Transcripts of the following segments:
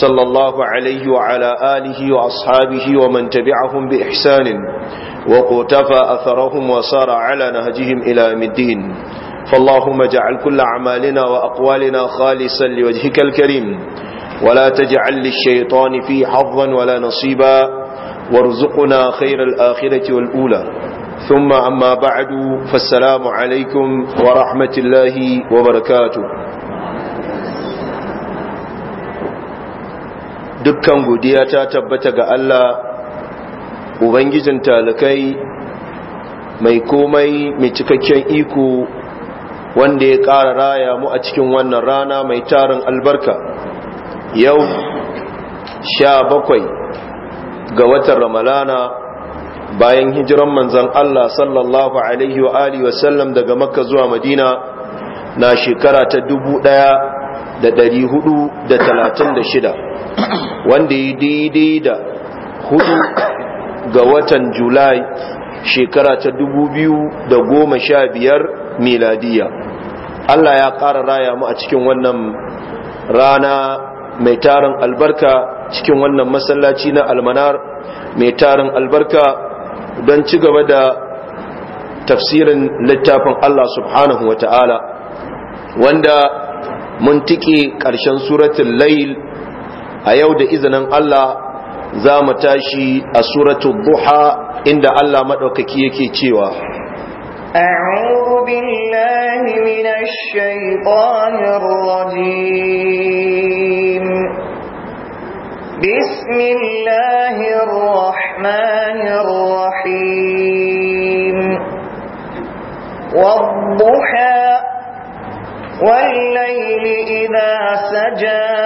صلى الله عليه وعلى آله وأصحابه ومن تبعهم بإحسان وقتفى أثرهم وصار على نهجهم إلى الدين فاللهم اجعل كل أعمالنا وأقوالنا خالصا لوجهك الكريم ولا تجعل للشيطان فيه حظا ولا نصيبا وارزقنا خير الآخرة والأولى ثم أما بعد فالسلام عليكم ورحمة الله وبركاته dukkan godiya ta tabbata ga Allah ubangijin talakai mai komai mai cikakken iko wanda ya ƙara raya mu a cikin wannan rana mai tarin albarka yau sha bakwai ga watan ramalana bayan hijiran manzan Allah sallallahu alaihi wa alihi wasallam daga makka zuwa madina na shekara ta dubu ɗaya da ɗari hudu da talatin da shida wanda yi daidai da hudu ga watan julai shekara ta dubu biyu da goma sha biyar miladiya allah ya ƙara raya mu a cikin wannan rana mai tarin albarka cikin wannan masallaci na almanar mai tarin albarka don ci gaba da tafsirin littafin allah subhanahu wa ta'ala wanda mun tike ƙarshen suratun lail a yau da izinin Allah za mu tashi a suratul duha inda Allah maɗaukaki yake cewa أعوذ بالله من الشيطان الرجيم بسم الله الرحمن الرحيم والضحى والليل إذا سجى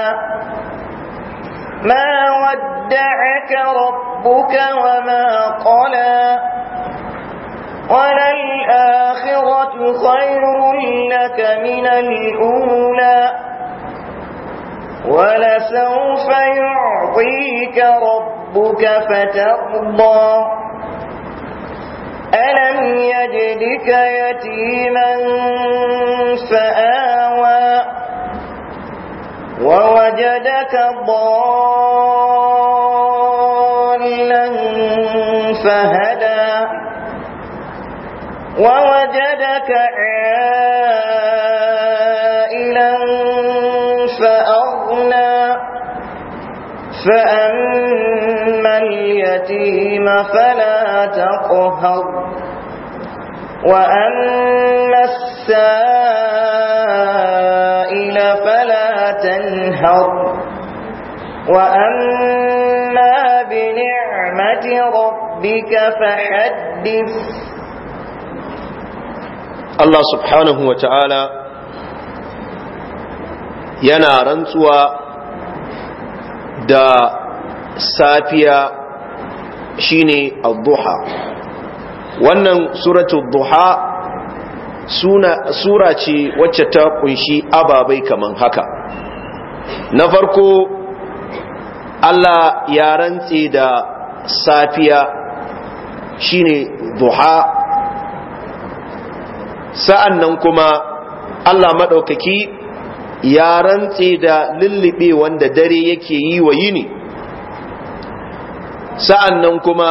ما ودعك ربك وما قلى وللآخرة خير لك من الأولى ولسوف يعطيك ربك فترضى ألم يجدك يتيما فآوى ووجدك ضالا فهدى ووجدك عائلا فأغنى فأما اليتيم فلا تقهر وأما السائل تنهر وأما بنعمة ربك فحدث الله سبحانه وتعالى yana rantsuwa da safiya shine ad-duha wannan suratul duha suna sura ce wacce ta kunshi ababai kaman haka na farko Allah ya rantse da safiya shine duha sa'an nan kuma Allah maɗaukaki ya rantse da lullube wanda dare yake yi wa yini sa'an nan kuma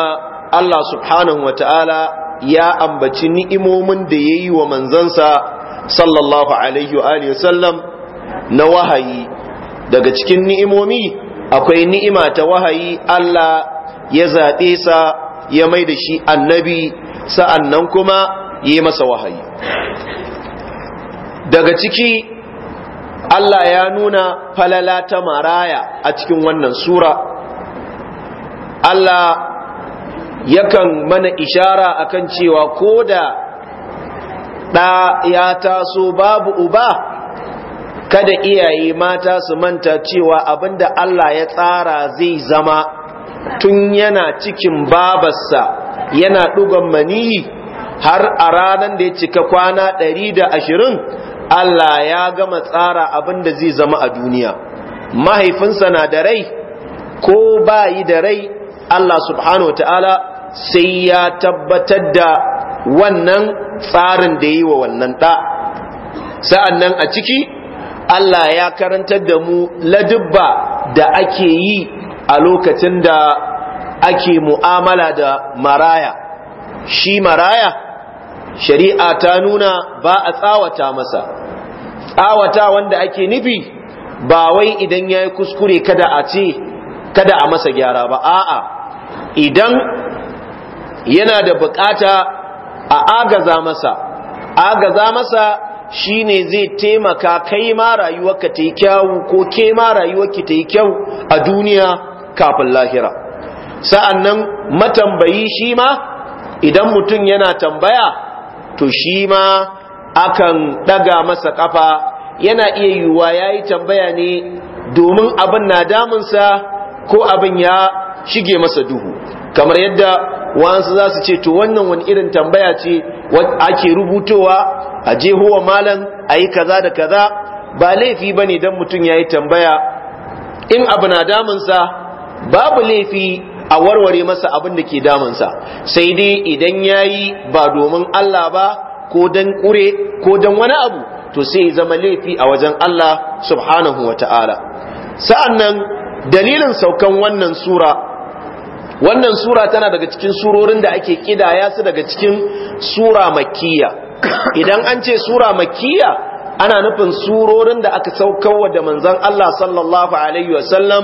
Allah subhanahu wa ta'ala ya ambaci ni'imomin da ya yi wa manzansa sallallahu alaihi wa sallam na wahayi daga cikin ni'imomi akwai ni'ima ta wahayi Allah ya zaɓe sa ya mai da shi annabi sa'annan kuma ya yi masa wahayi daga ciki Allah ya nuna falala ta maraya a cikin wannan sura Allah yakan mana ishara akan cewa ko da ɗa ya taso babu uba kada iyaye mata su manta cewa abinda Allah ya tsara zai zama tun yana cikin babarsa yana ɗugon maniyi har a ranar da ya cika kwana ɗari da ashirin Allah ya gama tsara abinda zai zama a duniya mahaifinsa na da rai ko yi da rai Allah subhanahu wa ta'ala sai ya tabbatar da wannan tsarin da yi wa wannan ɗa sa'an nan a ciki Allah ya karantar da mu ladubba da ake yi a lokacin da ake mu'amala da maraya shi maraya shari'a ta nuna ba a tsawata masa tsawata wanda ake nufi ba wai idan ya yi kuskure kada a ce kada a masa gyara ba a'a idan yana da bukata a agaza masa agaza masa Shi ne zai taimaka kai ma rayuwarka ta yi kyau ko ke ma ki ta yi kyau a duniya kafin lahira sa'annan matambayi shi ma idan mutum yana tambaya to shi ma akan daga masa kafa yana iya yiwuwa ya yi tambaya ne domin abin na damunsa ko abin ya shige masa duhu kamar yadda wa'ansu za su ce to wannan wani irin tambaya ce ake rubutowa a je huwa malan a yi kaza da kaza ba laifi ba ne don mutum ya yi tambaya in abu na damunsa babu laifi a warware masa abin da ke damunsa sai dai idan ya yi ba domin Allah ba ko don ƙure ko don wani abu to sai ya zama laifi a wajen Allah subhanahu wa ta'ala sa'an nan dalilin saukan wannan sura wannan sura tana daga cikin surorin da ake kidaya su daga cikin sura makkiyya idan an ce sura makiyya ana nufin surorin da aka wa da manzon Allah sallallahu alaihi wasallam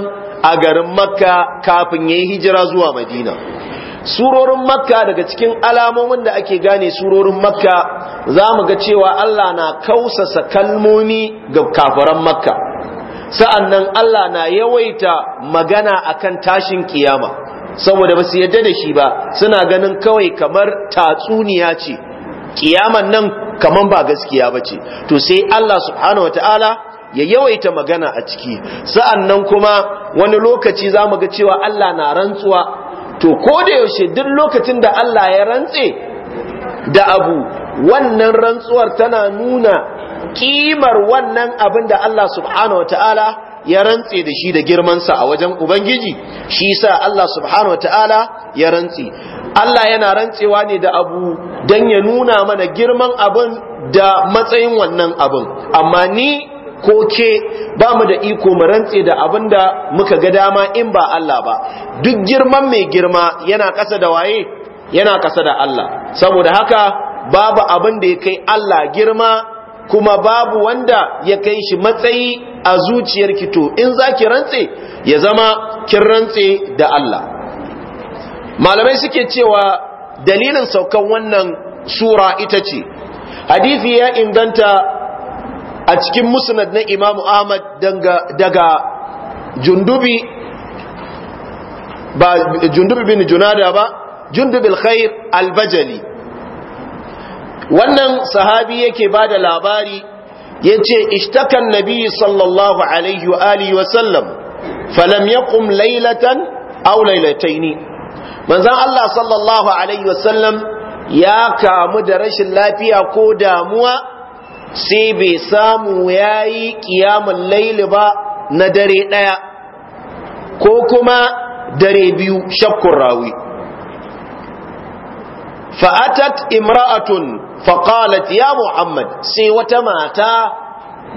a garin makka kafin yayi hijira zuwa madina surorin makka daga cikin alamomin da ake gane surorin makka za mu ga cewa Allah na kausasa kalmomi ga kafaran makka sa'annan Allah na yawaita magana akan tashin kiyama saboda ba su yadda da shi ba suna ganin kawai kamar tatsuniya ce kiyaman nan kaman ba gaskiya ba ce to sai Allah subhanahu ta'ala ya yawaita magana a ciki sa'annan kuma wani lokaci za mu ga cewa Allah na rantsuwa to ko da yaushe duk lokacin da Allah ya rantse da abu wannan rantsuwar tana nuna kimar wannan abin da Allah subhanahu ta'ala. ya rantse da shi da girmansa a wajen ubangiji shi sa Allah subhanahu wataala ya rantse Allah yana rantsewa ne da abu dan ya nuna mana girman abin da matsayin wannan abin amma ni ko ke ba mu da iko mu rantse da abin da muka ga dama in ba Allah ba duk girman mai girma yana ƙasa da waye yana ƙasa da Allah saboda haka babu abin da ya kai Allah girma kuma babu wanda ya kai shi matsayi a zuciyarki to in za ki rantse ya zama kin rantse da Allah malamai suke cewa dalilin saukan wannan sura ita ce hadisi ya inganta a cikin musnad na imamu ahmad daga jundubi ba jundubi bin junada ba jundubil khair albajali wannan sahabi yake ba da labari ya ce ishtakan nabi sallallahu alaihi wa alihi wasallam falam yaqum laylatan aw laylataini manzon Allah sallallahu alaihi sallam ya kamu da rashin lafiya ko damuwa sai bai samu yayi kiyamul layli ba na dare ɗaya ko kuma dare biyu shakkun rawi fa'atat imra'atun faƙalat ya muhammad sai wata mata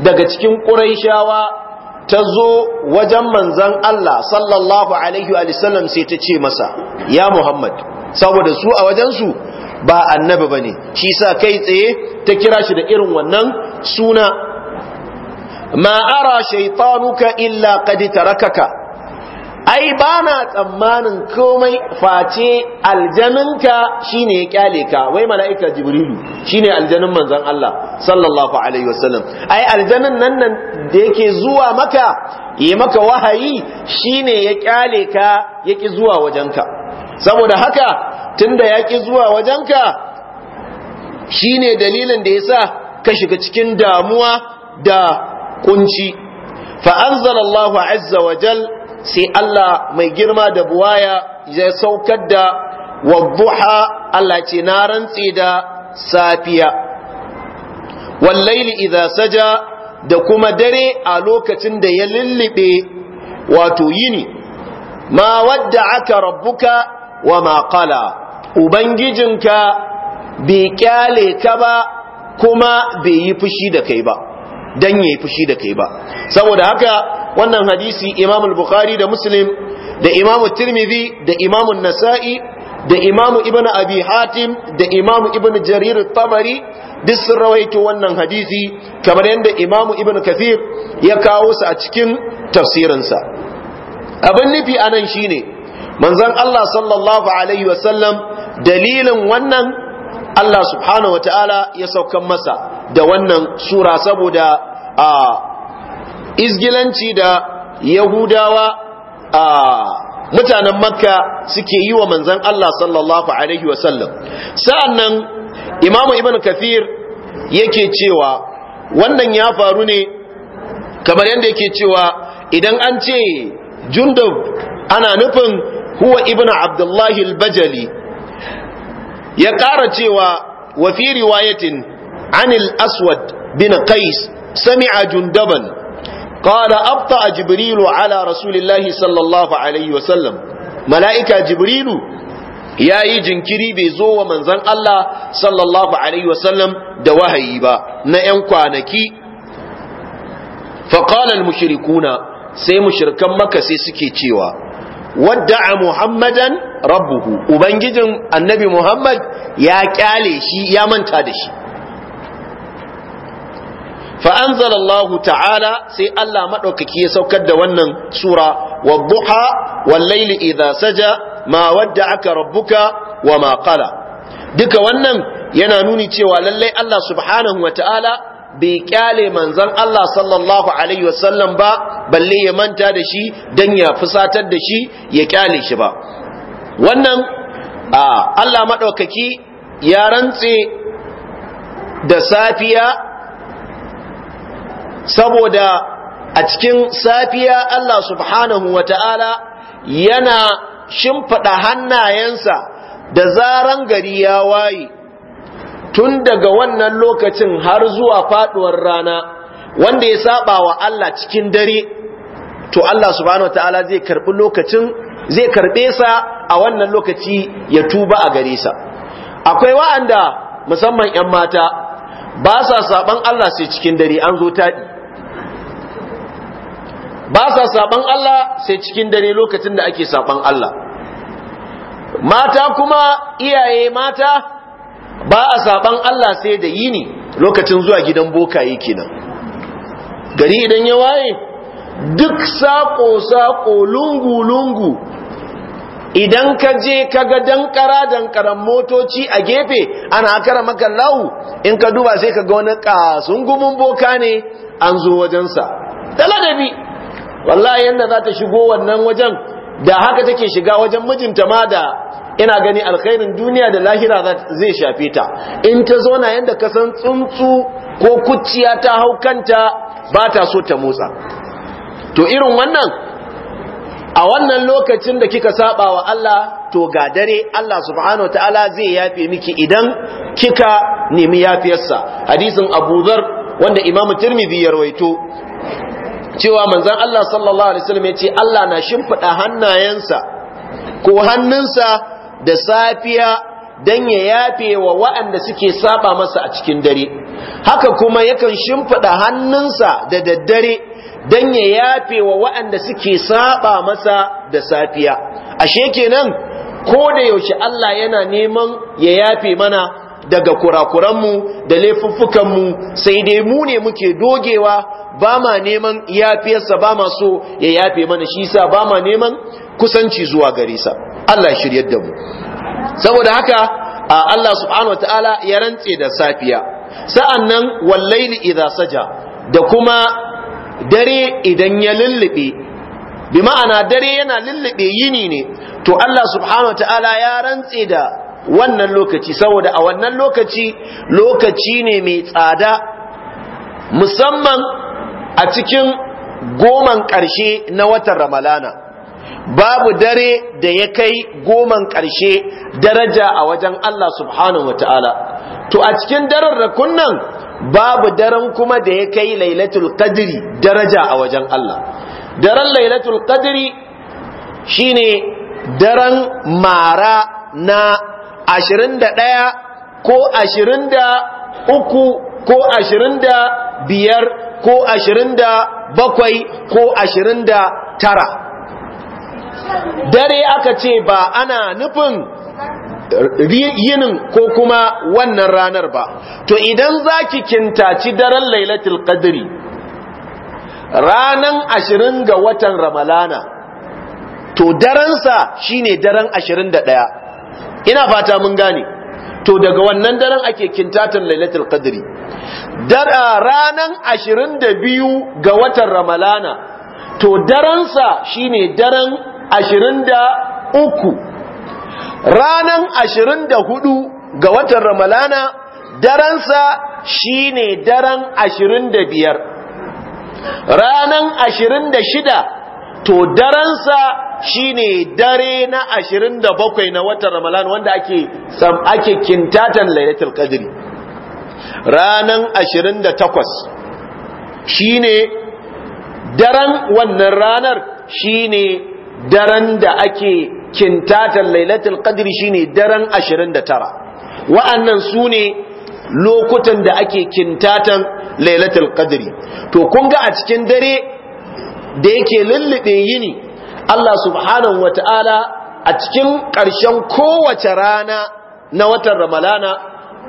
daga cikin ƙuraishawa ta zo wajen manzan Allah sallallahu alaihi sai ta ce masa ya muhammad saboda su a wajensu ba annabi ba ne shi sa kai tsaye ta kira shi da irin wannan suna ma illa shaitanuka illa raka ka. ai ba na tsammanin komai face aljaninka shine ya kyale ka wai mala'ika jibrilu shine aljanin manzon Allah sallallahu alaihi wasallam ai aljanin nan nan da yake zuwa maka yi maka wahayi shine ya kyale ka yaki zuwa wajenka saboda haka tunda yake zuwa wajenka shine dalilin da yasa ka shiga cikin damuwa da kunci fa anzalallahu azza wa sai Allah mai girma da buwaya ya saukar da wadduha Allah ce na rantse da safiya wallaili idza saja da kuma dare a lokacin da ya lullube wato yini ma wadda'aka rabbuka wa ma qala ubangijinka bai kyale ka ba kuma bai yi fushi da kai ba dan yayi fushi da kai ba saboda haka wannan hadisi imamul bukhari da Muslim da imamu Tirmidhi da Imam Nasa'i da imamu Ibn Abi Hatim da Imam Ibn Jarir tabari duk sun rawaito wannan hadisi kamar yadda Imam Ibn Kathir ya kawo sa a cikin tafsirinsa abin nufi anan shine manzon Allah sallallahu alaihi wasallam dalilin wannan Allah subhanahu Ta'ala ya saukan masa da wannan sura saboda a izgilanci da yahudawa a mutanen makka suke yi wa manzan Allah sallallahu alaihi wasallam nan, imamu ibn kathir yake cewa wannan ya faru ne kamar yadda yake cewa idan an ce jundub ana nufin huwa ibn abdullahi Lbajali bajali ya ƙara cewa wa riwayatin anil aswad bin qais sami'a jundaban قال أبطأ a على رسول الله صلى الله عليه وسلم ملائكة جبريل ya yi jinkiri bai zo wa manzan Allah sallallahu Alaihi wasallam da wahayi ba na ‘yan kwanaki faƙalar mushirikuna sai mushirikan maka sai suke cewa wadda a muhammadan rabbuhu ubangijin annabi muhammad ya ƙyale shi ya manta da shi fa anzalallahu ta'ala sai Allah madaukaki ya saukar da wannan sura wadduha wal layli idha saja ma wadda'aka rabbuka wa ma qala duka wannan yana nuni cewa lallai Allah subhanahu wa ta'ala bai kyale manzon Allah sallallahu alaihi wasallam ba balle ya manta da shi dan ya fusatar da shi ya kyale shi ba wannan Allah madaukaki ya rantse da safiya saboda a cikin safiya Allah subhanahu wa ta'ala yana shimfiɗa hannayensa da zaran gari ya waye tun daga wannan lokacin har zuwa faɗuwar rana wanda ya saba wa Allah cikin dare to Allah subhanahu wa ta'ala zai karɓi lokacin zai karɓe sa a wannan lokaci ya tuba a gare sa akwai wa'anda musamman ‘yan mata ba sa saban Allah sai cikin dare an zo taɗi ba sa saban Allah sai cikin dare lokacin da ake saban Allah mata kuma iyaye mata ba a saban Allah sai da yini lokacin zuwa gidan bokaye kenan gari idan ya waye duk sako-sako lungu-lungu idan ka je kaga ga dankara-dankaran motoci a gefe ana kara maka lau in ka duba sai ka ga wani kasungumin boka ne an zo wajensa taladabi wallahi yanda za ta shigo wannan wajen da haka take shiga wajen mijinta ma da ina gani alkhairin duniya da lahira zai shafe ta in ta zo na yanda ka san tsuntsu ko kuciya ta hau kanta ba ta so ta motsa to irin wannan a wannan lokacin da kika saba wa Allah to ga dare Allah subhanahu wataala zai yafe miki idan kika nemi yafiyarsa hadisin Abu Dharr wanda Imam Tirmidhi ya rawaito cewa manzan Allah sallallahu alaihi wasallam ya ce Allah na shimfiɗa hannayensa ko hannunsa da safiya don ya yafe wa waɗanda suke saba masa a cikin dare haka kuma yakan shimfiɗa hannunsa da daddare don ya yafe wa waɗanda suke saba masa da safiya ashe kenan ko da yaushe Allah yana neman ya yafe mana daga kurakuranmu da laifuffukanmu sai dai mu ne muke dogewa ba ma neman yafiyarsa ba ma so ya yafe mana shi sa ba ma neman kusanci zuwa gare sa Allah shiryar da mu saboda haka Allah subhanahu wataala ya rantse da safiya sa'annan wallaili idza saja da kuma dare idan ya lullube bi ma'ana dare yana lullube yini ne to Allah subhanahu wataala ya rantse da wannan lokaci saboda a wannan lokaci lokaci ne mai tsada musamman a cikin goman ƙarshe na watan ramalana babu dare da ya kai goman ƙarshe daraja a wajen Allah subhanahu wa ta'ala to a cikin da nan babu daren kuma da ya kai lailatul qadri daraja a wajen Allah daren lailatul qadri shine daren mara na ashirin da ɗaya ko ashirin da uku ko ashirin da biyar ko ashirin da bakwai ko ashirin da tara dare aka ce ba ana nufin yinin ko kuma wannan ranar ba to idan za zaki kintaci daren lailatul qadri ranan ashirin ga watan ramalana to daren sa shine daren 21 ina fata mun gane to daga wannan daren ake kintatan lailatul qadri ranan 22 ga watan ramalana to daransa shine daren 23 ranan 24 ga watan ramalana daransa shine daren 25 ranan 26 to daransa shine dare na 27 na watan Ramadan wanda ake sam ake kintatan Lailatul Qadri ranan 28 shine daren wannan ranar shine daren da ake kintatan Lailatul Qadri shine daren 29 wa'annan sune lokutan da ake kintatan Lailatul Qadri to kun ga a cikin dare da yake lullube yini Allah subhanahu wata'ala a cikin ƙarshen kowace rana na watan Ramalana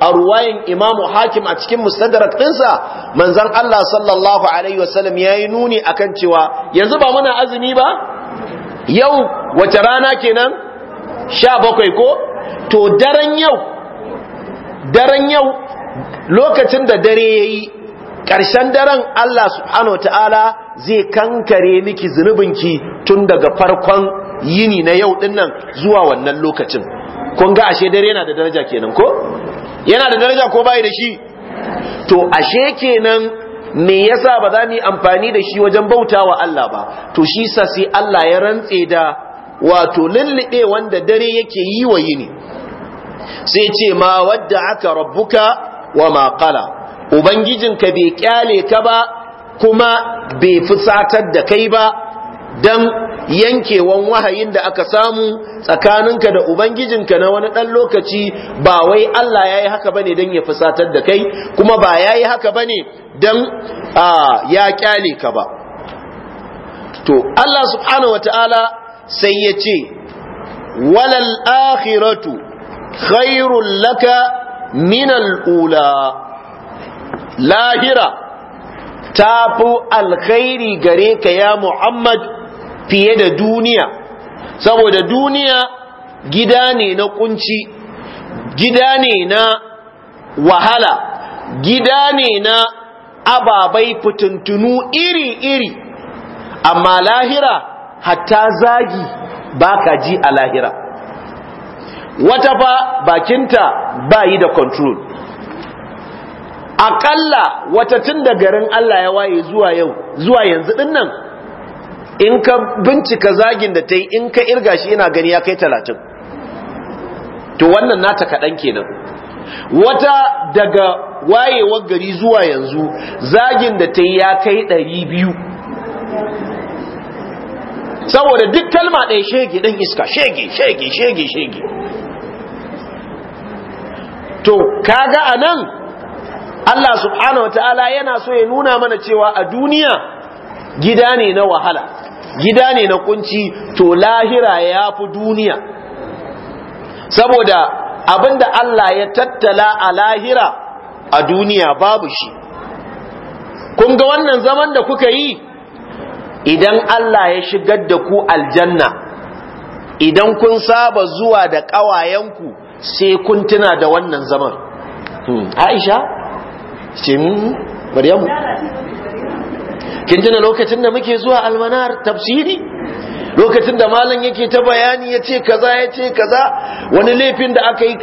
a ruwayin imamu hakim a cikin mustadrak ɗinsa manzan Allah sallallahu Alaihi wasallam ya yi nuni a kan cewa yanzu ba muna azumi ba yau wace rana kenan sha bakwai ko to daren yau daren yau lokacin da dare ya yi Karshen daren Allah subhanahu ta'ala zai kankare miki zunubinki tun daga farkon yini na yau dinnan zuwa wannan lokacin kun ga ashe dare yana da daraja kenan ko yana da daraja ko bai da shi to ashe kenan me yasa ba za mu yi amfani da shi wajen bautawa Allah ba to shi sa sai Allah ya rantse da wato lullube wanda dare yake yi wa yini sai ce ma wadda aka rabbuka wa ma qala ubangijinka bai kyale ka ba kuma bai fusatar da kai ba don yankewan wahayin da aka samu tsakaninka da ubangijinka na wani ɗan lokaci ba wai Allah ya yi haka ba ne don ya fusatar da kai kuma ba ya yi haka ba ne don ya kyale ka ba to Allah subhanahu wata'ala sai ya ce walal akhiratu khairul laka minal ula lahira ta fi alkhairi gare ka ya muhammad fiye da duniya saboda duniya gida ne na kunci gida ne na wahala gida ne na ababai fitintunu iri-iri amma lahira hatta zagi baka ji a lahira wata fa bakinta ba yi da control akalla wata tun da garin Allah ya waye zuwa yau zuwa yanzu din nan in ka bincika zagin da ta yi in ka irga shi ina gani ya kai talatin to wannan nata kaɗan kenan wata daga wayewar gari zuwa yanzu zagin da ta yi ya kai ɗari biyu saboda duk kalma ɗaya shege ɗan iska shege shege shege shege to kaga a nan Allah subhanahu wataala yana so ya nuna mana cewa a duniya gida ne na wahala gida ne na kunci to lahira ya fi duniya saboda abinda Allah ya tattala a lahira a duniya babu shi kun ga wannan zaman da kuka yi idan Allah ya shigar da ku aljanna idan kun saba zuwa da ƙawayenku sai kun tuna da wannan zaman hmm. Aisha ce maryamu kin tuna lokacin da muke zuwa almanar tafsiri lokacin da malam yake ta bayani yace kaza yace kaza wani laifin da aka yi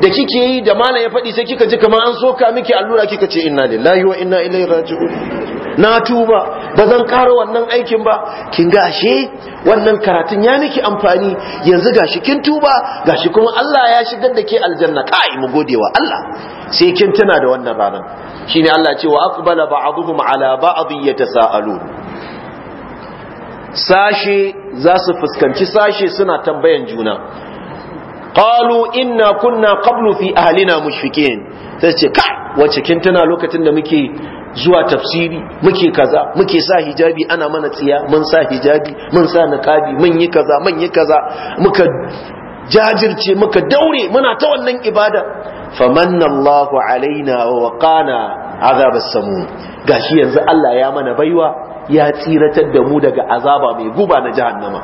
da kike yi da malam ya faɗi sai kika ji kamar an soka miki allura kika ce inna lillahi wa inna ilaihi raji'un na tuba ba zan ƙara wannan aikin ba kin gashe wannan karatun ya miki amfani yanzu gashi kin tuba gashi kuma Allah ya shigar da ke aljanna kai mu godewa Allah sai kin tuna da wannan ranar shine Allah ce wa aqbala ba'dhum ala ba'd yatasaalun sashe za su fuskanci sashe suna tambayan juna qalu inna kunna qablu fi ahlina mushfikin sai ce kai wace kin tana lokacin da muke zuwa tafsiri muke kaza muke sa hijabi ana mana tsiya mun sa hijabi mun sa niqabi mun yi kaza mun yi kaza muka jajirce muka daure muna ta wannan ibada fa Allahu alaina wa waqana azabassamu gashi yanzu Allah ya mana baiwa ya tsiratar da mu daga azaba mai guba na jahannama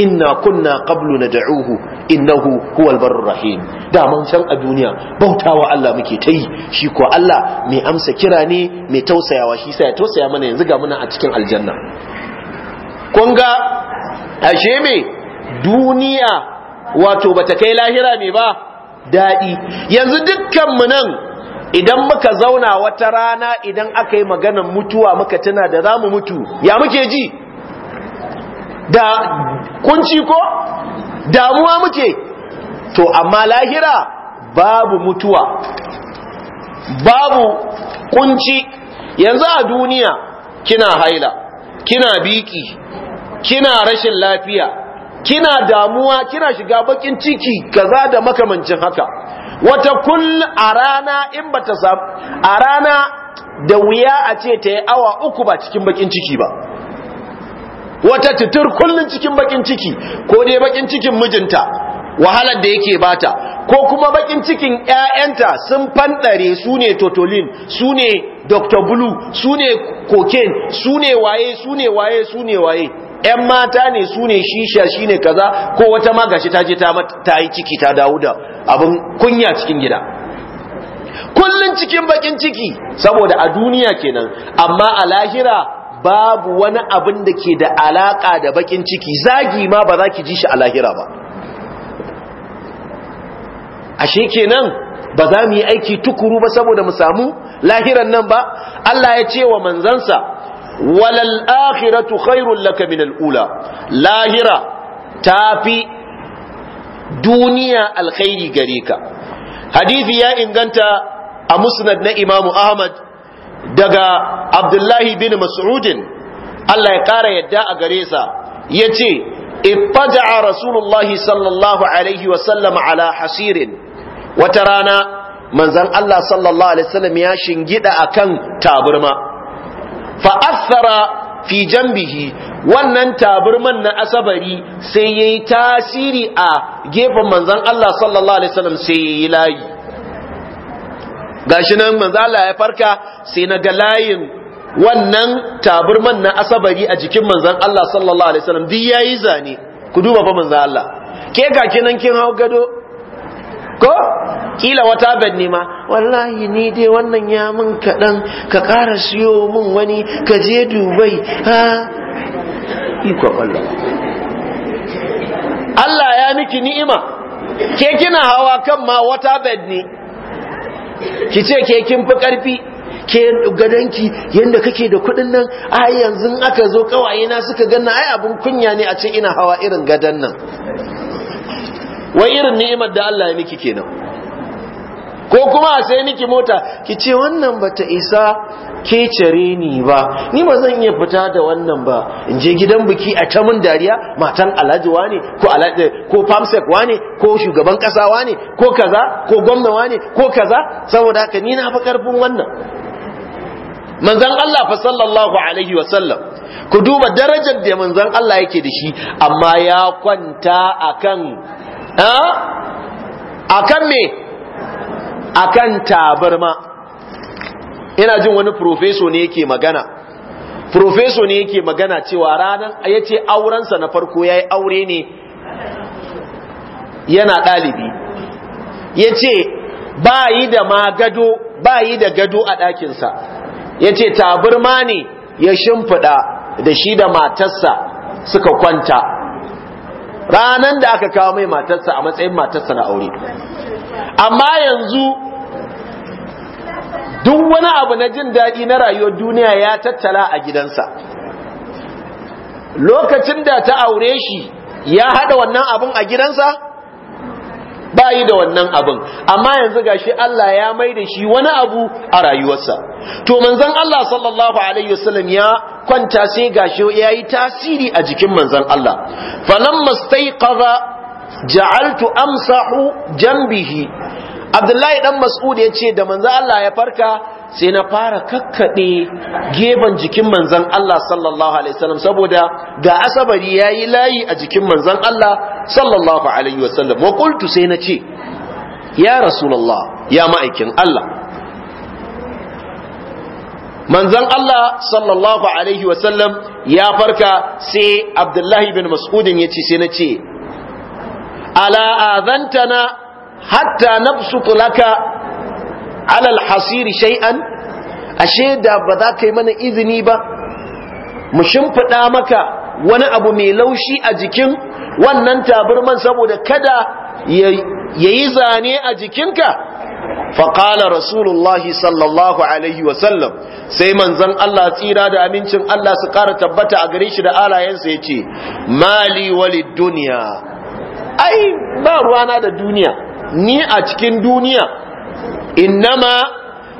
inna kunna qablu nad'uhu innahu huwal barur rahim da mun san a duniya bautawa Allah muke ta yi shi ko Allah mai amsa kira ne mai tausayawa shi sai ya tausaya mana yanzu ga muna a cikin aljanna kun ga ashe me duniya wato bata kai lahira ne ba daɗi yanzu dukkan mu nan idan muka zauna wata rana idan aka yi magana mutuwa muka tana da za mu mutu ya muke ji da kunci ko damuwa muke to amma lahira babu mutuwa babu kunci yanzu a duniya kina haila kina biki kina rashin lafiya kina damuwa kina shiga bakin ciki kaza da makamancin haka wata kullum a rana in ba ta a rana da wuya a ce ta yi awa uku ba cikin bakin ciki ba wata titir kullun cikin bakin ciki ko dai bakin cikin mijinta wahalar da yake bata ko kuma bakin cikin 'ya'yanta sun fanɗare su ne totolin su ne dr blue su ne cocaine su ne waye su ne waye su ne waye 'yan mata ne su ne shisha shi ne kaza ko wata ma gashi ta je ta yi ciki ta dawo da abin kunya cikin gida kullum cikin bakin ciki saboda a duniya kenan amma a lahira babu wani abin da ke da alaka da bakin ciki zagi ma ba za ki ji shi a lahira ba ashe kenan ba za mu yi aiki tukuru ba saboda mu samu lahiran nan ba Allah ya ce wa manzansa walal akhiratu khairul laka min al'ula lahira tafi duniya alkhairi gare ka hadisi ya inganta a musnad na imam ahmad daga abdullahi bin mas'udin Allah ya kara yadda a gare sa yace ifaja'a rasulullahi sallallahu alaihi wa sallam ala hasirin wata rana manzan Allah sallallahu alaihi wasallam ya shingida akan taburma Fa'asara fi jambihi wannan taburman na asabari sai yayi tasiri a gefen manzon Allah sallallahu alaihi wasallam sai yayi layi gashi nan manzon Allah ya farka sai na ga layin wannan taburman na asabari a jikin manzon Allah sallallahu alaihi wasallam duk yayi zane ku duba fa manzon Allah ke ga kinan kin hau gado ko kila wata bad ne ma wallahi ni dai wannan ya mun kaɗan ka ƙara siyo mun wani ka je dubai ha ikon Allah Allah ya miki ni'ima ke kina hawa kan ma wata bed ne ki ce ke kin fi ƙarfi ke gadanki yadda kake da kuɗin nan a yanzu aka zo ƙawayena na suka ganna ai abin kunya ne a ce ina hawa irin gadan nan wai irin ni'imar da Allah ya miki kenan ko kuma a sai miki mota ki ce wannan bata isa ke cire ni ba ni ba zan iya fita da wannan ba in je gidan biki a ta mun dariya matan alhaji wane ko alhaji ko famsek wane ko shugaban kasa wane ko kaza ko gwamna wane ko kaza saboda haka ni na fi karfin wannan manzon Allah fa sallallahu alaihi wa sallam ku duba darajar da manzon Allah yake da shi amma ya kwanta akan a kan me A kan tabarma ina jin wani profeso ne yake magana profeso ne yake magana cewa ranar ya ce aurensa na farko ya yi aure ne yana ɗalibi ya ce ba yi da ma gado ba yi da gado a ɗakinsa ya ce tabarma ne ya shimfiɗa da shi da matarsa suka kwanta ranan da aka kawo mai matarsa a matsayin matarsa na aure amma yanzu duk wani abu na jin daɗi na rayuwar duniya ya tattala a gidansa lokacin da ta aure shi ya haɗa wannan abun a gidansa ba yi da wannan abin amma yanzu gashi Allah ya mai da shi wani abu a rayuwarsa to manzon Allah sallallahu alaihi wasallam ya kwanta sai gashi ya yi tasiri a jikin manzon Allah falamma ja'altu amsahu janbihi abdullahi dan mas'ud ya ce da manzan Allah ya farka sai na fara kakkaɗe gefen jikin manzan Allah sallallahu alaihi wasallam saboda ga asabari ya yi layi a jikin manzan Allah sallallahu alaihi wasallam wa qultu sai na ce ya rasulullah ya ma'aikin Allah manzan Allah sallallahu alaihi wasallam ya farka sai abdullahi bin mas'udin ya ce sai na ce ala azantana hatta na laka ala alhasiri shay'an ashe da ba za ka yi mana izini ba mu shimfiɗa maka wani abu mai laushi a jikin wannan taburman saboda kada yayi zane a jikinka faƙala rasulullahi sallallahu alaihi wasallam sai manzan Allah tsira da amincin Allah su ƙara tabbata a gare shi da alayensa ya ce mali walid duniya ai ba ruwana da duniya ni a cikin duniya innama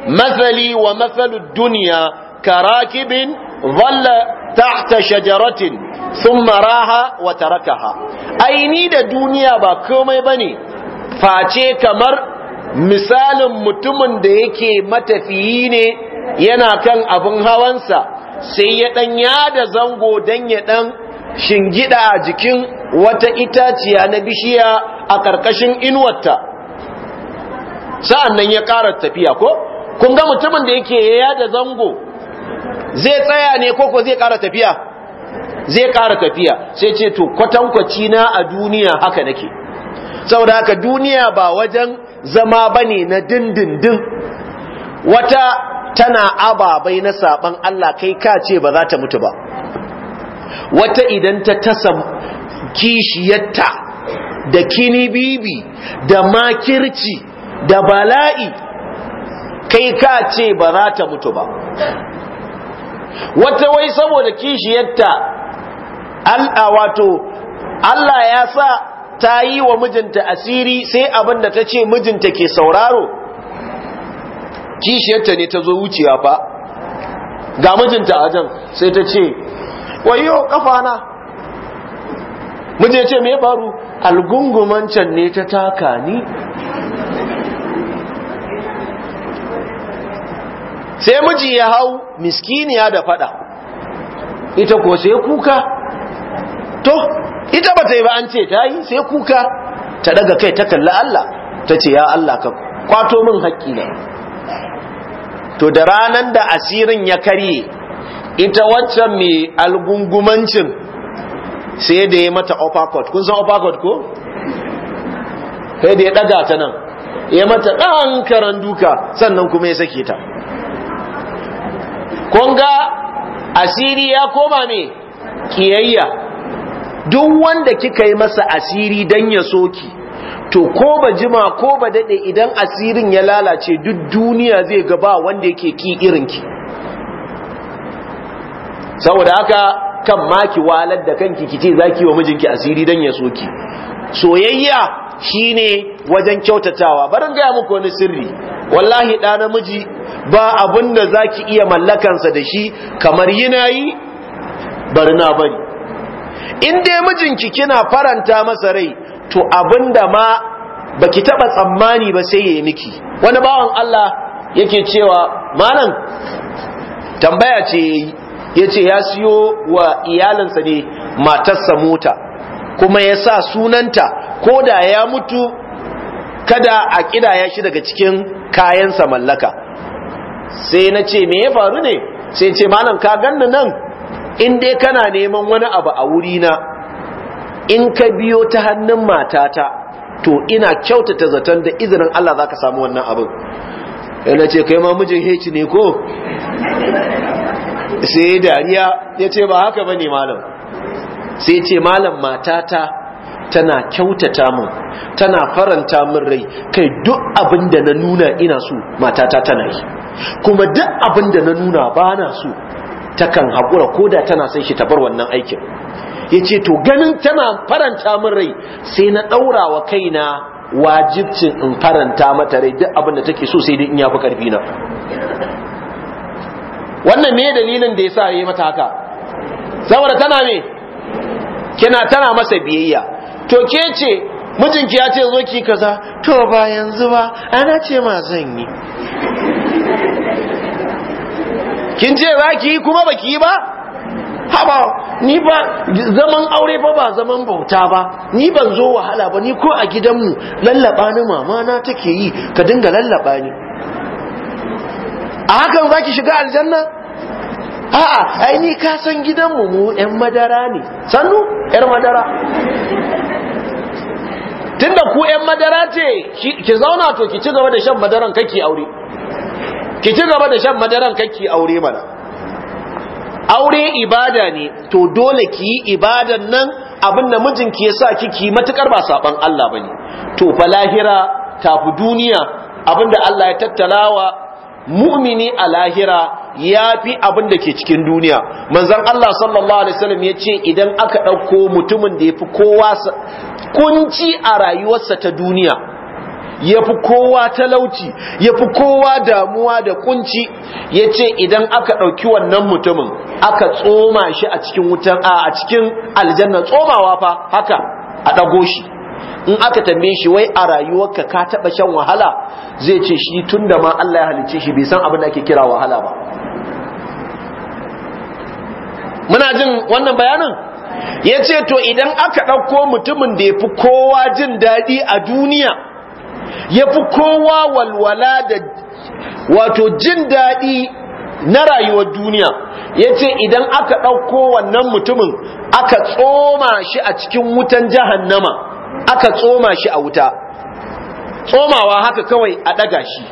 mathali wa mathalu duniya karakibin valla tahta shajaratin sun maraha wa tarakaha aini da duniya ba komai bane face kamar misalin mutumin da yake matafiyi ne yana kan abin hawansa sai ya dan yada zango dan ya dan shingida a jikin wata itaciya na bishiya a ƙarƙashin inuwarta sa'an nan ya ƙara tafiya ko kun ga mutumin da yake yaya da zango zai tsaya ne ko ko zai ƙara tafiya zai ƙara tafiya sai ce to kwatankwaci na a duniya haka nake saboda haka duniya ba wajen zama bane na dindindin wata tana ababai na saban Allah kai ka ce ba za ta mutu ba wata idan ta tasa kishiyarta da kini bibi da makirci da bala'i kai ka ce ba za ta mutu ba wata wai saboda kishiyarta al'a wato Allah ya sa ta yi wa mijinta asiri sai abin da ta ce mijinta ke sauraro kishiyarta ne ta zo wuciya fa ga mijinta a jan sai ta ce wayo kafana mijin ce me ya faru can ne ta taka ni sai miji ya hau miskiniya da fada ita ko sai kuka to ita ba ta yi ba an ce ta yi sai kuka ta daga kai ta kalla Allah ta ce ya Allah ka kwato min ne to da ranar da asirin ya karye ita waccan mai algungumancin sai da ya mata uppercut kun san uppercut ko sai da ya daga ta nan ya mata ɗan karan duka sannan kuma ya sake ta kunga asiri ya koma ne kiyayya duk wanda kika yi masa asiri dan ya soki to ko ba jima ko ba daɗe idan asirin ya lalace duk duniya zai gaba wanda yake ki irinki saboda haka kan ma ki walar da kanki ki kice zaki wa mijinki asiri dan ya soki soyayya shine wajen kyautatawa barin ga muku wani sirri wallahi da namiji ba abin da zaki iya mallakan sa da shi kamar yinayi bari na bari in dai mijinki kina faranta masa rai to abinda ma baki taba tsammani ba sai yayi miki wani bawan Allah yake cewa malam tambaya ce yayi ya ce ya siyo wa iyalinsa ne matarsa mota kuma ya sa sunanta ko da ya mutu kada a kidaya shi daga cikin kayansa mallaka sai na ce me ya faru ne sai ce malam ka ganna nan in dai kana neman wani abu a wuri na, in ka biyo ta hannun matata to ina kyautata zaton da izinin Allah za ka samu wannan abin yana ce kai ma mijin heci ne ko sai dariya ya ce ba haka ba ne malam sai ce malam matata tana kyautata min tana faranta min rai kai duk abin da na nuna ina so matata tana yi kuma duk abin da na nuna ba na so takan haƙura ko da tana son shi ta bar wannan aikin ya ce to ganin tana faranta min rai sai na ɗaura wa kaina wajibcin in faranta mata rai duk abin da take so sai dai in yafi ƙarfi na wannan me dalilin da yasa yayi mata haka saboda tana me kina tana masa biyayya to ke ce mijinki ya ce zo ki kaza to ba yanzu ba ana ce ma zan yi kin ce za ki yi kuma baki ba haba ni ba zaman aure ba ba zaman bauta ba ni ban zo wahala ba ni ko a gidanmu lallaba ni mama na take yi ka dinga lallaba ni a hakan za ki shiga aljanna a'a ai ni ka san gidanmu mu yan madara ne sannu yar madara tunda ku yan madara ce ki zauna to ki ci gaba da shan madaran kake aure ki ci gaba da shan madaran kake aure mana aure ibada ne to dole ki yi ibadan nan abin da mijinki ya sa kiki matukar ba saban Allah bane to fa lahira tafi duniya abin da Allah ya tattalawa mu'mini a lahira ya fi abin da ke cikin duniya manzan Allah sallallahu alaihi wasallam ya ce idan aka ɗauko mutumin da ya fi kowa kunci a rayuwarsa ta duniya ya fi kowa talauci ya fi kowa damuwa da kunci ya ce idan aka ɗauki wannan mutumin aka tsoma shi a cikin wutan a cikin aljanna tsomawa fa haka a ɗago shi in aka tambaye shi wai a rayuwarka ka taba shan wahala zai ce shi tunda ma Allah ya halicce shi bai san abin da ake kira wahala ba muna jin wannan bayanin ya ce to idan aka ɗauko mutumin da ya fi kowa jin daɗi a duniya ya fi kowa walwala da wato jin daɗi na rayuwar duniya ya ce idan aka ɗauko wannan mutumin aka tsoma shi a cikin wutan jahannama aka tsoma shi a wuta tsomawa haka kawai a ɗaga shi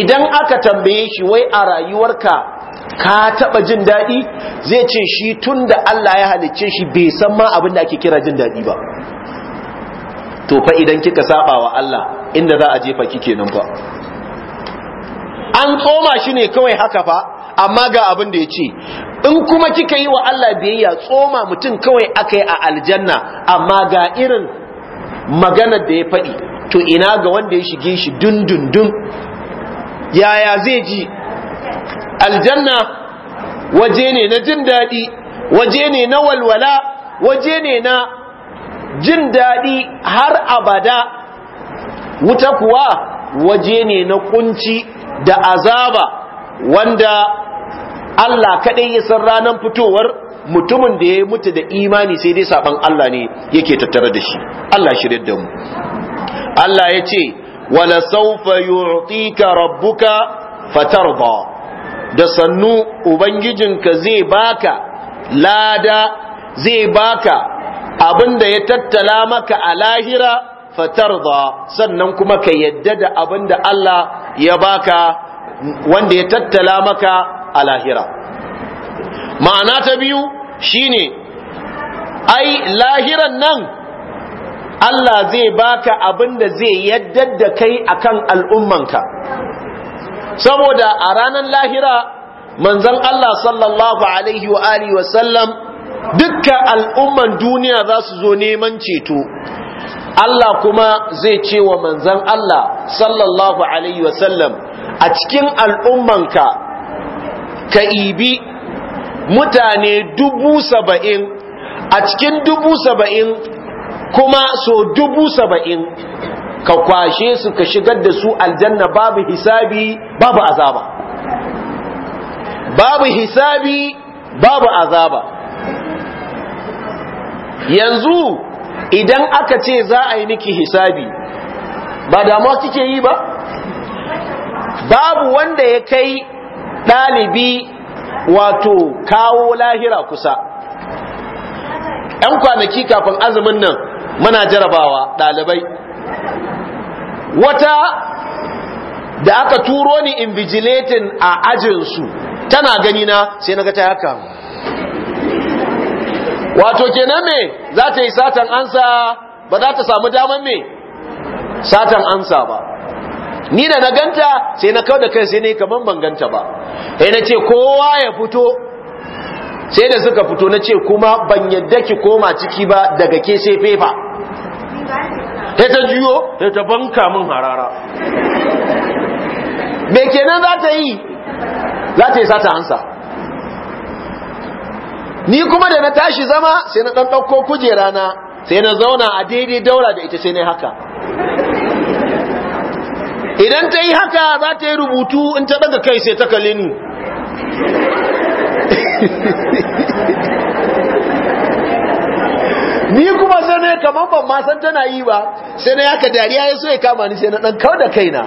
idan aka tambaye shi wai a rayuwarka ka taɓa jin daɗi zai ce shi tun da Allah ya halicce shi bai san ma abin da ake kira jin daɗi ba to fa idan kika saba wa Allah inda za a jefa kike nan fa an tsoma shi ne kawai haka fa amma ga abin da ya ce in kuma kika yi wa Allah biyayya tsoma mutum kawai aka a aljanna amma ga irin maganar da ya faɗi to ina ga wanda ya shige shi dundundun yaya zai ji aljanna waje ne na jin daɗi waje ne na walwala waje ne na jin daɗi har abada wuta kuwa waje ne na kunci da azaba wanda Allah kaɗai ya san ranar fitowar mutumin da ya mutu da imani sai dai saban Allah ne yake tattare da shi Allah shiryar da mu Allah ya ce wala sawfa yu'tika rabbuka fatarda da sannu ubangijinka zai baka lada zai baka abinda ya tattala maka a lahira fatarda sannan kuma ka yadda da abinda Allah ya baka wanda ya tattala maka a lahira ma'ana ta biyu shine ai lahiran nan Allah zai baka abin da zai yaddar da kai akan al'ummanka saboda a ranar lahira manzon Allah sallallahu alaihi wa alihi wa sallam dukkan al'umman duniya za su zo neman ceto Allah kuma zai ce wa manzan Allah sallallahu Alaihi a cikin al'ummanka ka ibi mutane dubu saba'in a cikin dubu saba'in kuma so dubu saba'in ka kwashe su ka shigar da su aljanna babu hisabi babu azaba babu hisabi babu azaba yanzu idan aka ce za a yi miki hisabi ba damuwa kike yi ba babu wanda ya kai ɗalibi wato kawo lahira kusa ‘yan kwanaki kafin azumin nan muna jarabawa ɗalibai wata da aka turo ni invigilating a ajinsu tana gani na sai na gata ta haka wato kenan me za ta yi satan ansa ba za ta samu daman me satan ansa ba ni da na ganta sai na kauda kai sai ne kaman ban ganta ba sai na ce kowa ya fito sai da suka fito na ce kuma ban yadda ki koma ciki ba daga ke sai fefa ta ta juyo ta ta banka min harara me kenan za ta yi za ta yi ta ansa ni kuma da na tashi zama sai na ɗan ɗauko kujera na sai na zauna a daidai daura da ita sai na haka idan ta yi haka za ta yi rubutu in ta daga kai sai ta kalinu ni kuma sai ne kamar ban ma san tana yi ba sai na yaka dariya ya so ya kama ni sai na dan kau da kaina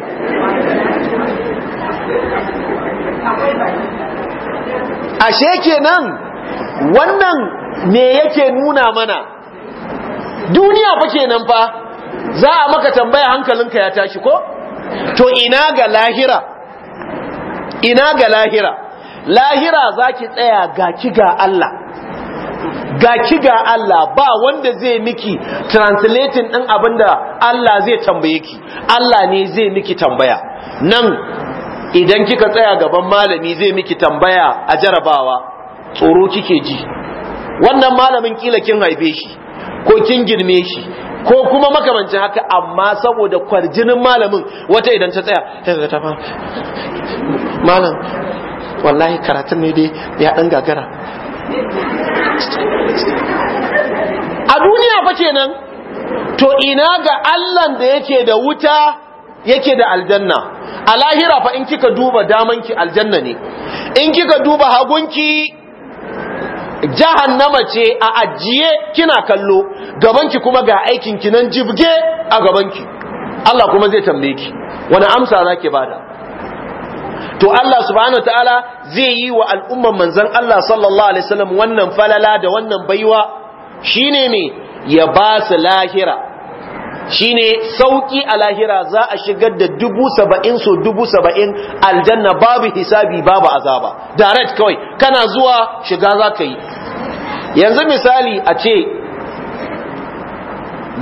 ashe kenan wannan me yake nuna mana duniya fa kenan fa za a maka tambaya hankalinka ya tashi ko to ina ga lahira ina ga lahira lahira za tsaya ga ki ga Allah ga ga Allah ba wanda zai miki translating din abinda Allah zai tambaye ki Allah ne zai miki tambaya nan idan kika tsaya gaban malami zai miki tambaya a jarabawa tsoro kike ji wannan malamin kila kin haife shi ko kin girme shi ko kuma makamancin haka amma saboda kwarjinin malamin wata idan ta tsaya ta ga ta malam wallahi karatun ne dai ya dan gagara a duniya fa kenan to ina ga Allah da yake da wuta yake da aljanna a lahira fa in kika duba damanki aljanna ne in kika duba hagunki jahannama ce a ajiye kina kallo gabanki kuma ga aikin ki nan jibge a gabanki Allah kuma zai tambaye ki wani amsa zaki bada to Allah subhanahu wataala zai yi wa al'umman manzon Allah sallallahu alaihi wasallam wannan falala da wannan baiwa shine me ya ba su lahira shine sauki a lahira za a shigar da dubu saba'in so dubu saba'in aljanna babu hisabi babu azaba direct kawai kana zuwa shiga za ka yi yanzu misali a ce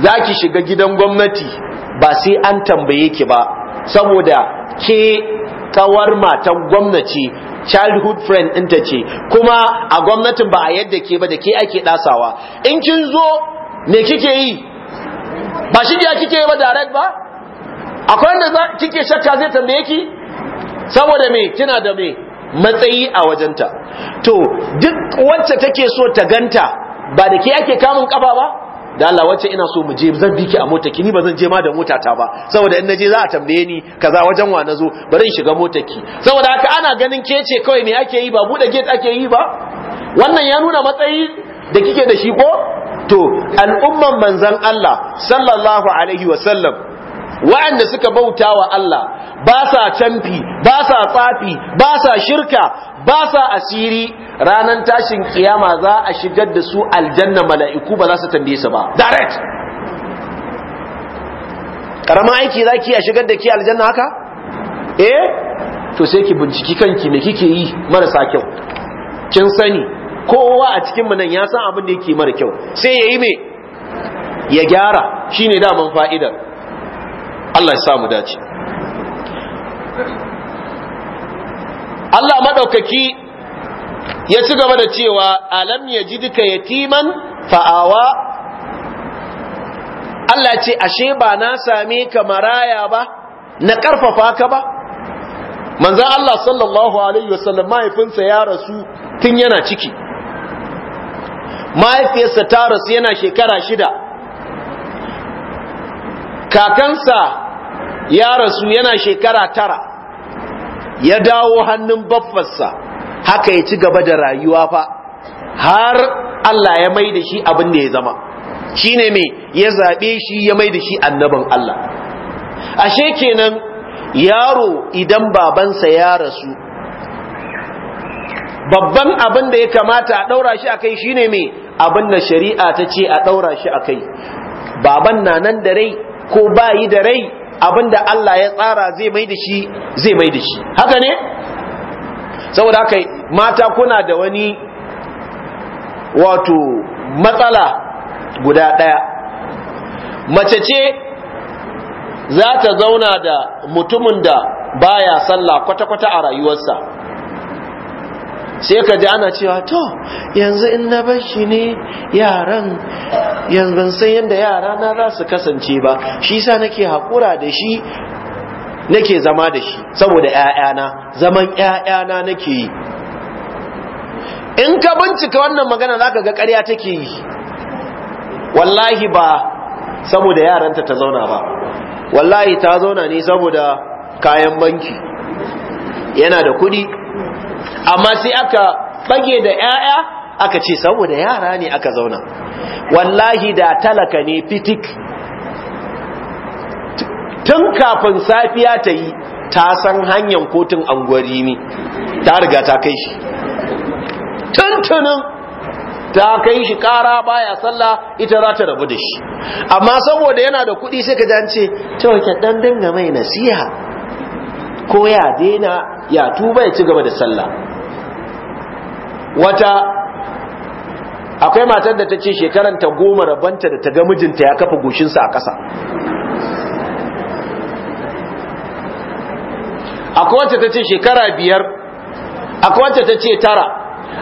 za ki shiga gidan gwamnati ba sai an tambaye ki ba saboda ke kawar matan gwamnati childhood friend ɗinta ce kuma a gwamnatin ba a yadda ke ba da ke ake ɗasawa in kin zo me kike yi ba shi ya kike ba direct ba akwai wanda kike shakka zai tambaye ki saboda me kina da me matsayi a wajenta to duk wacce take so ta ganta ba da ke ake kamun kafa ba da Allah wacce ina so mu je zan bi ki a mota ki ni ba zan je ma da mota ta ba saboda in naje za a tambaye ni kaza wajen wa zo bari in shiga mota ki saboda haka ana ganin ke ce kawai me ake yi ba bude gate ake yi ba wannan ya nuna matsayi da kike da shi ko to al'umman manzan Allah sallallahu alaihi wasallam wa'anda suka bauta wa Allah ba sa canfi ba sa tsafi ba sa shirka ba sa asiri ranan tashin kiyama za a shigar da su aljanna mala'iku ba za su tambaye su ba direct karamin aiki za ki a shigar da ke aljanna haka eh to sai ki binciki kanki me kike yi marasa kyau kin sani kowa a cikin manan nan ya san abin da yake mara kyau sai ya yi me ya gyara shine daman fa'idar Allah ya sa mu dace Allah maɗaukaki ya ci gaba da cewa alam ya ji ya yatiman fa'awa Allah ce ashe ba na same ka maraya ba na ƙarfafa ka ba manzan Allah sallallahu Alaihi wasallam mahaifinsa ya rasu tun yana ciki mahaifiyarsa ta rasu yana shekara shida kakansa ya rasu yana shekara tara ya dawo hannun baffarsa haka ya ci gaba da rayuwa fa har Allah ya mai da shi abin da ya zama shi ne mai ya zaɓe shi ya mai da shi annabin Allah ashe kenan yaro idan babansa ya rasu babban abin da ya kamata a ɗaura shi a kai shi ne mai abin da shari'a ta ce a ɗaura shi a kai baban na nan da rai ko bayi da rai abin da Allah ya tsara zai mai da shi zai mai da shi haka ne saboda haka mata kuna da wani wato matsala guda ɗaya mace ce za ta zauna da mutumin da baya sallah kwata-kwata a rayuwarsa sai ka ji ana cewa to yanzu in na bashi ne yaran yanzu sai san yadda yara na za su kasance ba shi sa nake haƙura da shi nake zama da shi saboda ‘ya'yana zaman ‘ya'yana nake yi in ka bincika wannan magana za ga ƙarya take yi wallahi ba saboda yaranta ta zauna ba wallahi ta zauna ne saboda kayan banki yana da kuɗi amma sai aka bage da 'ya'ya aka ce saboda yara ne aka zauna wallahi da talaka ne fitik tun kafin safiya ta yi ta san hanyar kotun angwari ne ta riga ta kai shi tuntunin ta kai shi kara baya sallah ita za ta rabu da shi amma saboda yana da kuɗi sai ka jance cewa dan dinga mai nasiha ko ya daina ya tuba ya ci gaba da sallah wata akwai matar da ta ce shekaran ta goma rabanta da ta ga mijinta ya kafa goshinsa a ƙasa akwai wacce ta ce shekara biyar akwai wacce ta ce tara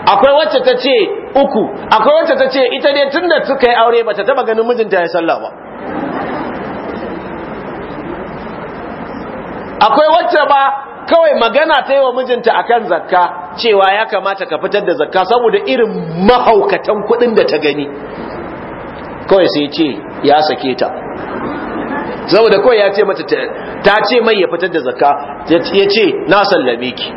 akwai wacce ta ce uku akwai wacce ta ce ita ne tun da suka yi aure ba ta taba ganin mijinta ya sallah ba akwai wacce ba kawai magana ta yi wa mijinta akan zakka cewa ya kamata ka fitar da zakka saboda irin mahaukatan kuɗin da ta gani kawai sai ce ya sake ta saboda kawai ya ce mata ta ce mai ya fitar da zakka ya ce na sallame ki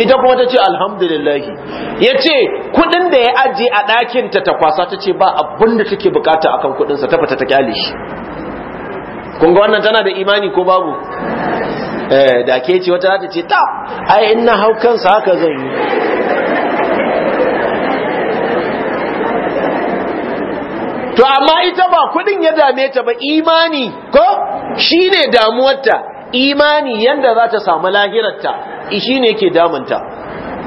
ita kuma ta ce alhamdulillahi ya ce kudin da ya aje a ɗakinta ta kwasa ta ce ba abin da take bukata a kan kudinsa ta fita ta kyale shi kunga wannan tana da imani ko babu Eh, da ke ce wata za ta ce ta ai in na hau kansa haka zan yi to amma ita ba kudin ya dame ta ba imani ko shine damuwarta imani yanda za ta samu lahirarta shi ne ke damunta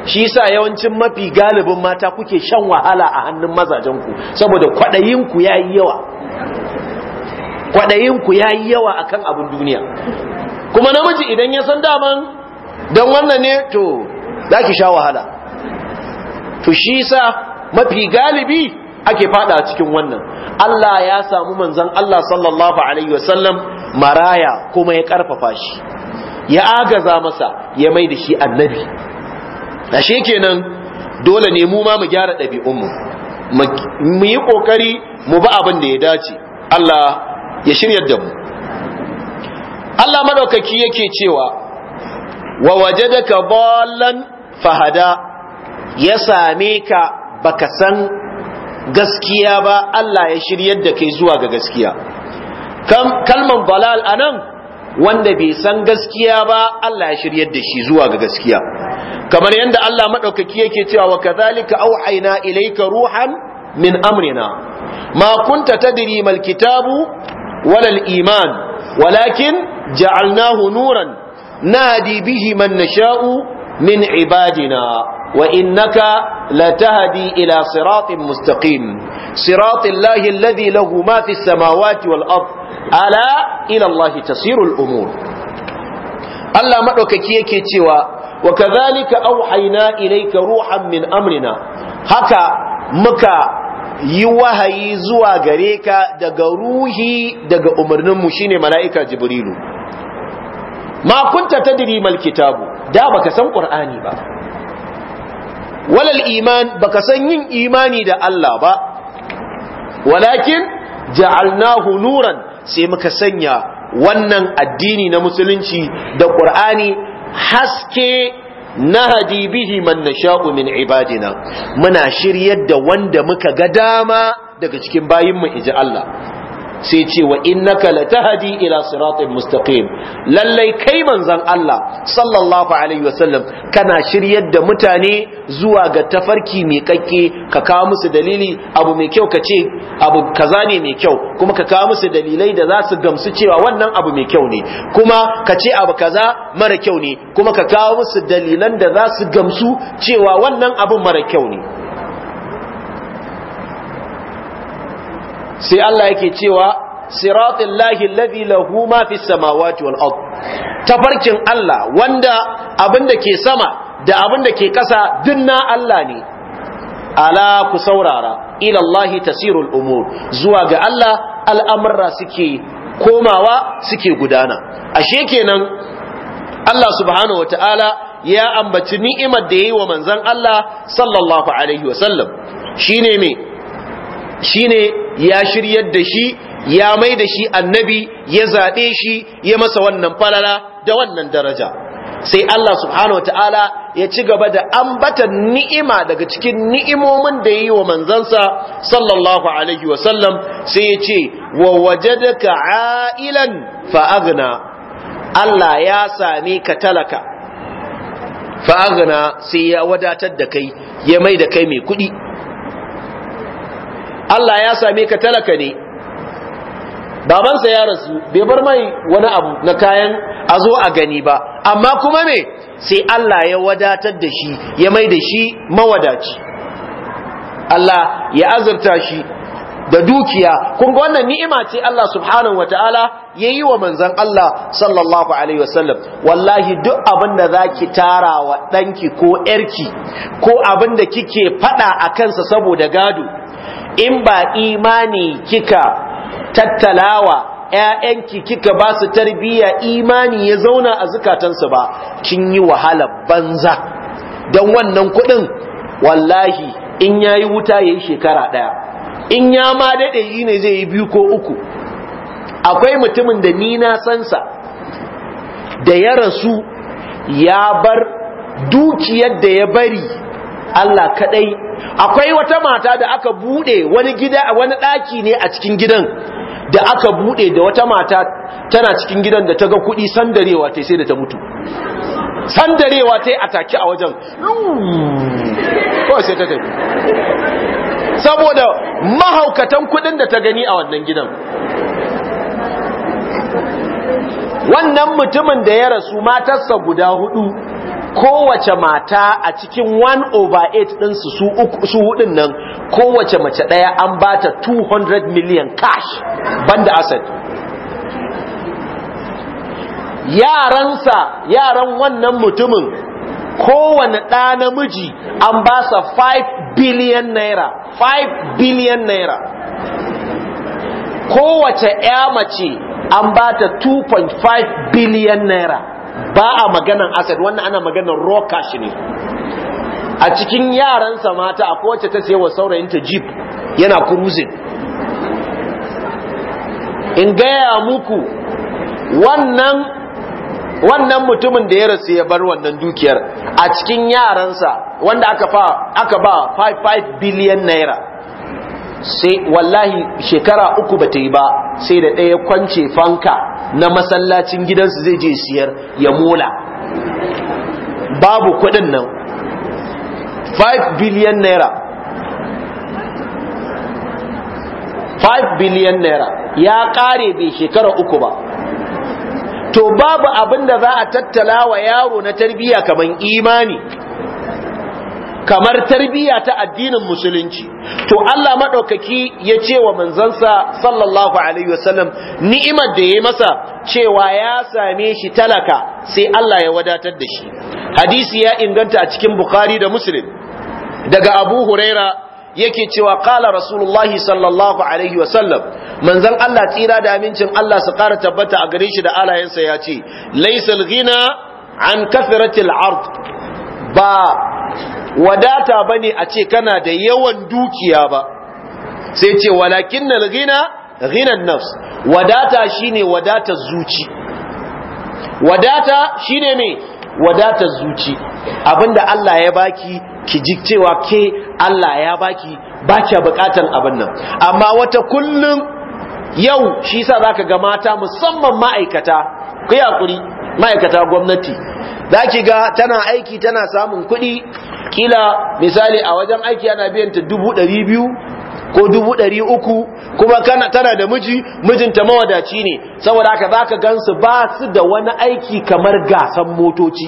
shi sa yawancin mafi galibin mata kuke shan wahala a hannun mazajenku saboda kwadayinku ya yi yawa kwadayinku ya yi yawa a abin duniya kuma namiji idan ya san daman don wannan ne to za ki sha wahala to shi sa mafi galibi ake fada cikin wannan Allah ya samu manzan Allah sallallahu alaihi wasallam maraya kuma ya karfafa shi ya agaza masa ya mai da shi annabi ashe kenan dole ne mu ma mu gyara ɗabi'unmu mu yi ƙoƙari mu ba abin da ya dace Allah ya shirya da mu Allah madaukaki yake cewa wa wajadaka ballan fahada ya same ka baka san gaskiya ba Allah ya shiryar da kai zuwa ga gaskiya kalman balal anan wanda bai san gaskiya ba Allah ya shiryar da shi zuwa ga gaskiya kamar yadda Allah madaukaki yake cewa wa kadhalika auhayna ilayka ruhan min amrina ma kunta tadri mal kitabu walal iman walakin ja'alnahu nuran nahdi bihi min ibadina wa innaka ila siratin mustaqim siratil lahu ma fis samawati wal ard ala ila tasirul umur Allah madaukaki yake cewa wa kadhalika auhayna ruhan min amrina haka muka yi wahayi zuwa gare ka daga ruhi daga umarninmu shine mala'ika jibrilu ma kunta tadri kitabu da baka san qur'ani ba walal iman baka san yin imani da Allah ba walakin ja'alnahu nuran sai muka sanya wannan addini na musulunci da ƙur'ani haske nahadi bihi man nasha'u min ibadina muna shiryar da wanda muka ga dama daga cikin bayinmu inji Allah sai ce wa innaka latahdi ila siratin mustaqim lallai kai manzon Allah sallallahu alaihi wasallam kana shiryar da mutane zuwa ga tafarki mai kakke ka kawo musu dalili abu mai kyau ka ce abu kaza ne mai kyau kuma ka kawo musu dalilai da za su gamsu cewa wannan abu mai kyau ne kuma ka ce abu kaza mara kyau ne kuma ka kawo musu dalilan da za su gamsu cewa wannan abun mara kyau ne sai Allah yake cewa siratul lahi alladhi lahu ma fis samawati wal ard tafarkin Allah wanda abin da ke sama da abin da ke kasa dinna Allah ne ala ku saurara ila tasirul umur zuwa ga Allah al'amurra suke komawa suke gudana ashe kenan Allah subhanahu wataala ya ambaci ni'imar da ya yi wa manzan Allah sallallahu Alaihi wasallam shi me shi ne ya shiryar da shi ya mai da shi annabi ya zaɓe shi ya masa wannan falala da wannan daraja sai Allah subhanahu wataala ya ci gaba da ambata ni'ima daga cikin ni'imomin da yi wa manzansa sallallahu alaihi wasallam sai ya ce wa wajadaka a'ilan fa aghna Allah ya same ka talaka fa sai ya wadatar da kai ya mai da kai mai kuɗi Allah ya same ka talaka ne babansa ya rasu bai bar mai wani abu na kayan a zo a gani ba amma kuma me sai Allah ya wadatar da shi ya mai da shi mawadaci Allah ya azurta shi da dukiya kun ga wannan ni'ima ce Allah subhanahu wataala yayi wa manzon Allah sallallahu alaihi wasallam wallahi duk abinda zaki tara wa danki ko yarki ko abin da kike fada a kansa saboda gado in ba imani kika tattalawa ‘ya'yanki kika ba su tarbiyya imani ya zauna a zukatansu ba kin yi wahala banza don wannan kuɗin wallahi in ya yi wuta ya yi shekara ɗaya in ya ma daɗe yi ne zai yi biyu ko uku akwai mutumin da ni na sansa da ya rasu ya bar dukiyar da ya bari Allah kadai akwai wata mata da aka bude wani gida wani daki ne a cikin gidan da aka bude da wata mata tana cikin gidan da ta ga kudi sandarewa tai sai da ta mutu sandarewa tai ataki a wajen ko sai ta tafi saboda mahaukatan kudin da ta gani a wannan gidan wannan mutumin da ya rasu matarsa guda hudu kowace mata a cikin 1 over 8 ɗinsu su hudun nan kowace mace ɗaya an ba ta 200 million cash banda asset yaransa yaran wannan mutumin kowane ɗa namiji an ba sa 5 billion naira 5 billion naira kowace ya mace an ba ta 2.5 billion naira ba a maganan asad wannan ana maganan raw cash ne a cikin yaransa mata a kowace ta wa saurayinta jeep yana cruising in gaya muku wannan wannan mutumin da ya rasu ya bar wannan dukiyar a cikin yaransa wanda aka ba 55 biliyan naira sai wallahi shekara uku bata yi ba sai da ɗaya kwance fanka na masallacin gidansu zai je siyar ya mola babu kuɗin nan 5 biliyan naira 5 biliyan naira ya ƙare bai shekara uku ba to babu abin da za a tattala wa yaro na tarbiyya kamar imani kamar tarbiyya ta addinin musulunci to Allah madaukaki ya ce wa manzansa sallallahu alaihi wasallam ni'imar da ya masa cewa ya same shi talaka sai Allah ya wadatar da shi hadisi ya inganta a cikin bukhari da muslim daga abu huraira yake cewa qala rasulullahi sallallahu alaihi wasallam manzon Allah tsira da amincin Allah su kara tabbata a gare shi da alayensa ya ce laysal ghina an kathratil ard ba wadata bane a ce kana da yawan dukiya ba sai ce walakin na gina ginan nafs wadata shine wadatar zuci wadata shine mai wadatar zuci abinda Allah ya baki ki ji cewa ke Allah ya baki baki bukatan abin nan amma wata kullum yau shi yasa zaka ga mata musamman ma'aikata ku hakuri ma'aikata gwamnati za ki ga tana aiki tana samun kuɗi kila misali a wajen aiki ana biyan ta dubu ɗari biyu ko dubu ɗari uku kuma kana tana da miji mijinta mawadaci ne saboda haka za ka gansu ba su da wani aiki kamar gasan motoci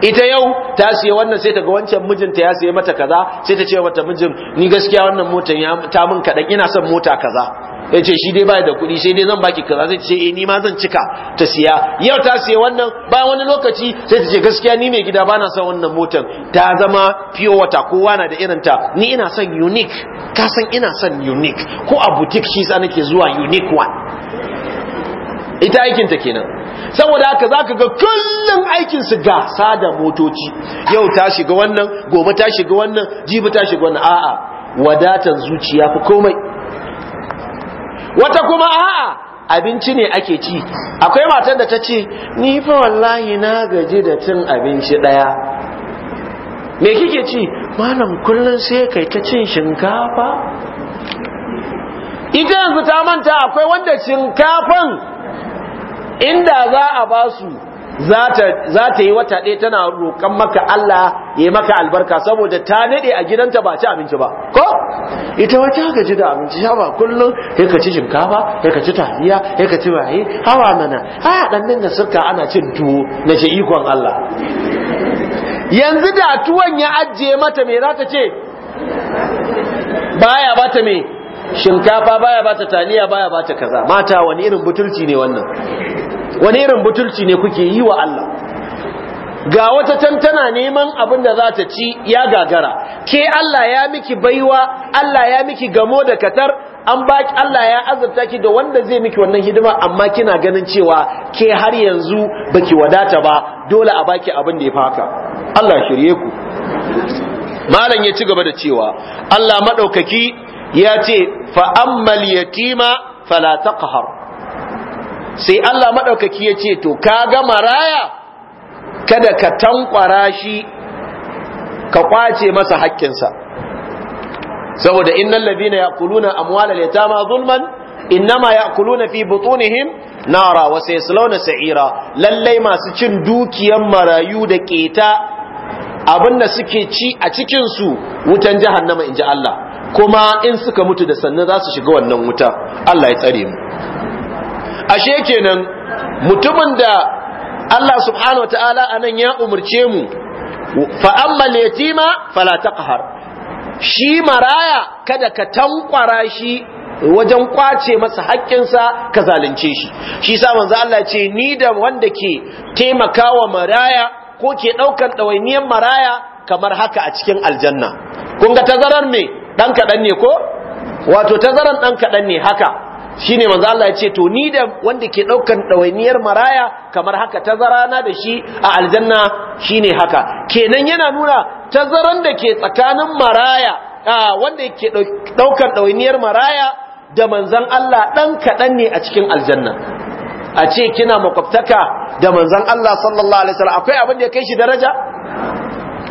ita yau ta siya wannan sai ta ga wancan mijinta ya siya mata kaza sai ta ce mata mijin ni gaskiya wannan motan ya ta min kadan ina son mota kaza ya ce shi dai baya da kuɗi sai dai zan baki kaza sai ta ce eh ni ma zan cika ta siya yau ta siya wannan bayan wani lokaci sai ta ce gaskiya ni mai gida bana son wannan motan ta zama pure water kowa na da irin ta ni ina son unique ka san ina son unique ko a boutique shi sa nake zuwa unique one ita aikin ta kenan saboda haka za ka ga kullum aikinsu ga da motoci yau ta shiga wannan gobe ta shiga wannan jibi ta shiga wannan a'a wadatar zuciya fi komai wata kuma a'a abinci ne ake ci akwai matar da ta ce ni fa wallahi na gaji da cin abinci daya me kike ci malam kullun sai kai ta cin shinkafa ita yanzu ta manta akwai wanda shinkafan inda za a ba su za ta yi wata ɗaya tana roƙon maka Allah ya maka albarka saboda ta nade a gidanta ba ci abinci ba ko ita wata ka ji da abinci ya ba kullum ya ka ci shinkafa ya ka ci tafiya ya ka ci waye hawa mana a ɗannin da suka ana cin tuwo na ce ikon Allah yanzu da tuwon ya ajiye mata me za ta ce baya bata me shinkafa baya bata taliya baya bata kaza mata wani irin butulci ne wannan wani irin butulci ne kuke yi wa Allah ga wata tantana neman abin da za ta ci ya gagara ke Allah ya miki baiwa Allah ya miki gamo da katar an ba Allah ya azurta ki da wanda zai miki wannan hidima amma kina ganin cewa ke har yanzu baki wadata ba dole a baki abin da ya faka. Allah shirye ku malam ya ci gaba da cewa Allah madaukaki ya ce fa'ammal yatima fala taqhar sai Allah maɗaukaki ya ce to ka kaga maraya kada ka tankwara shi ka ƙwace masa haƙƙinsa saboda innal ladina yaquluna amwalal yatama zulman innama yaquluna fi butunihim nara wa sayaslawna sa'ira lallai masu cin dukiyan marayu da keta abinda suke ci a cikin su wutan jahannama inji Allah kuma in suka mutu da sannan za su shiga wannan wuta Allah ya tsare mu ashe kenan mutumin da Allah subhanahu wa anan ya umurce mu fa amma yatima fala taqhar shi maraya kada ka tankwara shi wajen kwace masa haƙƙinsa ka zalunce shi shi sa manzo Allah ce ni da wanda ke taimakawa maraya ko ke ɗaukan ɗawainiyar maraya kamar haka a cikin aljanna kun ga tazarar me dan kaɗan ne ko wato tazaran dan kaɗan ne haka shine manzo Allah ya ce to ni da wanda ke daukan dawainiyar maraya kamar haka tazara na da shi a aljanna shine haka kenan yana nuna tazaran da ke tsakanin maraya a wanda ke daukan dawainiyar maraya da manzan Allah dan kaɗan ne a cikin aljanna a ce kina makwabtaka da manzan Allah sallallahu alaihi wasallam akwai abin da ya kai shi daraja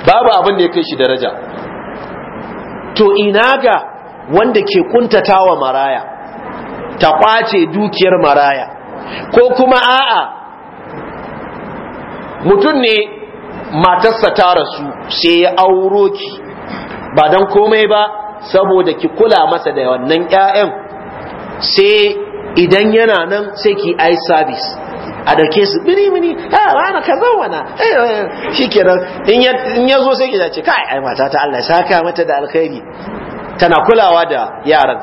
babu abin da ya kai shi daraja to ina ga wanda ke kuntatawa maraya ta kwace dukiyar maraya ko kuma a'a mutum ne matarsa ta rasu sai ya auro ki ba don komai ba saboda ki kula masa da wannan 'ya'yan sai idan yana nan sai ki ai service a dauke su birimini. biri ha rana kaza wana eh, eh, eh, shikenan in ya zo sai ki dace, kai ai mata ta Allah saka mata da alkhairi tana kulawa da yaran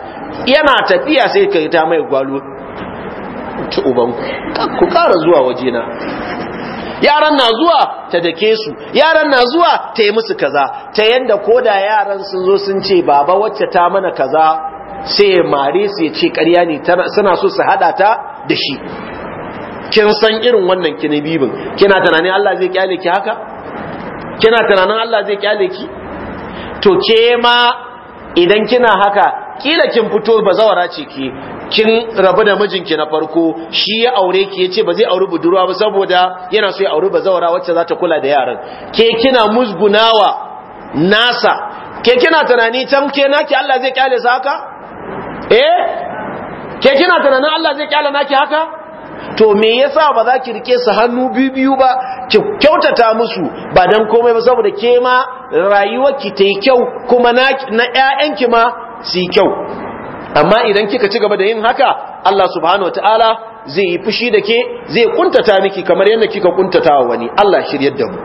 yana tafiya sai ka ta mai gwalo ci uban ku kara zuwa wajena yaran na zuwa ta dake su yaran na zuwa ta yi musu kaza ta yanda koda yaran sun zo sun ce baba wacce ta mana kaza sai ya mare su ya ce ƙarya ne suna so su haɗa ta da shi kin san irin wannan bibin? kina tunanin Allah zai kyale ki haka kina tunanin Allah zai kyale ki to ke ma idan kina haka kila kin fito zawara ce ki kin rabu da mijinki na farko shi ya aure ki yace ba zai aure budurwa ba saboda yana so ya auri bazawara wacce za ta kula da yaran ke kina musgunawa nasa ke kina tunani tamke naki Allah zai kyale su haka eh ke kina tunanin Allah zai kyala naki haka to me yasa ba za ki rike su hannu biyu ba ki kyautata musu ba dan komai ba saboda ke ma rayuwar ki ta kyau kuma na na ƴaƴan ma su kyau amma idan kika ci gaba da yin haka Allah subhanahu wataala zai yi fushi da ke zai kuntata miki kamar yadda kika kuntata wa wani Allah shiryar da mu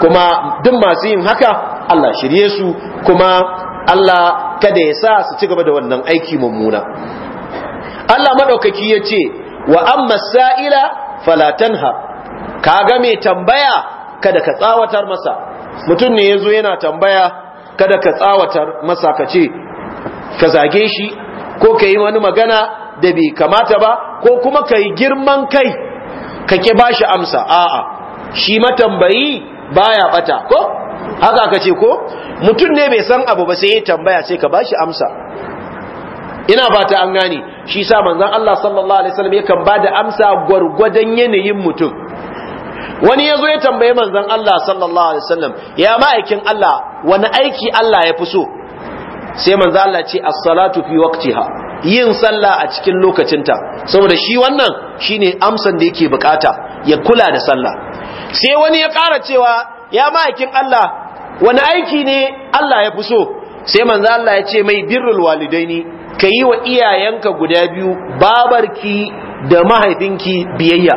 kuma duk masu yin haka Allah shirye su kuma Allah kada ya sa su ci gaba da wannan aiki mummuna Allah madaukaki ya ce wa amma sa'ila fala tanha kaga mai tambaya kada ka tsawatar masa mutum ne yazo yana tambaya kada ka tsawatar masa ka ce ka zage shi ko ka wani magana da bai kamata ba ko kuma ka girman kai ka ba bashi amsa a'a shi matambayi baya bata ko haka aka ce ko mutum ne bai san abu ba sai ya tambaya sai ka ba shi amsa ina fata an gani. shi sa manzan Allah sallallahu alaihi wasallam ba da amsa gwargwadon yanayin mutum wani ya zo ya tambaye manzan Allah sallallahu alaihi wasallam ya ma'aikin Allah wani aiki Allah ya fi so sai manzan Allah ce as-salatu fi waqtiha yin sallah a cikin lokacinta saboda shi wannan shine amsan da yake bukata ya kula da sallah sai wani ya ƙara cewa ya ma'aikin Allah wani aiki ne Allah ya fi so sai manzo Allah ya ce mai birrul walidaini ka yi wa iyayenka guda biyu babarki da mahaifinki biyayya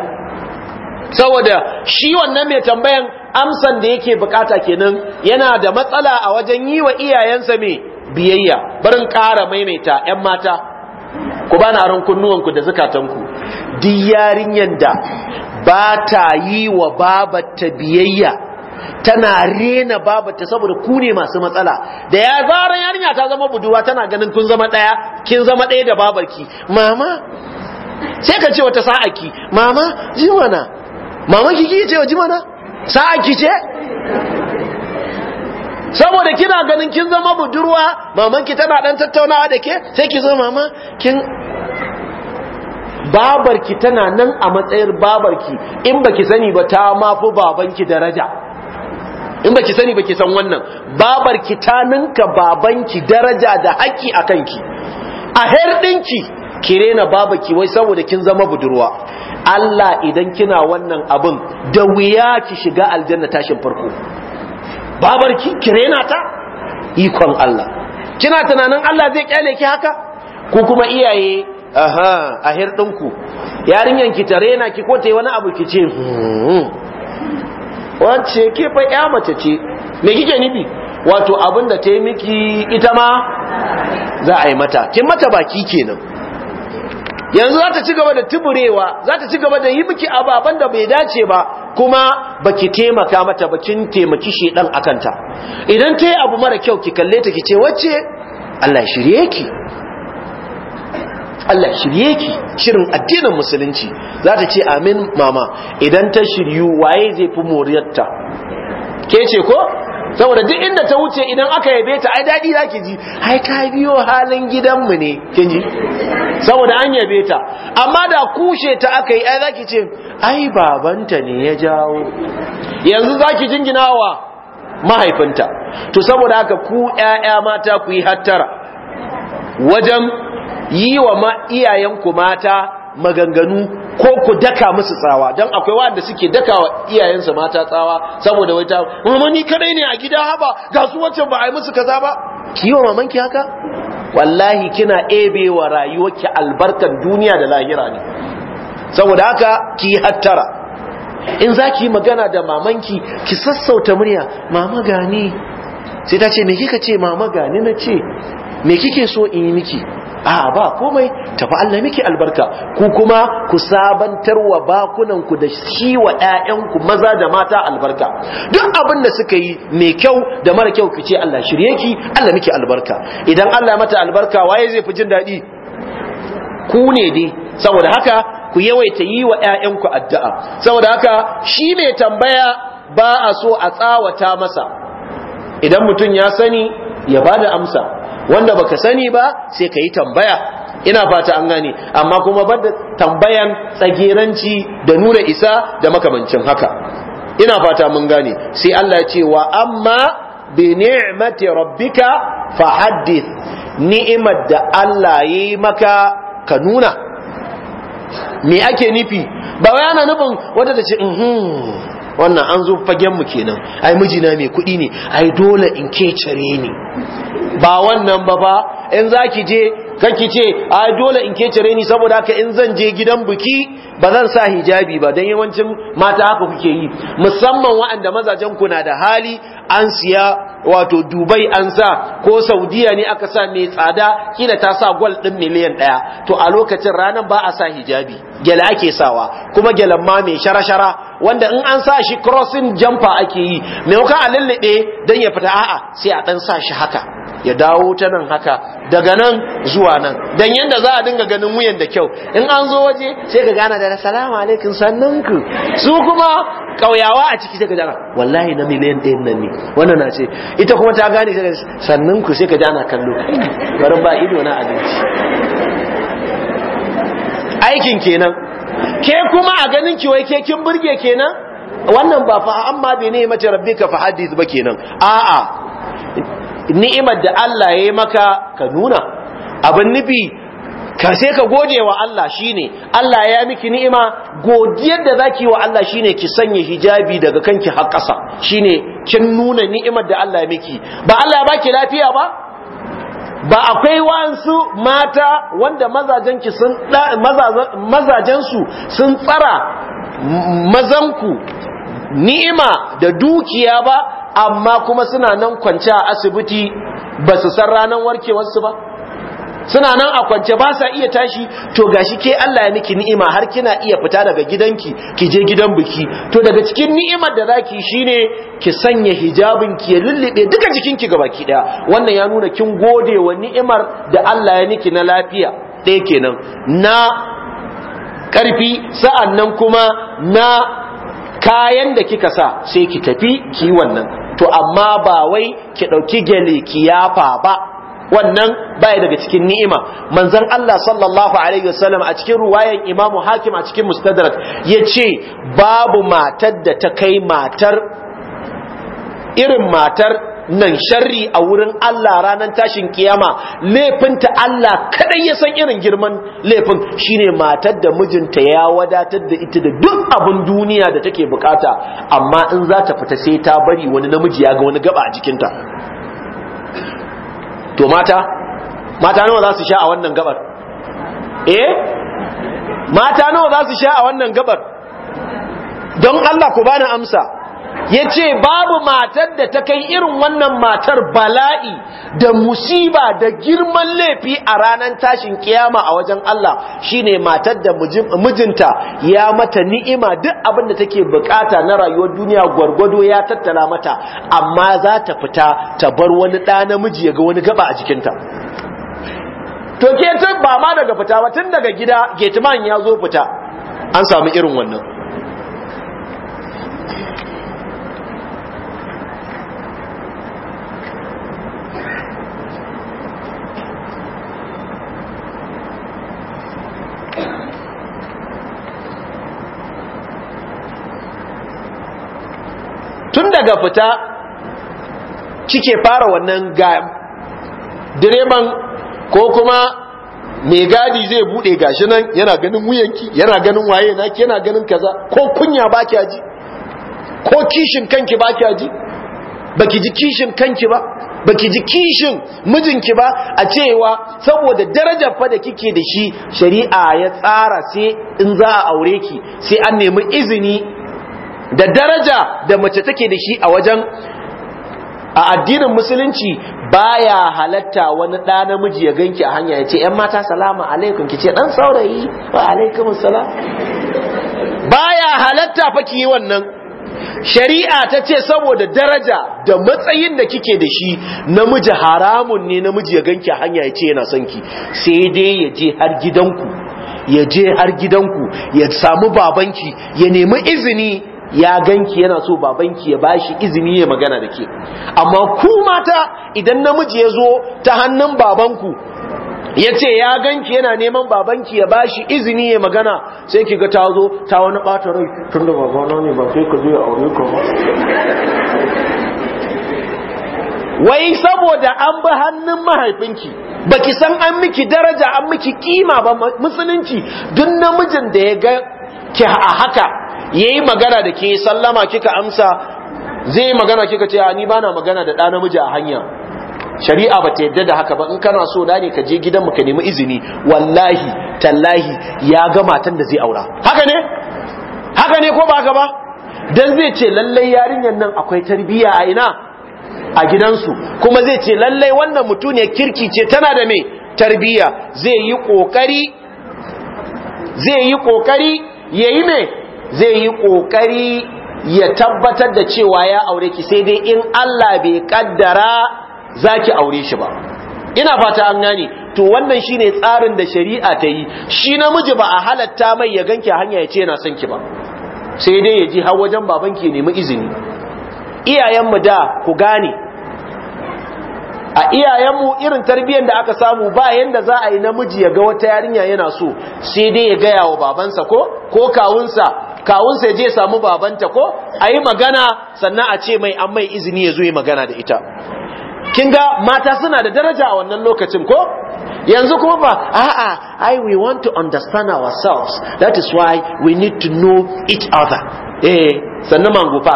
saboda shi wannan mai tambayan amsan da yake bukata kenan yana da matsala a wajen yi wa iyayensa mai biyayya barin ƙara maimaita 'yan mata ku bana aron kunnuwanku da zukatanku duk yarinyar da ba ta yi wa babarta biyayya tana rena ta saboda ku ne masu matsala da ya zaran yarinya ta zama buduwa tana ganin kun zama daya kin zama daya da babarki mama sai ka ce wata sa'aki mama ji mana mama kiki ce wa ji mana sa'aki ce saboda kina ganin kin zama budurwa mamanki tana dan tattaunawa da ke sai ki zo mama kin babarki tana nan a matsayar babarki in baki sani ba ta mafi babanki daraja in ba ki sani baki san wannan babar ki ta ninka babanki daraja da haƙi a kanki a herɗinki ki rena babaki wai saboda kin zama budurwa Allah idan kina wannan abin da wuya ki shiga aljanna tashin farko Babar ki ki rena ta ikon Allah kina tunanin Allah zai kyale ki haka ko kuma iyaye aha a ɗinku, yarinyanki ta rena ki ko ta yi wani abu ki ce hmm, hmm. wacce ke fa ya mace ce me kike nufi wato abin da ta miki ita ma za a yi mata kin mata baki kenan yanzu za ta ci gaba da tuburewa za ta ci gaba da yi miki ababan da bai dace ba kuma baki taimaka mata bakin taimaki shedan akanta idan ta yi abu mara kyau ki kalle ta ki ce wacce Allah shirye ki Allah shirye ki shirin addinin musulunci za ta ce amin mama idan ta shiryu waye zai fi moriyarta ke ce ko saboda duk inda ta wuce idan aka yabe ta ai dadi zaki ji ai ka biyo halin gidanmu ne kin ji saboda an yabe ta amma da kushe ta aka yi ai zaki ce ai babanta ne ya jawo yanzu zaki jinginawa mahaifinta to saboda haka ku ƴaƴa mata ku yi hattara wajen yi wa ma iyayenku mata maganganu ko ku daka musu tsawa don akwai wanda suke daka wa iyayensu mata tsawa saboda wata mamani kadai ne a gida haba ga su wacce ba a musu kaza ba ki yi wa mamanki haka wallahi kina ebe wa rayuwarki albarkan duniya da lahira ne saboda haka ki hattara in zaki yi magana da mamanki ki sassauta murya mama gani sai ta ce me kika ce mama gani na ce me kike so in yi miki a ba komai tafi Allah miki albarka ku kuma ku sabantarwa bakunan ku da shi wa ƴaƴan maza da mata albarka duk abin da suka yi mai kyau da mara kyau ku ce Allah shirye ki Allah miki albarka idan Allah mata albarka waye zai fi jin daɗi ku ne dai saboda haka ku yawaita yi wa ƴaƴanku addu'a saboda haka shi mai tambaya ba a so a tsawata masa idan mutum ya sani ya bada amsa wanda baka sani ba sai ka yi tambaya ina fata an gane amma kuma bada tambayan tsageranci da nuna isa da makamancin haka ina fata mun gane sai Allah ya ce wa amma bi ni'mati rabbika fa haddith ni'imar da Allah yi maka ka nuna me ake nufi ba wai ana nufin wanda ta ce uhm, wannan an zo fagen mu kenan ai mijina mai kuɗi ne ai dole in cire ni ba wannan ba ba in zaki je kanki ce a dole in ke cire ni saboda haka in zan je gidan buki ba zan sa hijabi ba dan yawancin mata haka kuke yi musamman waɗanda mazajen ku na da hali an siya wato Dubai an sa ko Saudiya ne aka sa mai tsada kina ta sa gwal din miliyan ɗaya to a lokacin ranar ba a sa hijabi gyale ake sawa kuma gyalen ma mai shara-shara wanda in an sa shi crossing jumper ake yi me wuka a lallaɓe don ya fita a'a sai a ɗan sa shi haka ya dawo ta nan haka daga nan zuwa nan dan yanda za a dinga ganin wuyan da kyau in an zo waje sai ka gana da salamu alaikum sannan ku su kuma kauyawa a ciki sai ka gana wallahi na miliyan ɗayan nan ne wannan na ce ita kuma ta gane sannan ku sai ka gana kallo bari ba ido na abinci aikin kenan ke kuma a ganin ki wai ke kin burge kenan wannan ba fa amma bai ne mace rabbika fa hadith ba kenan a'a ni'imar da Allah ya yi maka ka nuna abin nufi ka sai ka gode wa Allah shine Allah ya miki ni'ima godiyar da zaki wa Allah shine ki sanya hijabi daga kanki har ƙasa shine kin nuna ni'imar da Allah ya miki ba Allah ya baki lafiya ba ba akwai wansu mata wanda mazajenki sun mazajensu sun tsara mazanku ni'ima da dukiya ba amma kuma suna nan kwance a asibiti ba su san ranar warkewarsu ba suna nan a kwance ba sa iya tashi to gashi ke Allah ya miki ni'ima har kina iya fita daga gidanki ki je gidan biki to daga cikin ni'imar da zaki shine ki sanya hijabin ki ya lullube duka jikinki gabaki daya wannan ya nuna kin gode wa ni'imar da Allah ya miki na lafiya ɗaya kenan na karfi nan kuma na kayan da kika sa sai ki tafi ki wannan to amma ba wai ki ɗauki gyale kiyafa ba wannan baya daga cikin ni'ima manzon Allah sallallahu alaihi wasallam a cikin ruwayan Imam Hakim a cikin Mustadrak yace babu matar da ta kai matar irin matar nan sharri a wurin Allah ranar tashin kiyama laifinta Allah kadai ya san irin girman laifin shine matar da mijinta ya wadatar da ita da duk abin duniya da take bukata amma in za ta fita sai ta bari wani namiji ya ga wani gaba a jikinta to mata mata nawa za su sha a wannan gabar eh mata nawa za su sha a wannan gabar don Allah ku bani amsa ya ce babu matar da ta kai irin wannan matar bala'i da musiba da girman laifi a ranar tashin kiyama a wajen Allah shine matar da mijinta ya mata ni'ima duk abinda da take bukata na rayuwar duniya gwargwado ya tattala mata amma za ta fita ta bar wani ɗa namiji ya ga wani gaba a jikinta to ke ba ma daga fita ba tun daga gida getman ya zo fita an samu irin wannan ga fita kike fara wannan ga direban ko kuma mai gadi zai bude gashi nan yana ganin wuyanki yana ganin waye naki yana ganin kaza ko kunya baki aji ko kishin kanki baki aji baki ji kishin kanki ba baki ji kishin mijinki ba a cewa saboda darajar fa da kike da shi shari'a ya tsara sai in za a aure ki sai an nemi izini da daraja da mace take da shi a wajen a addinin musulunci baya halatta wani ɗa namiji ya ganki a hanya ya ce ‘yan mata salama alaikun ki ce ɗan saurayi wa alaikun salam baya halatta fa ki yi wannan shari'a ta ce saboda daraja da matsayin da kike da shi namiji haramun ne namiji ya ganki a hanya ya ce yana son ki sai dai ya je har gidanku ya je har gidanku ya samu babanki ya nemi izini ya ganki yana so babanki ya bashi izini ya magana da ke amma ku mata idan namiji ya zo ta hannun babanku ya ce ya ganki yana neman babanki ya bashi izini ya magana sai ki ga ta zo ta wani ɓata rai tun da babana ne ba sai ka zo ya aure ka ba wai saboda an bi hannun mahaifinki baki san an miki daraja an miki kima ba musulunci duk namijin da ya ga ki a haka yayi magana da ke sallama kika amsa zai magana kika ce ni bana magana da ɗa namiji a hanya shari'a ba ta yadda da haka ba in kana so da ne ka je gidan ka nemi izini wallahi tallahi ya ga matan da zai aura haka ne haka ne ko ba haka ba dan zai ce lallai yarinyar nan akwai tarbiyya a ina a gidansu kuma zai ce lallai wannan mutuniyar kirki ce tana da me tarbiyya zai yi kokari zai yi kokari yayi me? zai yi ƙoƙari ya tabbatar da cewa ya aure ki sai dai in Allah bai kaddara zaki aure shi ba ina fata an gane to wannan shine tsarin da shari'a ta yi shi namiji ba a halatta mai ya ganki a hanya ya ce yana son ki ba sai dai ya ji har wajen babanki nemi izini iyayenmu da ku gane a iyayenmu irin tarbiyyar da aka samu ba yanda za a yi namiji ya ga wata yarinya yana so sai dai ya gaya wa babansa ko ko kawunsa kawunsa ya je samu babanta ko a yi magana sannan a ce mai an mai izini ya zo yi magana da ita kin ga mata suna da daraja a wannan lokacin ko yanzu kuma ba a'a ai we want to understand ourselves that is why we need to know each other eh sannan mangofa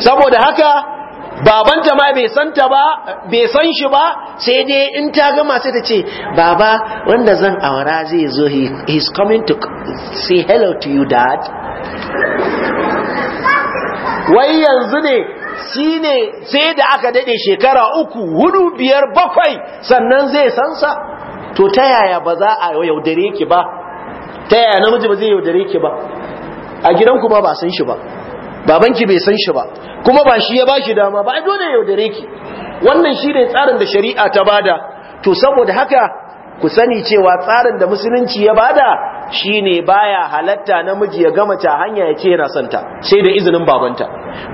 saboda haka Baban ta ma bai san ta ba bai san shi ba sai dai in ta gama sai ta ce baba wanda zan awara zai zo he is coming to say hello to you dad wai yanzu ne shi ne sai da aka dade shekara uku hudu biyar bakwai sannan zai sansa to ta yaya ba za a yaudare ki ba ta yaya namiji ba zai yaudare ki ba a gidanku ba ba san shi ba babanki bai san shi ba kuma ba shi ya bashi dama ba dole yaudare ki wannan shine tsarin da shari'a ta bada to saboda haka ku sani cewa tsarin da musulunci ya bada shine baya halatta namiji ya gama ta hanya ya ce yana son sai da izinin babanta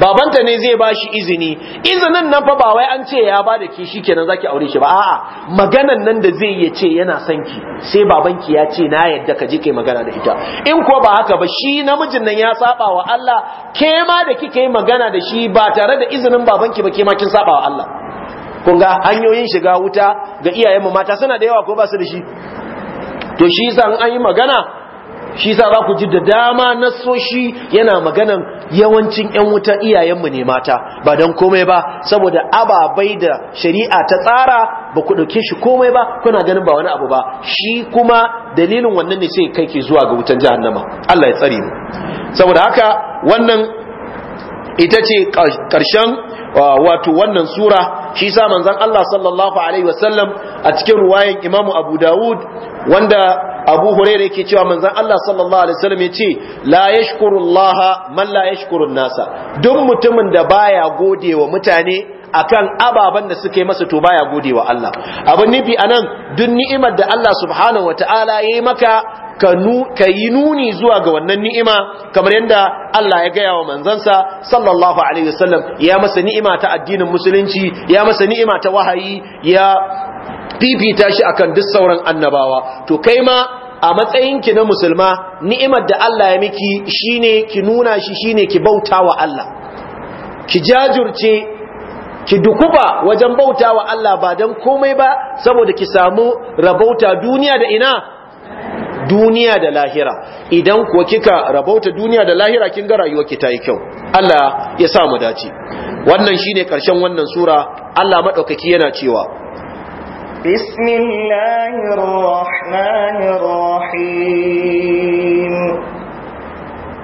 babanta ne zai bashi izini izinin nan fa ba wai an ce ya bada ki shikenan zaki aure shi ba a'a maganan nan da zai ya ce yana son ki sai babanki ya ce na yadda ka je kai magana da ita in ko ba haka ba shi namijin nan ya saba wa Allah ke ma da kike magana da shi ba tare da izinin babanki ba ke ma kin saba wa Allah kun ga hanyoyin shiga wuta ga iyayenmu mata suna da yawa ko ba su da shi to shi yasa an yi magana shi yasa za ku ji da dama nasoshi yana maganan yawancin ƴan wutan iyayenmu ne mata ba dan komai ba saboda ababai da shari'a ta tsara ba ku dauke shi komai ba kuna ganin ba wani abu ba shi kuma dalilin wannan ne sai kai ke zuwa ga wutan jahannama Allah ya tsare mu saboda haka wannan ita ce karshen uh, wato wannan sura shi sa manzon Allah sallallahu alaihi wasallam a cikin ruwayan Imam Abu Dawud wanda Abu Hurairah yake cewa manzon Allah sallallahu alaihi wasallam ce la yashkuru Allah man la yashkuru nasa duk mutumin da baya gode wa mutane akan ababen da suka yi masa to baya wa Allah Abun nufi anan duk ni'imar da Allah subhanahu wataala yi maka ka yi nuni zuwa ga wannan ni'ima kamar yadda Allah ya gaya wa manzansa sallallahu alaihi wasallam ya masa ni'ima ta addinin musulunci ya masa ni'ima ta wahayi ya fifita shi akan duk sauran annabawa to kai ma a matsayinki na musulma ni'imar da Allah ya miki shine ki nuna shi shine ki bauta wa Allah ki jajurce ki dukuba wajen bauta wa Allah ba dan komai ba saboda ki samu rabauta duniya da ina duniya da lahira idan ko kika rabauta duniya da lahira kin ga rayuwar ki tayi kyau Allah ya sa mu dace wannan shine karshen wannan sura Allah madaukaki yana cewa bismillahir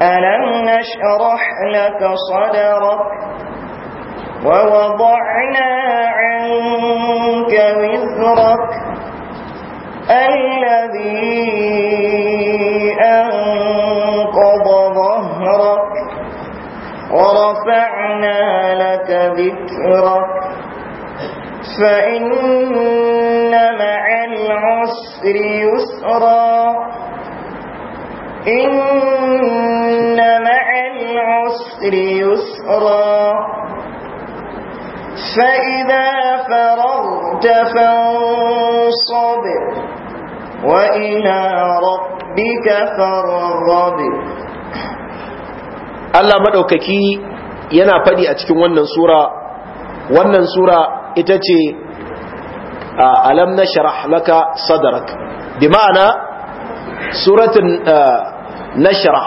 alam nashrah laka sadrak ووضعنا عنك وزرك الذي أنقض ظهرك ورفعنا لك ذكرك فإن مع العسر يسرا إن مع العسر يسرا فإذا فرغت فانصبر وإلى ربك فارغب الله madaukaki yana fadi a cikin wannan sura wannan sura ita ce alam nashrah laka sadarak. bi ma'ana suratun nashrah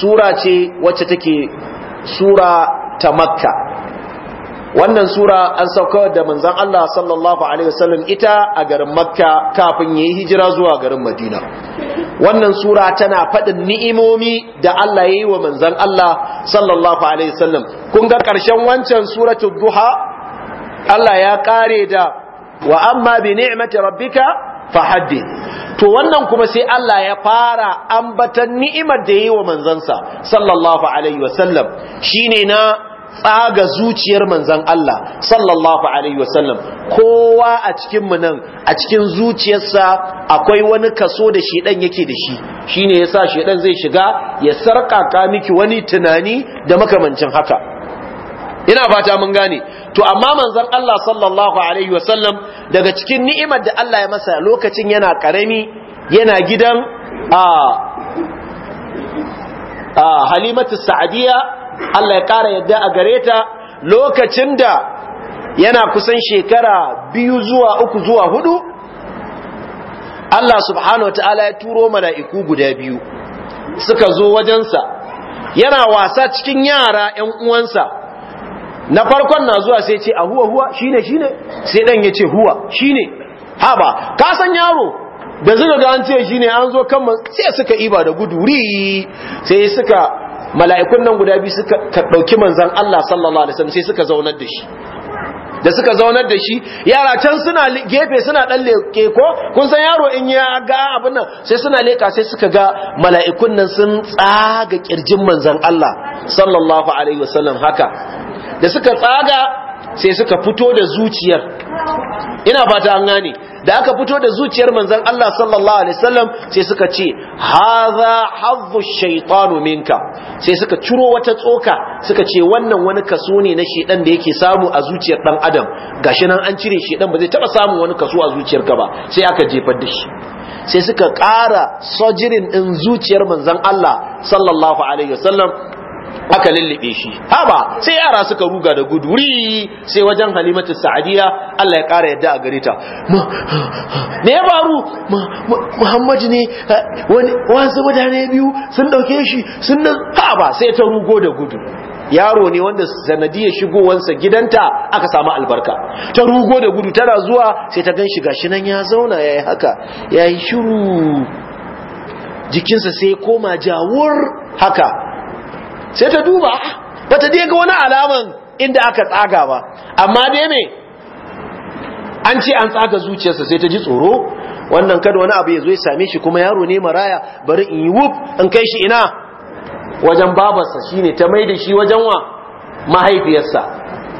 sura ce wacce take sura ta makka wannan sura an sauka da manzan Allah sallallahu alaihi wasallam ita a garin makka kafin ya yi hijira zuwa garin madina wannan sura tana faɗin ni'imomi da Allah ya yi wa manzan Allah sallallahu alaihi wasallam kun ga ƙarshen wancan suratul duha Allah ya ƙare da wa amma bi ni'mati rabbika fahaddi to wannan kuma sai Allah ya fara ambatan ni'imar da ya yi wa manzansa sallallahu alaihi wasallam shine na tsaga zuciyar manzan Allah sallallahu alaihi wasallam kowa a cikin mu nan a cikin zuciyarsa akwai wani kaso da shedan yake da shi shine yasa shedan zai shiga ya sarƙaƙa miki wani tunani da makamancin haka ina fata mun gane to amma manzan Allah sallallahu alaihi wasallam daga cikin ni'imar da Allah ya masa lokacin yana karami yana gidan a a Halimatu Sa'diya Allah ya ƙara yadda a gare ta lokacin da yana kusan shekara biyu zuwa uku zuwa hudu Allah subhanahu wa ta'ala ya turo mala'iku guda biyu suka zo wajensa yana wasa cikin yara ‘yan uwansa na farkon na zuwa sai ce a huwa huwa shine shine sai ɗan ya ce huwa shine haba ka san yaro da zuga an ce shine an zo kan sai suka iba da guduri sai suka mala'ikun nan guda biyu suka ɗauki manzan Allah sallallahu alaihi wasallam sai suka zaunar da shi da suka zaunar da shi yara can suna gefe suna dan leke ko kun san yaro in ya ga abin nan sai suna leka sai suka ga mala'ikun nan sun tsaga kirjin manzan Allah sallallahu alaihi wasallam haka da suka tsaga sai suka fito da zuciyar ina fata an gane da aka fito da zuciyar manzon Allah sallallahu alaihi wasallam sai suka ce hadha hazzu shaytanu minka sai suka ciro wata tsoka suka ce wannan wani kaso ne na shedan da yake samu a zuciyar dan adam gashi nan an cire shedan ba zai taba samun wani kaso a zuciyar ka ba sai aka jefar da shi sai suka ƙara sojirin din zuciyar manzon Allah sallallahu alaihi wasallam aka lullube shi haba sai yara suka ruga da gudu wuri sai wajen halimatu sa'adiya Allah ya kara yadda a gare ta me ya faru Muhammadu ne eh, wasu mutane biyu sun dauke shi sun nan haba sai ta rugo da gudu yaro ne wanda sanadiyar shigowansa gidanta aka samu albarka ta rugo da gudu tana zuwa sai ta gan shi gashi nan ya zauna yayi haka yayi shiru jikinsa sai koma jawur haka sai ta duba ba ta ga wani alaman inda aka tsaga ba amma dai me an ce an tsaga zuciyarsa sai ta ji tsoro wannan kada wani abu ya zo ya same shi kuma yaro ne maraya bari in yi wuf in kai shi ina wajen babarsa shine ta mai da shi wajen wa mahaifiyarsa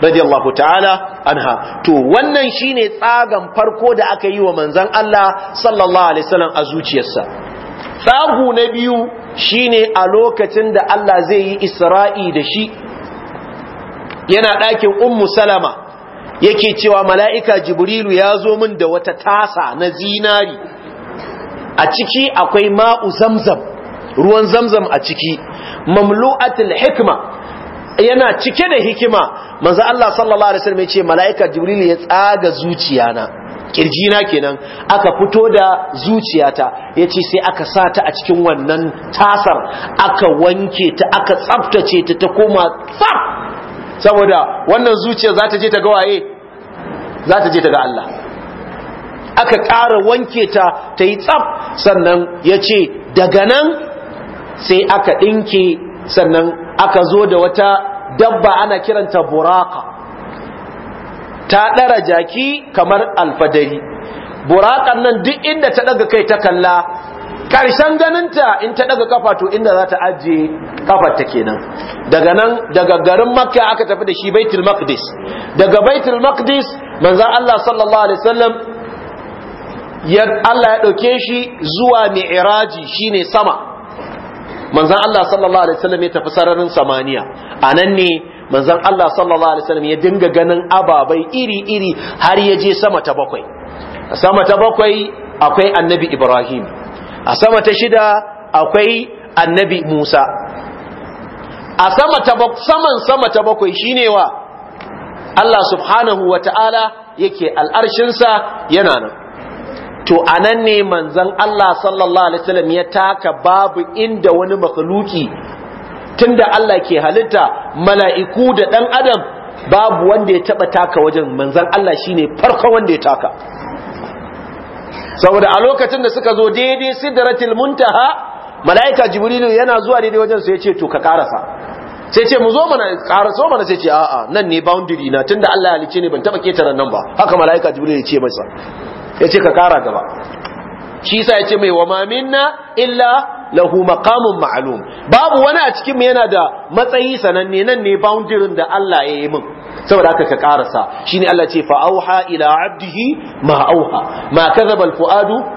radiyallahu ta'ala anha to wannan shine tsagan farko da aka yi wa manzon Allah sallallahu alaihi wasallam a zuciyarsa Sahu na biyu shine a lokacin da Allah zai yi isra'i da shi yana ɗakin ummu salama yake cewa mala'ika jibrilu ya zo min da wata tasa na zinari a ciki akwai ma'u zamzam ruwan zamzam a ciki mamlu'atul hikma yana cike da hikima manzo Allah sallallahu alaihi wasallam ya ce mala'ika jibrilu ya tsaga zuciyana kirjina kenan aka fito da zuciyata ce sai aka sata a cikin wannan tasar aka wanke ta aka tsaftace ta ta koma tsaf saboda wannan zuciyar za ta je ta ga za ta je ta ga Allah aka ƙara wanke ta ta yi tsaf sannan ya ce daga nan sai aka ɗinke sannan aka zo da wata dabba ana kiranta buraka ta ɗara jaki kamar alfadari burakan nan duk inda ta ɗaga kai ta kalla ƙarshen ganinta in ta ɗaga kafa to inda za ta ajiye ta kenan daga nan daga garin makka aka tafi da shi baitul maqdis daga baitul maqdis manzon Allah sallallahu alaihi wasallam ya Allah ya dauke shi zuwa mi'raji shine sama manzon Allah sallallahu alaihi wasallam ya tafi sararin samaniya anan ne manzon Allah sallallahu alaihi wasallam ya dinga ganin ababai iri-iri har ya je sama ta bakwai a sama ta bakwai akwai annabi Ibrahim a sama ta shida akwai annabi Musa a sama ta saman sama ta bakwai shine wa Allah subhanahu wata'ala yake al'arshinsa yana nan to anan ne manzon Allah sallallahu alaihi wasallam ya taka babu inda wani makhluki tunda Allah ke halitta mala'iku da dan adam babu wanda ya taba taka wajen manzon Allah shine farko wanda ya taka saboda a lokacin da suka zo daidai sidratul muntaha mala'ika jibrilu yana zuwa daidai wajen su yace to ka karasa sai ce mu zo mana karaso mana sai ce a'a nan ne boundary na tunda Allah ya halice ni ban taba ketaren nan ba haka malaika Jibrilu ya ce masa ce ka kara gaba shi ya ce mai wa minna illa lahu maqamun ma'lum babu wani a cikin mu yana da matsayi sananne nan ne boundarin da Allah ya yi min saboda haka ka karasa shine Allah ce fa auha ila abdihi ma auha ma kadhaba al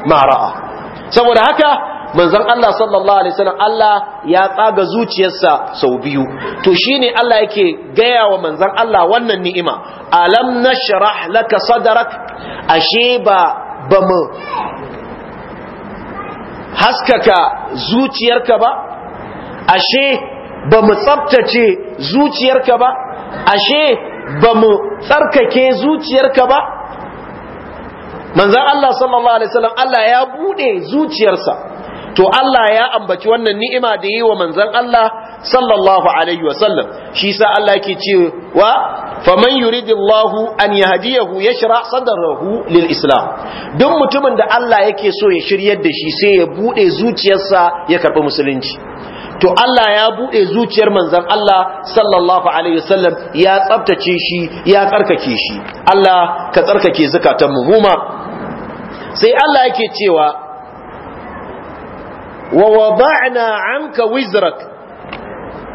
ma ra'a saboda haka manzon Allah sallallahu alaihi wasallam Allah ya tsaga zuciyarsa sau biyu to shine Allah yake gaya wa manzon Allah wannan ni'ima alam nashrah laka sadrak ashe ba bamu haskaka zuciyarka ba ashe ba mu tsabtace zuciyarka ba ashe ba mu tsarkake zuciyarka ba manzan Allah sallallahu Alaihi wasallam Allah ya buɗe zuciyarsa to Allah ya ambaci wannan ni'ima da yi wa manzan Allah sallallahu alaihi wasallam shi sa Allah yake cewa faman yuridillahu an yahdiyahu yashrah sadrahu lil islam duk mutumin da Allah yake so ya shiryar da shi sai ya bude zuciyarsa ya karbi musulunci to Allah ya bude zuciyar manzan Allah sallallahu alaihi wasallam ya tsabtace shi ya tsarkake shi Allah ka tsarkake zakatan muhuma!" sai Allah yake cewa wa wada'na anka wizrak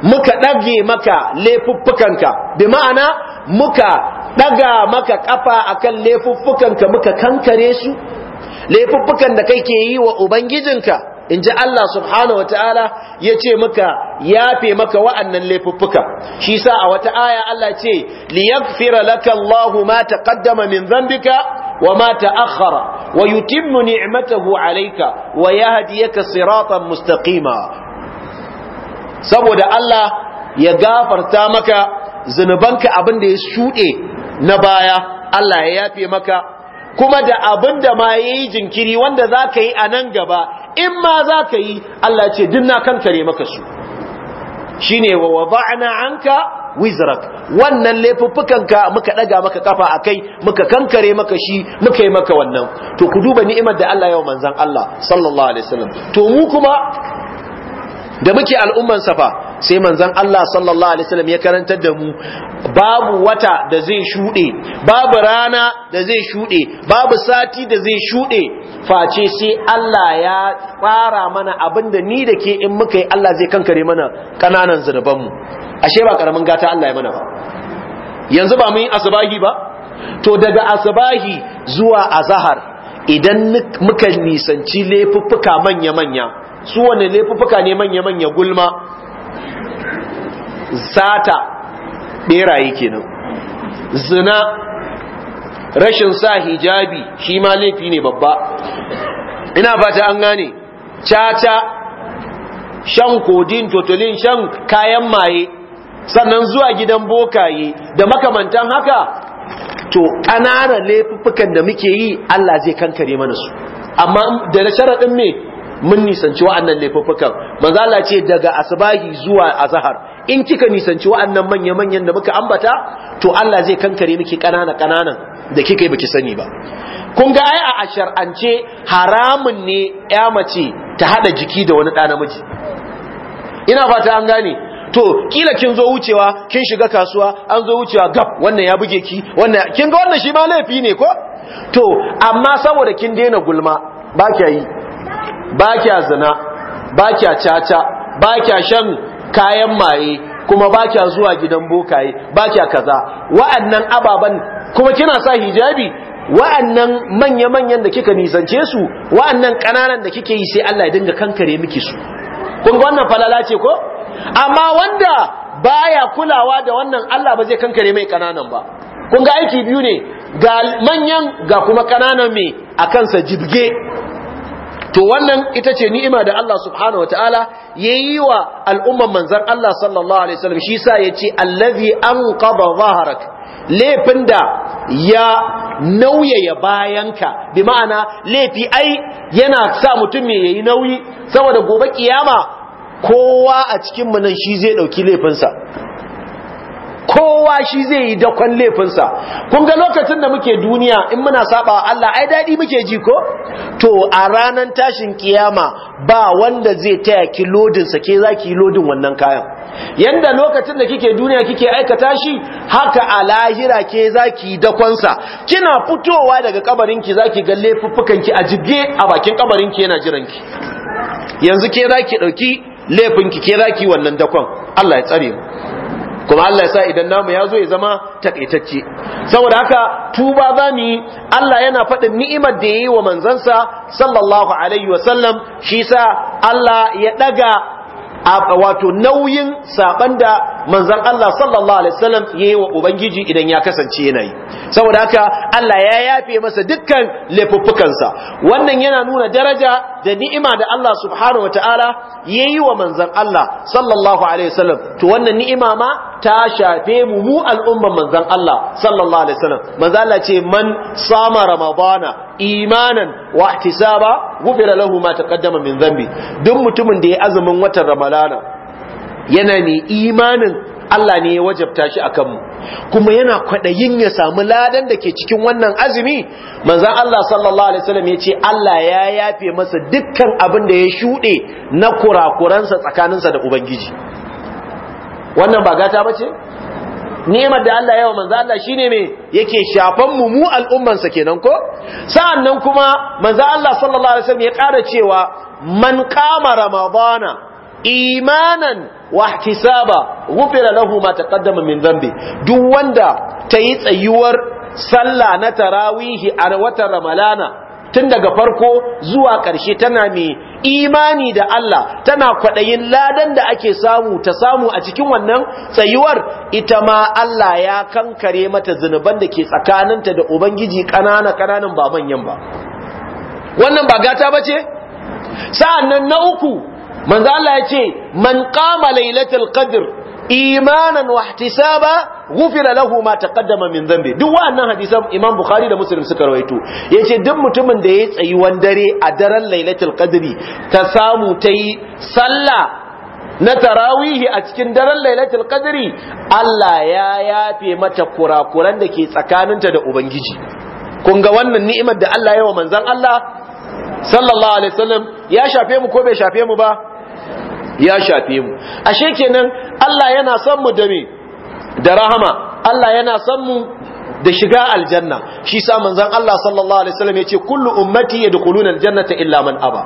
muka dage maka laifuffukanka bi ma'ana muka daga maka kafa akan laifuffukanka muka kankare su laifuffukan da kake yi wa ubangijinka in ji Allah subhanahu wa ta'ala ya ce maka yafe maka wa'annan laifuffuka shi sa a wata aya Allah ce liyaghfira laka Allahu ma ƙaddama min zambika wa ma ta'akhkhara wa yutimmu ni'matahu alaika wa ya yahdiyaka siratan mustaƙima saboda Allah ya gafarta maka zunubanka abin da ya shuɗe na baya Allah ya yafe maka kuma da abin da ma ya yi jinkiri wanda za ka yi a nan gaba in ma za ka yi Allah ce duk na kankare maka su Shi ne wa an anka wizrak wannan ka muka daga maka kafa a kai. muka kankare maka shi muka yi maka wannan to ku duba ni'imar da Allah yau manzan Allah sallallahu alaihi wasallam to mu kuma da muke al'umman safa sai manzon Allah sallallahu alaihi wasallam ya karantar da mu babu wata da zai shuɗe. babu rana da zai shuɗe. babu sati da zai shuɗe. face sai Allah ya tsara mana abinda ni da ke in muka yi Allah zai kankare mana kananan zunubanmu ashe ba karamin gata Allah ya mana ba yanzu ba mun yi asbahi ba to daga asbahi zuwa azhar idan muka nisanci lefuffuka manya manya su wanne lefuffuka ne manya manya gulma zata beraye kenan zina rashin sa hijabi shi ma laifi ne babba ina fata an gane caca shan kodin totolin shan kayan maye sannan zuwa gidan bokaye da makamantan haka to ƙananan laifuffukan da muke yi Allah zai kankare mana su amma da sharaɗin me mun nisanci wa'annan laifuffukan manzo Allah ce daga asbahi zuwa azhar in kika nisanci wa'annan manya manyan da muka ambata to Allah zai kankare miki kanana kananan da kika yi baki sani ba kun ga ai a shar'ance haramun ne ya mace ta hada jiki da wani ɗa namiji ina fata an gane to kila kin zo wucewa kin shiga kasuwa an zo wucewa gab wannan ya buge ki wannan kin ga wannan shi ma laifi ne ko to amma saboda kin daina gulma ba kya yi ba kya zina ba kya caca ba kya shan kayan maye kuma ba kya zuwa gidan bokaye ba kya kaza wa'annan ababan kuma kina sa hijabi wa'annan manya-manyan da kika nisance su wa'annan kananan da kike yi sai Allah ya dinga kankare miki su kun ga wannan falala ce ko amma wanda baya kulawa da wannan Allah ba zai kankare mai kananan ba kun ga aiki biyu ne ga manyan ga kuma kananan mai a kansa jibge to wannan ita ce ni'ima da Allah subhanahu wataala yayi wa al'umman manzon Allah sallallahu alaihi wasallam shi sa yace allazi anqaba zaharak laifin da ya nauyaya bayanka bi ma'ana laifi ai yana sa mutum me yayi nauyi saboda gobe kiyama kowa a cikin mu nan shi zai dauki laifinsa kowa shi zai yi dakon laifinsa kun ga lokacin da muke duniya in muna saba Allah ai dadi muke ji ko to a ranar tashin kiyama ba wanda zai taya ki lodin sa ke zaki lodin wannan kayan yanda lokacin da kike duniya kike aikata shi haka a lahira ke zaki dakon sa kina fitowa daga kabarin ki zaki ga laifuffukan ki a jibge a bakin kabarin ki yana jiran ki yanzu ke zaki dauki laifin ki ke zaki wannan dakon Allah ya tsare mu kuma Allah ya sa idan namu ya zo ya zama takaitacce saboda haka tuba za mu Allah yana faɗin ni'imar da ya yi wa manzansa sallallahu alaihi wasallam shi sa Allah ya ɗaga wato nauyin saban da manzan Allah sallallahu alaihi wasallam yayi wa ubangiji idan ya kasance yana yi saboda haka Allah ya yafe masa dukkan laifuffukansa wannan yana nuna daraja da ni'ima da Allah subhanahu wataala yayi wa manzon Allah sallallahu alaihi wasallam to wannan ni'ima ma ta shafe mu mu al'umman manzon Allah sallallahu alaihi wasallam manzon Allah ce man sama ramadana imanan wa ihtisaba gufira lahu ma taqaddama min dhanbi duk mutumin da ya azumin watan ramadana yana mai imanin Allah ne ya wajabta shi akan mu kuma yana kwaɗayin ya samu ladan da ke cikin wannan azumi manzon Allah sallallahu alaihi wasallam ya ce Allah ya yafe masa dukkan abin da ya shuɗe na kurakuransa tsakaninsa da ubangiji wannan ba gata ba ce? ni'imar da Allah yawa manzo Allah shine me yake shafan mu mu al'umman kenan ko Sa'an nan kuma manzo Allah sallallahu alaihi wasallam ya ƙara cewa man qama ramadana imanan wa ihtisaba ghufira lahu ma taqaddama min dhanbi duk wanda tayi tsayuwar sallah na tarawihi a watan ramalana tun daga farko zuwa ƙarshe tana mai imani da Allah tana kwaɗayin ladan da ake samu ta samu a cikin wannan tsayuwar ita ma Allah ya kankare mata zunuban da ke tsakaninta da Ubangiji ƙanana ƙananan ba manyan ba wannan ba gata ba ce sa'an nan na uku manzo Allah ya ce man qama lailatul qadr imanan wa ihtisaba ghufira lahu ma taqaddama min dhanbi duk wannan hadisin Imam Bukhari da Muslim suka rawaito yace duk mutumin da ya tsayi tsayuwan dare a daren lailatul qadri ta samu tayi sallah na tarawihi a cikin daren lailatul qadri Allah ya yafe mata kurakuran da ke tsakaninta da ubangiji kun ga wannan ni'imar da Allah ya wa manzon Allah sallallahu alaihi wasallam ya shafe mu ko bai shafe mu ba ya shafe mu ashe kenan Allah yana son mu da me da rahama Allah yana son mu da shiga aljanna shi sa manzon Allah sallallahu alaihi wasallam yace kullu ummati yadkhuluna aljannata illa man aba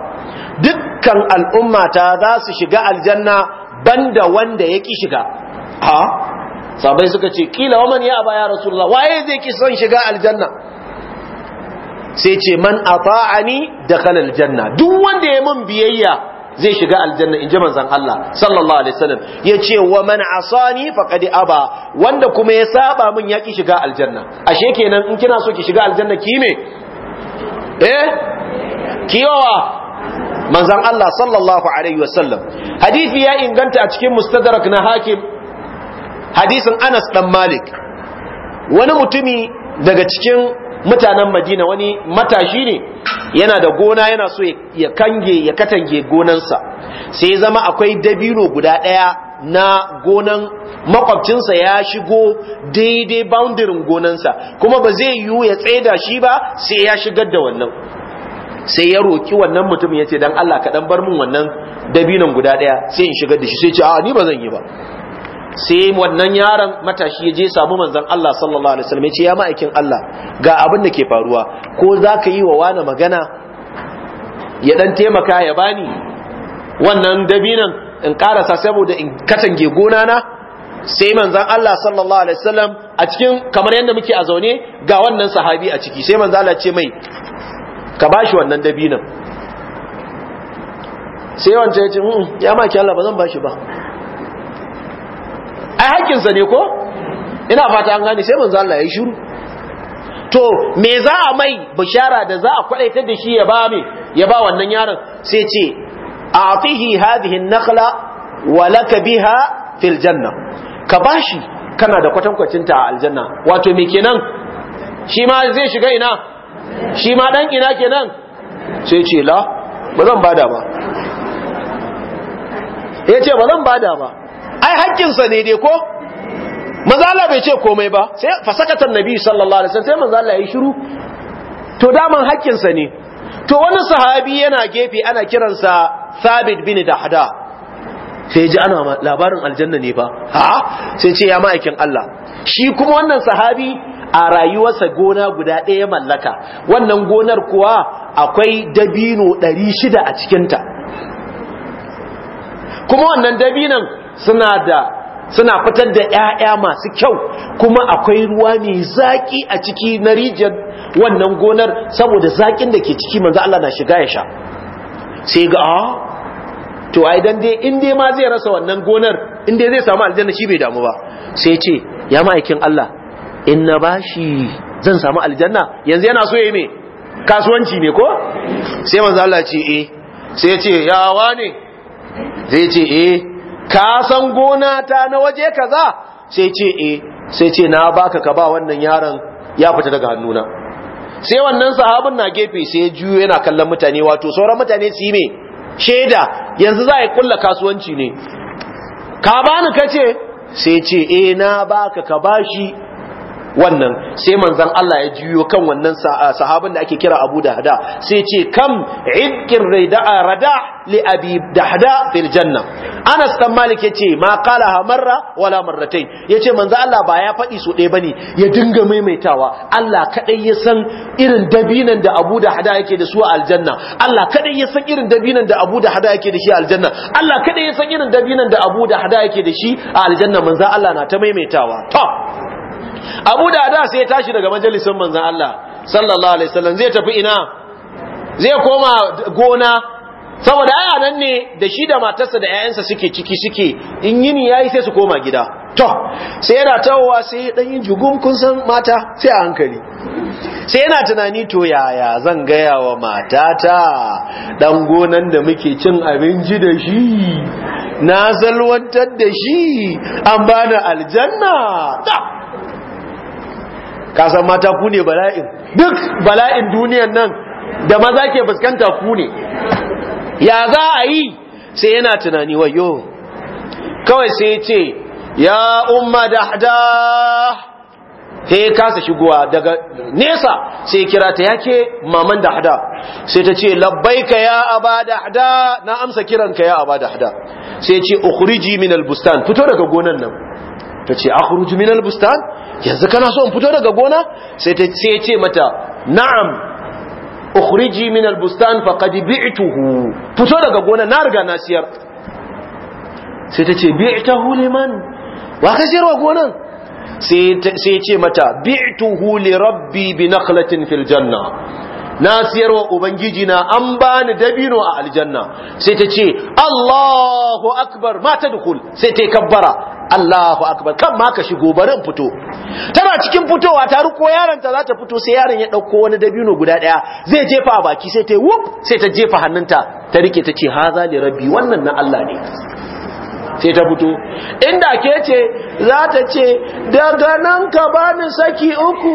dukkan al'ummata za su shiga aljanna banda wanda yaki shiga ha sabai suka ce kila waman ya aba ya rasulullah waye zai ki son shiga aljanna sai ce man ata'ani dakhala aljanna duk wanda ya mun biyayya zai shiga aljanna in ji manzon Allah sallallahu alaihi wasallam yace wa man asani faqad aba wanda kuma ya saba min yaki shiga aljanna ashe kenan in kina so ki shiga aljanna ki me eh kiyawa manzon Allah sallallahu alaihi wasallam hadisi ya inganta a cikin mustadrak na hakim hadisin Anas dan Malik wani mutumi daga cikin mutanen madina wani matashi ne yana da gona yana so ya kange ya katange gonansa sai zama akwai dabino guda daya na gonan makwabcinsa ya shigo daidai boundary gonansa kuma ba zai yiwu ya tsaida shi ba sai ya shigar da wannan sai ya roki wannan mutum ya ce don Allah kaɗan bar min wannan dabinon guda daya sai in shigar da shi sai ce a ni ba zan yi ba sai wannan yaron matashi ya je samu manzon Allah sallallahu alaihi wasallam ya ce ya ma'aikin Allah ga abin da ke faruwa ko zaka yi wa wani magana ya dan taimaka ya bani wannan dabinan in karasa saboda in katange gona na sai manzon Allah sallallahu alaihi wasallam a cikin kamar yadda muke a zaune ga wannan sahabi a ciki sai manzon Allah ce mai ka bashi wannan dabinan sai wancan ya ce mm, ya maki Allah ba zan bashi ba ai haƙƙinsa ne ko ina fata an gane sai manzo Allah ya shiru to me za a mai bishara da za a kwadaita da shi ya ba me ya ba wannan yaron sai ce a'tihi hadhihi an-nakhla wa lak biha fil janna ka bashi kana da kwatankwacin ta a aljanna wato me kenan shi ma zai shiga ina shi ma dan ina kenan sai ce la ba zan bada ba yace ba zan bada ba ai sa ne dai ko manzo Allah bai ce komai ba sai fasakatan nabi sallallahu alaihi wasallam sai manzo Allah ya shiru to daman sa ne to wani sahabi yana gefe ana kiransa Thabit bin Dahda sai ji ana labarin aljanna ne ba. ha sai ce ya ma'aikin Allah shi kuma wannan sahabi a rayuwarsa gona guda ɗaya mallaka wannan gonar kuwa akwai dabino 600 a cikinta kuma wannan dabinan suna da suna fitar da ƴaƴa masu kyau kuma akwai ruwa ne zaki a ciki na rijiyar wannan gonar saboda zakin da ke ciki manzo Allah na shiga ya sha sai ga ah, to ai dan dai in dai ma zai rasa wannan gonar in dai zai samu aljanna shi bai damu ba sai ce ya ma'aikin Allah in na bashi zan samu aljanna yanzu yana so yayi me kasuwanci ne ko sai manzo Allah ce eh sai ya ce ya wane sai ce eh ka san gona ta na waje kaza sai ce eh sai ce na baka ka ba wannan yaron ya fita daga hannuna sai wannan sahabin na gefe sai ya juyo yana kallon mutane wato sauran mutane su yi me sheda yanzu za a kulla kasuwanci ne ka bani kace sai ce eh na baka ka bashi wannan sai manzon Allah ya juyo kan wannan sahabin da ake kira Abu Dahda sai ce kam idkin rida'a rada li Abi Dahda fil janna Anas dan Malik yace ma qala marra wala marratayn yace manzon Allah ba ya faɗi so ba bane ya dinga maimaitawa Allah kadai ya san irin dabinan da Abu Dahda yake da su a aljanna Allah kadai ya san irin dabinan da Abu Dahda yake da shi a aljanna Allah kadai ya san irin dabinan da Abu Dahda yake da shi a aljanna manzon Allah na ta maimaitawa to abu da da sai ya tashi daga Majalisar manzan Allah sallallahu alaihi wasallam zai tafi ina zai koma gona saboda aya nan ne da shi da matarsa da 'ya'yansa suke ciki suke in yini yayi sai su koma gida to sai yana tawowa sai dan yin jugum kun san mata sai a hankali sai yana tunani to yaya zan gaya wa matata ɗan gonan da muke cin abinci da shi na zalwantar da shi an bani aljanna kasan mata ku ne bala'in duk bala'in duniyan nan da maza ke fuskanta ku ne ya za a yi sai yana tunani wayo kawai sai ya ce ya umma da hada? sai ya kasa shigowa daga nesa sai ya kira ta yake maman da hada? sai ta ce ka ya aba hada? na amsa kiran ka ya aba hada. sai ya ce ukuriji minal bustan fito daga gonan nan ta ce akuriji minal bustan yanzu kana so in fito daga gona sai ta ce mata na'am ukhriji min albustan faqad bi'tuhu fito daga gona na riga na siyar sai ta ce bi'tahu liman wa ka siyarwa gonan sai ce mata bi'tuhu li rabbi bi naqlatin fil janna na siyarwa ubangiji na an bani dabino a aljanna sai ta ce Allahu akbar ma ta dukul sai ta kabbara Allahu akbar kan ma ka shigo barin fito tana cikin fitowa ta ruko yaron ta za ta fito sai yaron ya ɗauko wani dabino guda ɗaya, zai jefa a baki sai ta yi wuf sai ta jefa hannunta ta rike ta ce haza li rabbi wannan na Allah ne sai ta fito inda ke ce za ta ce daga nan ka bani saki uku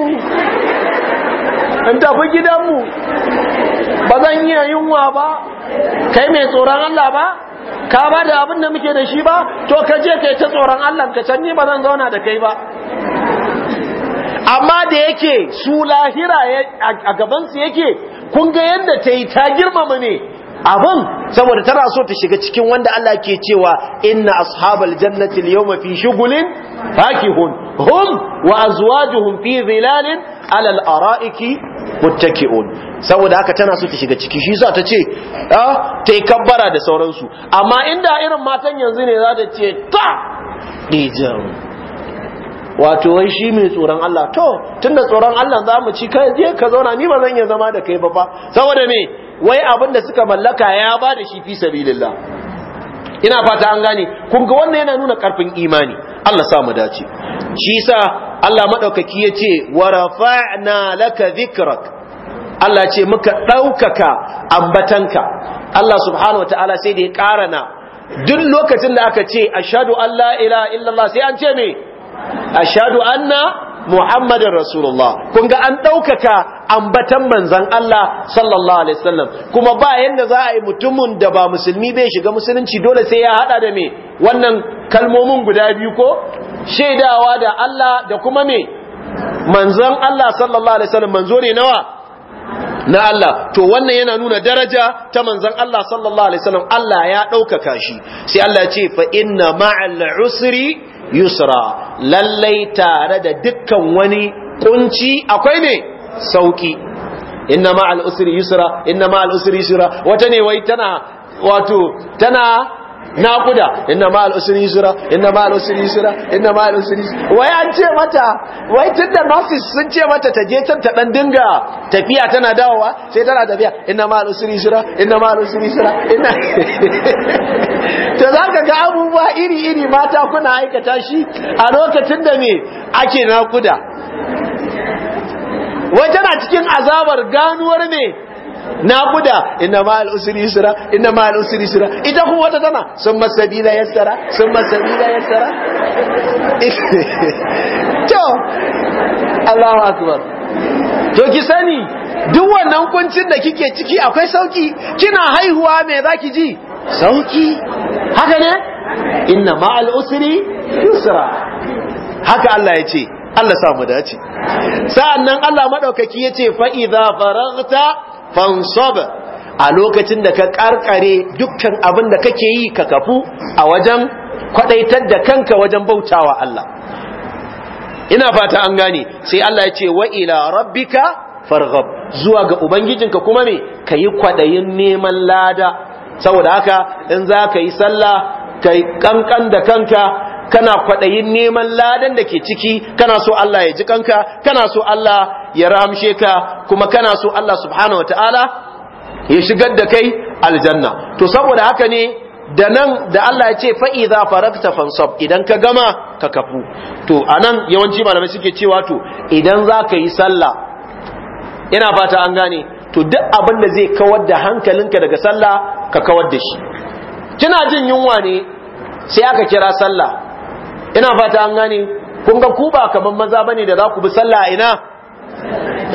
in tafi gidanmu ba zan iya yunwa ba kai mai tsoron Allah ba ka ba da abin da muke da shi ba to ka je kai ta tsoron Allah ka can ni ba zan zauna da kai ba amma da yake su lahira a gabansu yake kun ga yadda ta yi ta girmama ne abin saboda tana so ta shiga cikin wanda Allah ke cewa inna ashabal jannati al-yawma fi shughulin fakihun hum wa azwajuhum fi zilalin ala al-ara'iki muttaki'un saboda haka tana so ta shiga ciki shi za ta ce ah, ta yi kabbara da sauransu amma inda irin matan yanzu ne za ta ce ta wato wai shi mai tsoron Allah to tunda tsoron Allah za mu ci kai je ka zauna ni ba zan iya zama da kai ba fa saboda me wai abin da suka mallaka ya ba da shi fi sabilillah ina fata an gane kun ga wannan yana nuna karfin imani Allah sa mu dace shi yasa Allah madaukaki yace wa rafa'na laka dhikrak Allah ce muka daukaka ambatanka Allah subhanahu wataala sai da ya karana duk lokacin da aka ce ashhadu an la ilaha illallah sai an ce me ashhadu anna muhammadar rasulullah kun ga an daukaka ambatan manzan Allah sallallahu alaihi wasallam kuma ba yanda za a yi mutumin da ba musulmi bai shiga musulunci dole sai ya hada da me wannan kalmomin guda biyu ko shaidawa da Allah da kuma me manzan Allah sallallahu alaihi wasallam manzo ne nawa na Allah to wannan yana nuna daraja ta manzan Allah sallallahu alaihi wasallam Allah ya ɗaukaka shi sai Allah ya ce fa inna ma'al usri yusra lallai tare da dukkan wani kunci akwai ne sauki inna ma al'usri yusra inna ma al'usri yusra wata ne wai tana wato tana naƙuda inna ma al'usri yusra inna ma al'usri yusra inna ma al'usri wai an ce mata wai tunda nurses sun ce mata ta je can ta dan dinga tafiya tana dawowa sai tana tafiya inna ma al'usri yusra inna ma al'usri yusra inna to zaka ga abubuwa iri iri mata kuna aikata shi a lokacin da me ake naƙuda wajen a cikin azabar ganuwar na guda ina ma al'usri sura ina ma al'usri sura ita kuma wata tana sun masabila tsara sun masabila yassara to Allahu akbar to ki sani duk wannan kuncin da kike ciki akwai sauki kina haihuwa me ki ji sauki haka ne ina ma al'usri sura haka Allah ya ce Allah sa mu dace sa'annan Allah madaukaki yace fa idza faraghta fansab a lokacin da ka ƙarƙare dukkan abin da kake yi ka kafu a wajen kwadaitar da kanka wajen bautawa Allah ina fata an gane sai Allah ya ce wa'ila ila rabbika farghab zuwa ga ubangijinka kuma ne kayi kwaɗayin neman lada saboda haka in za ka yi sallah kai ƙanƙan da kanka kana kwadayin neman ladan da ke ciki kana so Allah ya ji kanka kana so Allah ya rahamshe ka kuma kana so Allah subhanahu wataala ya shigar da kai aljanna to saboda haka ne da nan da Allah ya ce fa'iza faragta fansab idan ka gama ka kafu to anan yawanci malamai suke cewa to idan za yi sallah ina fata an gane to duk abin da zai kawar da hankalinka daga sallah ka kawar da shi kina jin yunwa ne sai aka kira sallah ina fata an gane kun ga ku ba kaman maza bane da za ku bi sallah ina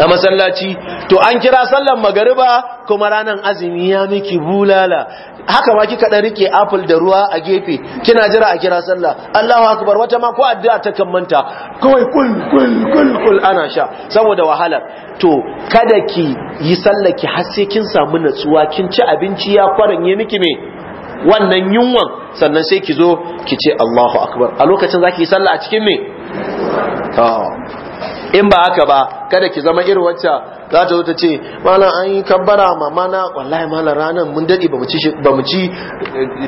a masallaci to an kira sallan magariba kuma ranan azumi ya miki bulala haka ma kika dan rike apple da ruwa a gefe kina jira a kira sallah Allahu akbar wata ma ko addu'a ta kammanta kawai kul kul kul kul ana sha saboda wahala to kada ki yi sallah ki har sai kin samu natsuwa kin ci abinci ya kwaranye miki me wannan yunwan sannan sai ki zo ki ce Allahu akbar a lokacin zaki yi sallah a cikin me in ba haka ba kada ki zama irin wacce za ta zo ta ce malam an yi kabbara mama na wallahi malam ranar mun dade ba mu ci ba mu ci eh,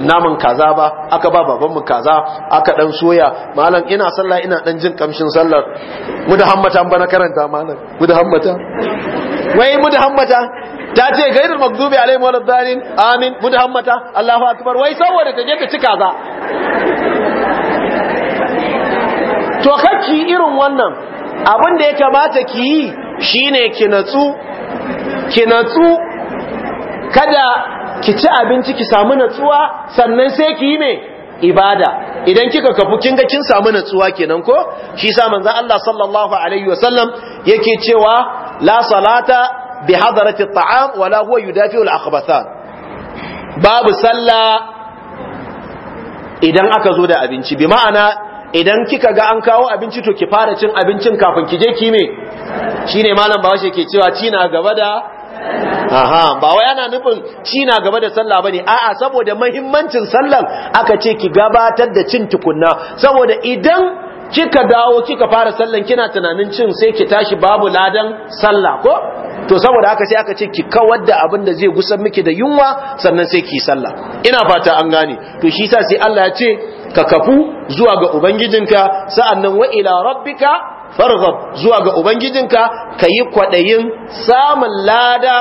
naman kaza ba aka ba baban mu kaza aka dan soya malam ina sallah ina dan jin kamshin sallar mu da hammata an bana karanta malam mu da hammata wai mu da hammata ta ce gairul magdubi alaihim waladdallin amin mudhammata Allahu akbar wai saboda ta je ta cika za to kakki irin wannan abin da ya kamata ki yi shine ki natsu ki natsu kada ki ci abinci ki samu natsuwa sannan sai ki yi me ibada idan kika kafu kinga kin samu natsuwa kenan ko shi sa manzon Allah sallallahu alaihi wasallam yake cewa la salata bi الطعام ولا هو يدافع yudafi باب akhbathan babu sallah idan aka zo da abinci bi ma'ana idan kika ga an kawo abinci to ki fara cin abincin kafin ki je ki shine malam ba washe ke cewa cina gaba da Aha, ba wai ana nufin ci na gaba da sallah bane. A'a, saboda muhimmancin sallan aka ce ki gabatar da cin tukunna. Saboda idan kika dawo kika fara sallan kina tunanin cin sai ki tashi babu ladan sallah ko to saboda haka sai aka ce ki kawar da abin da zai gusar miki da yunwa sannan sai ki sallah ina fata an gane to shi yasa sai Allah ya ce ka kafu zuwa ga ubangijinka sa'annan wa ila rabbika farghab zuwa ga ubangijinka kayi kwadayin samun lada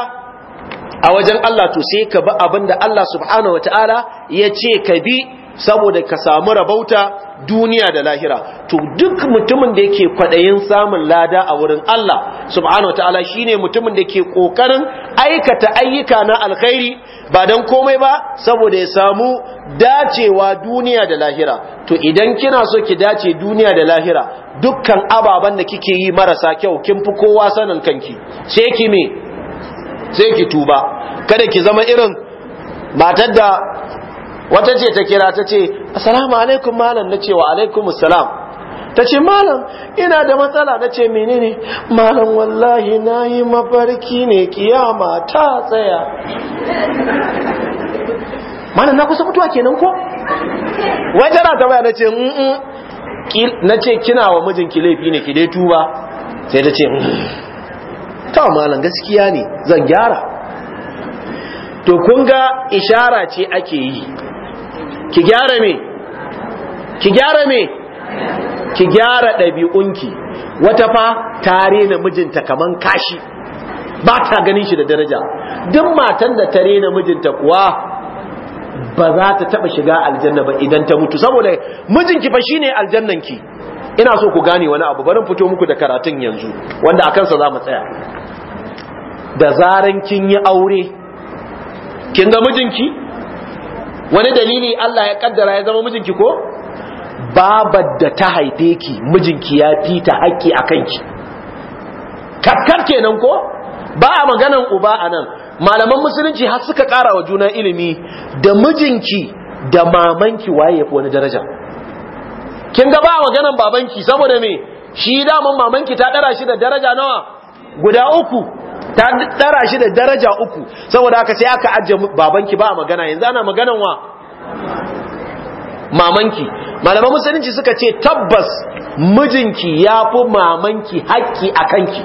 a wajen Allah to sai ka bi abin da Allah subhanahu wataala ya ce ka bi saboda ka samu rabauta duniya da lahira to duk mutumin da yake kwadayin samun lada a wurin Allah subhanahu wataala shine mutumin da yake kokarin aikata ayyuka na alkhairi ba dan komai ba saboda ya samu dacewa duniya da lahira to idan kina so ki dace duniya da lahira dukkan ababan da kike yi marasa kyau kin fi kowa sanin kanki sai ki me sai ki tuba kada ki zama irin matar da wata ce ta kira ta ce assalamu alaikum malam na ce wa alaikum assalam ta ce malam ina da matsala na ce menene malam wallahi na yi mafarki ne kiyama ta tsaya malam na kusa mutuwa kenan ko wai tana ta baya na ce na ce kina wa mijinki laifi ne ki dai tuba sai ta ce mm. ta malam gaskiya ne zan gyara to kun ga ishara ce ake yi ki gyara me ki gyara me ki gyara ɗabi'unki wata fa ta na mijinta kaman kashi ba ta ganin shi da daraja duk matan da ta na mijinta kuwa ba za ta taba shiga aljanna ba idan ta mutu saboda mijinki fa shine aljannanki ina so ku gane wani abu barin fito muku da karatun yanzu wanda a kansa za mu tsaya da zaran kin yi aure kin ga mijinki wani dalili Allah ya kaddara ya zama mijinki ko babar da ta haife ki mijinki ya fita haƙƙi a kanki kakkar kenan ko ba a maganan uba a nan malaman musulunci har suka ƙara wa juna ilimi da mijinki da mamanki waye ya fi wani daraja kin ga ba a maganan babanki saboda me shi daman mamanki ta ɗara shi da daraja nawa guda uku ta dara shi da daraja uku saboda haka sai aka ajiye babanki ba magana yanzu ana maganan wa mamanki malaman musulunci suka ce tabbas mijinki ya fi mamanki haƙƙi a kanki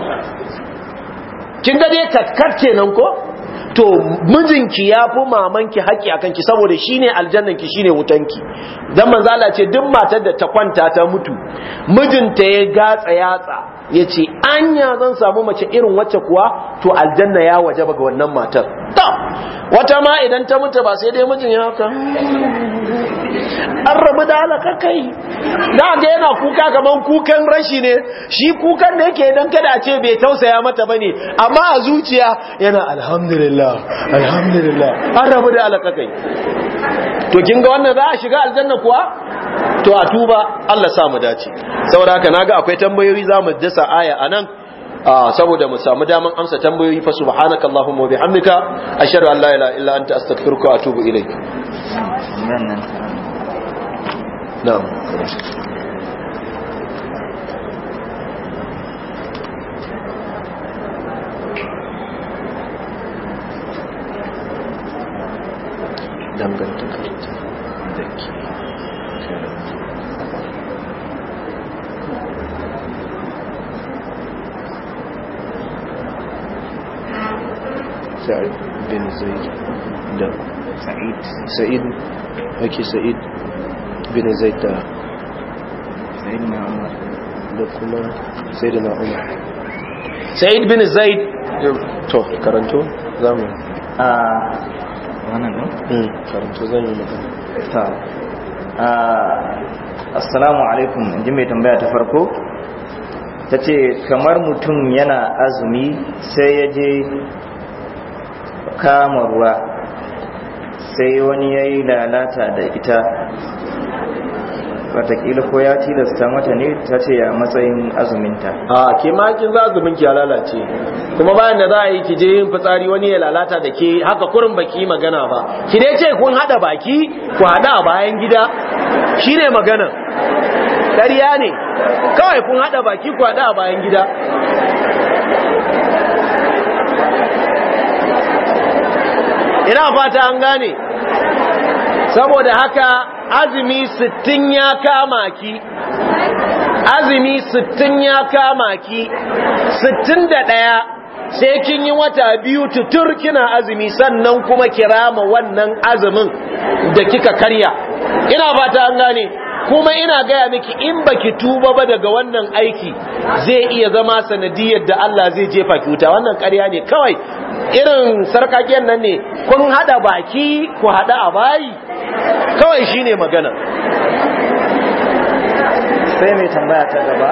kin ga dai takkar kenan ko to mijinki ya fi mamanki haƙƙi a kanki saboda shi ne aljannanki shi ne wutanki don manzala ce duk matar da ta kwanta ta mutu mijinta ya gatsa yatsa ya ce anya zan samu mace irin wacce kuwa to aljanna ya waje ga wannan matar wata ma idan ta mutu ba sai dai mijin ya haka an rabu da alaka kai da ga yana kuka kaman kukan rashi ne shi kukan da yake idan kada ce bai tausaya mata bane amma a zuciya yana alhamdulillah alhamdulillah an rabu da alaka kai to kin ga wannan za a shiga aljanna kuwa to a tuba Allah sa mu dace saboda haka naga akwai tambayoyi za mu dasa dasa aya anan ah, saboda mu samu daman amsa tambayoyi fa subhanaka allahumma wa bihamdika ashhadu an la ilaha illa anta astaghfiruka wa atubu na'am سعيد ake سعيد بن عمر na umar عمر سعيد بن na umar sa'id bin zaid karanto zamu a yi magana alaikum inji mai tambaya ta farko kamar mutum yana azumi sai ya je kama ruwa sai wani ya yi lalata da ita watakila ko ya tilasta mata ne ta ce a matsayin azuminta a ke makin za azumin ki ya lalace kuma bayan da za a yi kije yin fitsari wani ya lalata da ke haka kurin baki magana ba ki dai ce kun hada baki ku hada a bayan gida shine magana dariya ne kawai kun hada baki ku hada a bayan gida ina fata an gane saboda haka azumi sittin ya kama ki azumi sittin ya kama ki sittin da ɗaya sai kin yi wata biyu tutur kina azumi sannan kuma kirama wannan azumin da kika karya ina ba ta an gane kuma ina gaya miki in baki tuba ba daga wannan aiki zai iya zama sanadiyar da Allah zai jefa ki wuta wannan ƙarya ne kawai irin sarkakiyar nan ne kun hada baki ku hada a bayi kawai shi ne magana sai mai tambaya ta gaba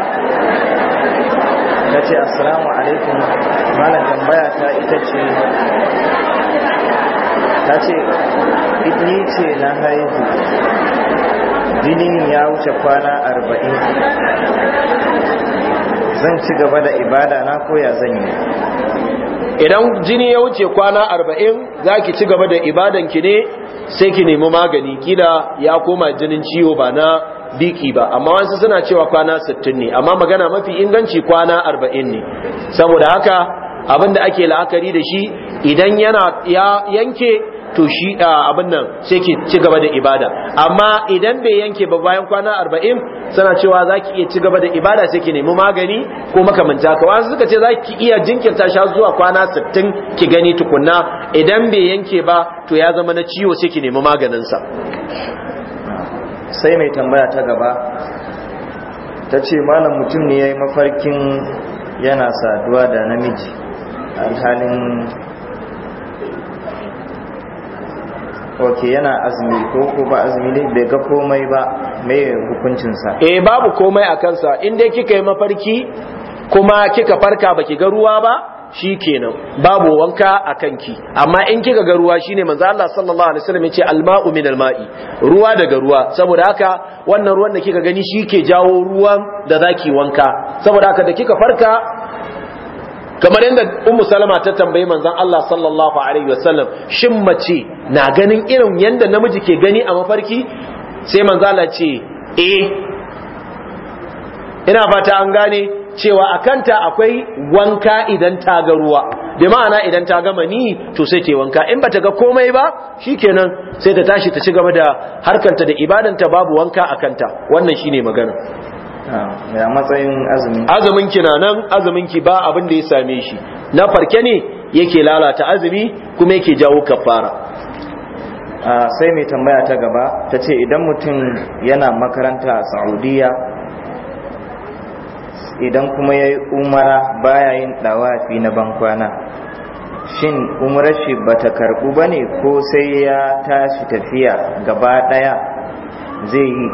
ta ce assalamu alaikum malam tambaya ta ita ce ta ce ni ce na haihu jinin ya wuce kwana arba'in zan ci gaba da ibada na koya zan yi idan jini ya wuce kwana arba'in za ki ci gaba da ibadanki ne sai ki nemi magani kila ya koma jinin ciwo ba na biki ba amma wasu suna cewa kwana 60 ne amma magana mafi inganci kwana 40 ne saboda haka abin da ake la'akari da shi idan yana ya yanke to shi abin nan sai ke ci gaba da ibada amma idan bai yanke ba bayan kwana arba'in sana cewa za ki iya ci gaba da ibada sai ki nemi magani ko makamanta ka wasu suka ce za ki iya jinkirta shi zuwa kwana sittin ki gani tukunna idan bai yanke ba to ya zama na ciwo sai ki nemi maganin sa sai mai tambaya ta gaba ta ce malam mutum ne ya mafarkin yana saduwa da namiji a halin. ok yana azumi ko ko ba azumi ne bai ga komai ba mai hukuncinsa eh babu komai a kansa in dai kika yi mafarki kuma kika farka baki ga ruwa ba shi kenan babu wanka a kanki amma in kika ga ruwa shine manzo Allah sallallahu alaihi wasallam yace alma'u min alma'i ruwa daga ruwa saboda haka wannan ruwan da kika gani shi ke jawo ruwan da zaki wanka saboda haka da kika farka kamar yadda ummu salama ta tambayi manzon Allah sallallahu alaihi wasallam shin mace na ganin irin yadda namiji ke gani a mafarki sai manzon Allah ce eh ina fata an gane cewa a kanta akwai wanka idan ta ga ruwa da ma'ana idan ta gama ni to sai ta wanka in bata ga komai ba shikenan sai ta tashi ta ci gaba da harkanta da ibadanta babu wanka a kanta wannan shine magana ya matsayin azumin azumin ki na nan azumin ki ba abin da ya same shi na farke ne yake lalata azumi kuma yake jawo kafara sai mai tambaya ta gaba ta ce idan mutum yana makaranta a saudiya idan kuma ya yi umara baya yin dawafi na bankwana shin umarar shi ba ta karɓu ba ne ko sai ya tashi tafiya gaba ɗaya zai yi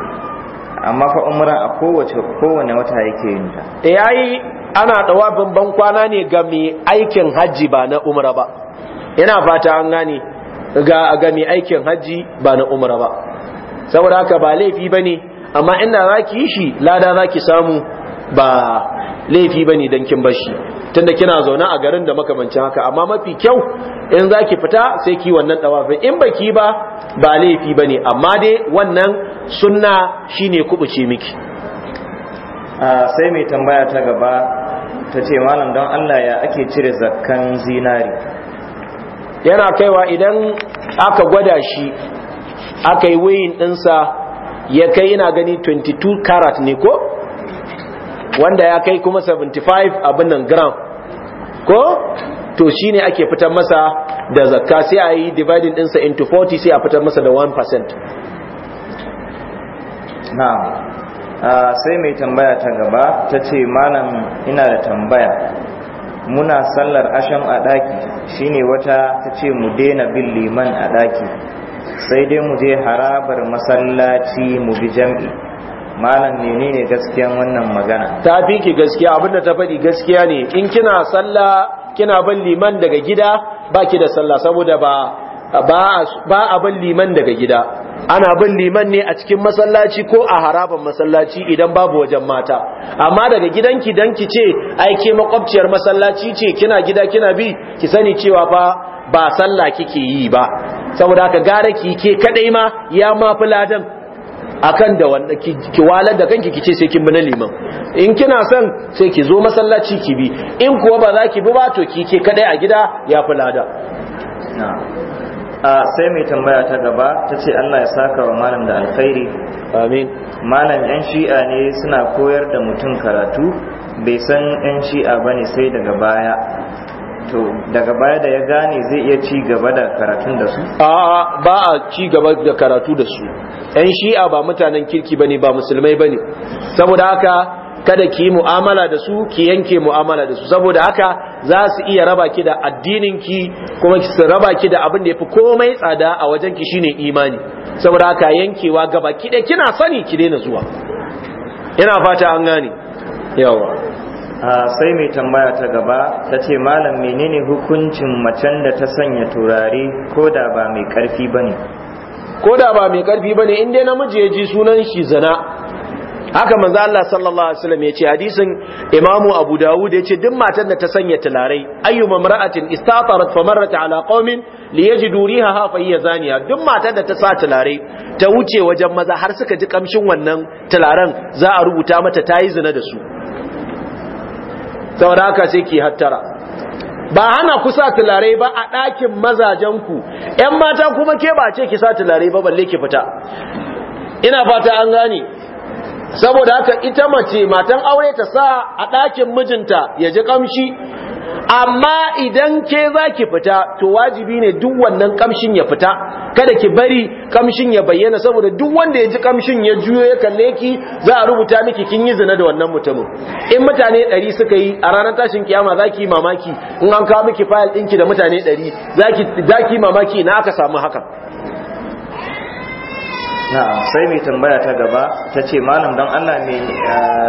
amma fa umra a kowace kowane wata yake yin ta yayi ana dawabin ban kwana ne ga mai aikin haji ba na umra ba ina fata an gane ga ga mai aikin haji ba na umra ba saboda haka ba laifi bane amma ina zaki yi shi lada zaki samu ba laifi bane dan kin bashi tunda kina zaune a garin da makamancin haka amma mafi kyau in zaki fita sai ki wannan dawafin in baki ba ba laifi bane amma dai wannan sunna shine kubuce miki sai mai tambaya ta gaba ta ce malam don Allah ya ake cire zakkan zinari yana kaiwa idan aka gwada shi aka yi wayin dinsa ya kai yana gani 22 karat ne ko wanda ya kai kuma 75 abin nan gram ko to shi ne ake fitar masa da zakka sai a yi dividing dinsa into 40 sai a fitar masa da 1% na'am ah, sai mai tambaya ta gaba ta ce malam ina da tambaya muna sallar asham a ɗaki shine wata ta ce mu daina bin liman a ɗaki sai dai mu je harabar masallaci mu bi jam'i malam ne ne gaskiyan wannan magana ta fi ki gaskiya abinda ta faɗi gaskiya ne in kina sallah kina bin liman daga gida baki da sallah saboda ba ba a ban liman daga gida ana ban liman ne a cikin masallaci ko a haraban masallaci idan babu wajen mata amma daga gidanki dan ki ce ai ke makwabciyar masallaci ce kina gida kina bi ki sani cewa fa ba sallah kike yi ba saboda ka gara ki ke kadai ma ya ma fuladan akan da wanda ki walar da kanki kice sai kin bi na liman in kina son sai ki zo masallaci ki bi in kuwa ba za ki bi ba to ki ke kadai a gida ya fulada a sai mai tambaya ta gaba ta ce Allah ya saka wa malam da alkhairi amin malam yan shi'a ne suna koyar da mutum karatu bai san yan shi'a bane sai daga baya to daga baya da ya gane zai iya ci gaba da karatun da su a'a ba a ci gaba da karatu da su yan shi'a ba mutanen kirki bane ba musulmai bane saboda haka kada ki mu'amala da su ki yanke mu'amala da su saboda haka za su iya raba ki da addininki kuma su raba ki da abin da yafi komai tsada a wajen ki shine imani saboda haka yankewa gaba ki kina sani ki daina zuwa ina fata an gane yawa sai mai tambaya ta gaba ta ce malam menene hukuncin macen da ta sanya turare ko da ba mai karfi bane ko da ba mai karfi bane in dai namiji ya ji sunan shi zina haka manzo Allah sallallahu alaihi wasallam yace hadisin imamu abu ya yace duk matan da ta sanya tularai ayyu mamra'atin istatarat famarrat ala qaumin liyajidu rihaha fa hiya zaniya duk matan da ta sa tularai ta wuce wajen maza har suka ji kamshin wannan tularan za a rubuta mata tayi zina da su saboda haka sai ki hattara ba hana kusa tularai ba a ɗakin ku. ‘yan mata kuma ke ba ce ki sa tularai ba balle ki fita ina fata an gane saboda haka ita mace matan aure ta sa a ɗakin mijinta ya ji ƙamshi amma idan ke za ki fita to wajibi ne duk wannan kamshin ya fita kada ki bari ƙamshin ya bayyana saboda duk wanda ya ji ƙamshin ya juyo ya kalle ki za a rubuta miki kin yi zina da wannan mutumin in mutane ɗari suka yi a ranar tashin kiyama za ki mamaki in an kawo miki fayil ɗinki da mutane ɗari za ki mamaki na aka samu hakan na'am sai mai tambaya ta gaba ta ce malam don allah ne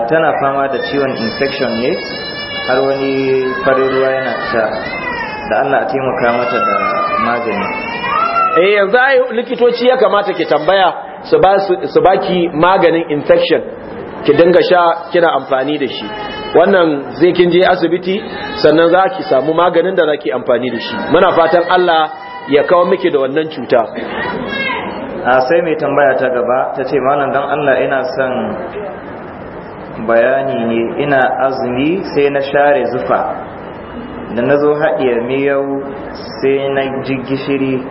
tana fama da ciwon infection ne har wani farin ruwa yana sha da allah a taimaka mata da magani eh yanzu ai likitoci ya kamata ki tambaya su ba ki maganin infection ki dinga sha kina amfani da shi wannan zai kin je asibiti sannan za ki samu maganin da za ki amfani da shi muna fatan allah ya kawo miki da wannan cuta a sai mai tambaya ta gaba ta ce malam don allah ina son bayani ne ina azumi sai na share zufa da na zo haɗiya miyau sai na ji gishiri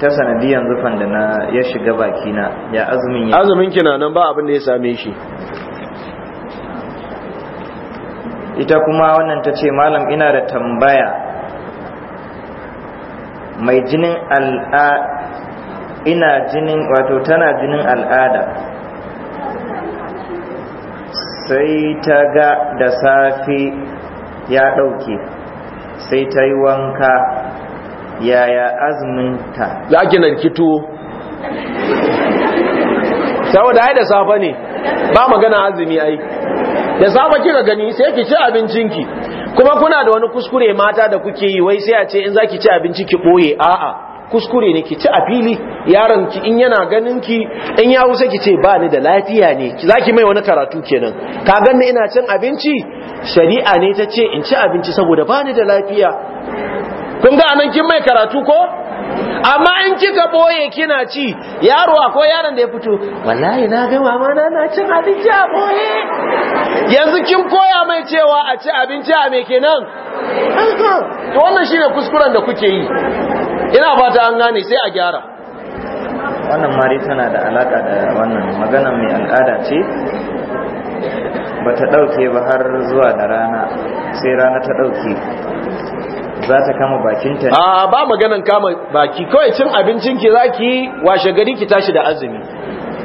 ta sanadiyan zufan da na ya shiga bakina ya azumin ya azumin kina nan ba abin da ya same shi ita kuma wannan ta ce malam ina da tambaya mai jinin al'a ina jinin wato tana jinin al'ada sai ta ga da safe ya ɗauke sai ta yi wanka yaya azuminta da ake narkito saboda ai da safe ne ba magana azumi ai da safe kika gani sai ki ci abincinki kuma kuna da wani kuskure mata da kuke yi wai sai a ce in zaki ci abinci ki boye a'a kuskure ne ki ci a fili yaron ki in yana ganin ki in ya wuce ki ce ba ni da lafiya ne zaki mai wani karatu kenan ka ganni ina cin abinci shari'a ne ta ce in ci abinci saboda ba ni da lafiya kun ga anan kin mai karatu ko amma in kika boye kina ci yaro akwai yaron da ya fito wallahi na ga mama na na cin abinci a boye yanzu kin koya mai cewa a ci abinci a me kenan to wannan shine kuskuren da kuke yi ina ta an gane sai a gyara wannan mari tana da alaka da wannan magana mai al'ada ce ba ta ɗauke ba har zuwa da rana sai rana ta ɗauke za ta kama bakinta a ba maganan kama baki kawai cin abincin ki zaki washe gari ki tashi da azumi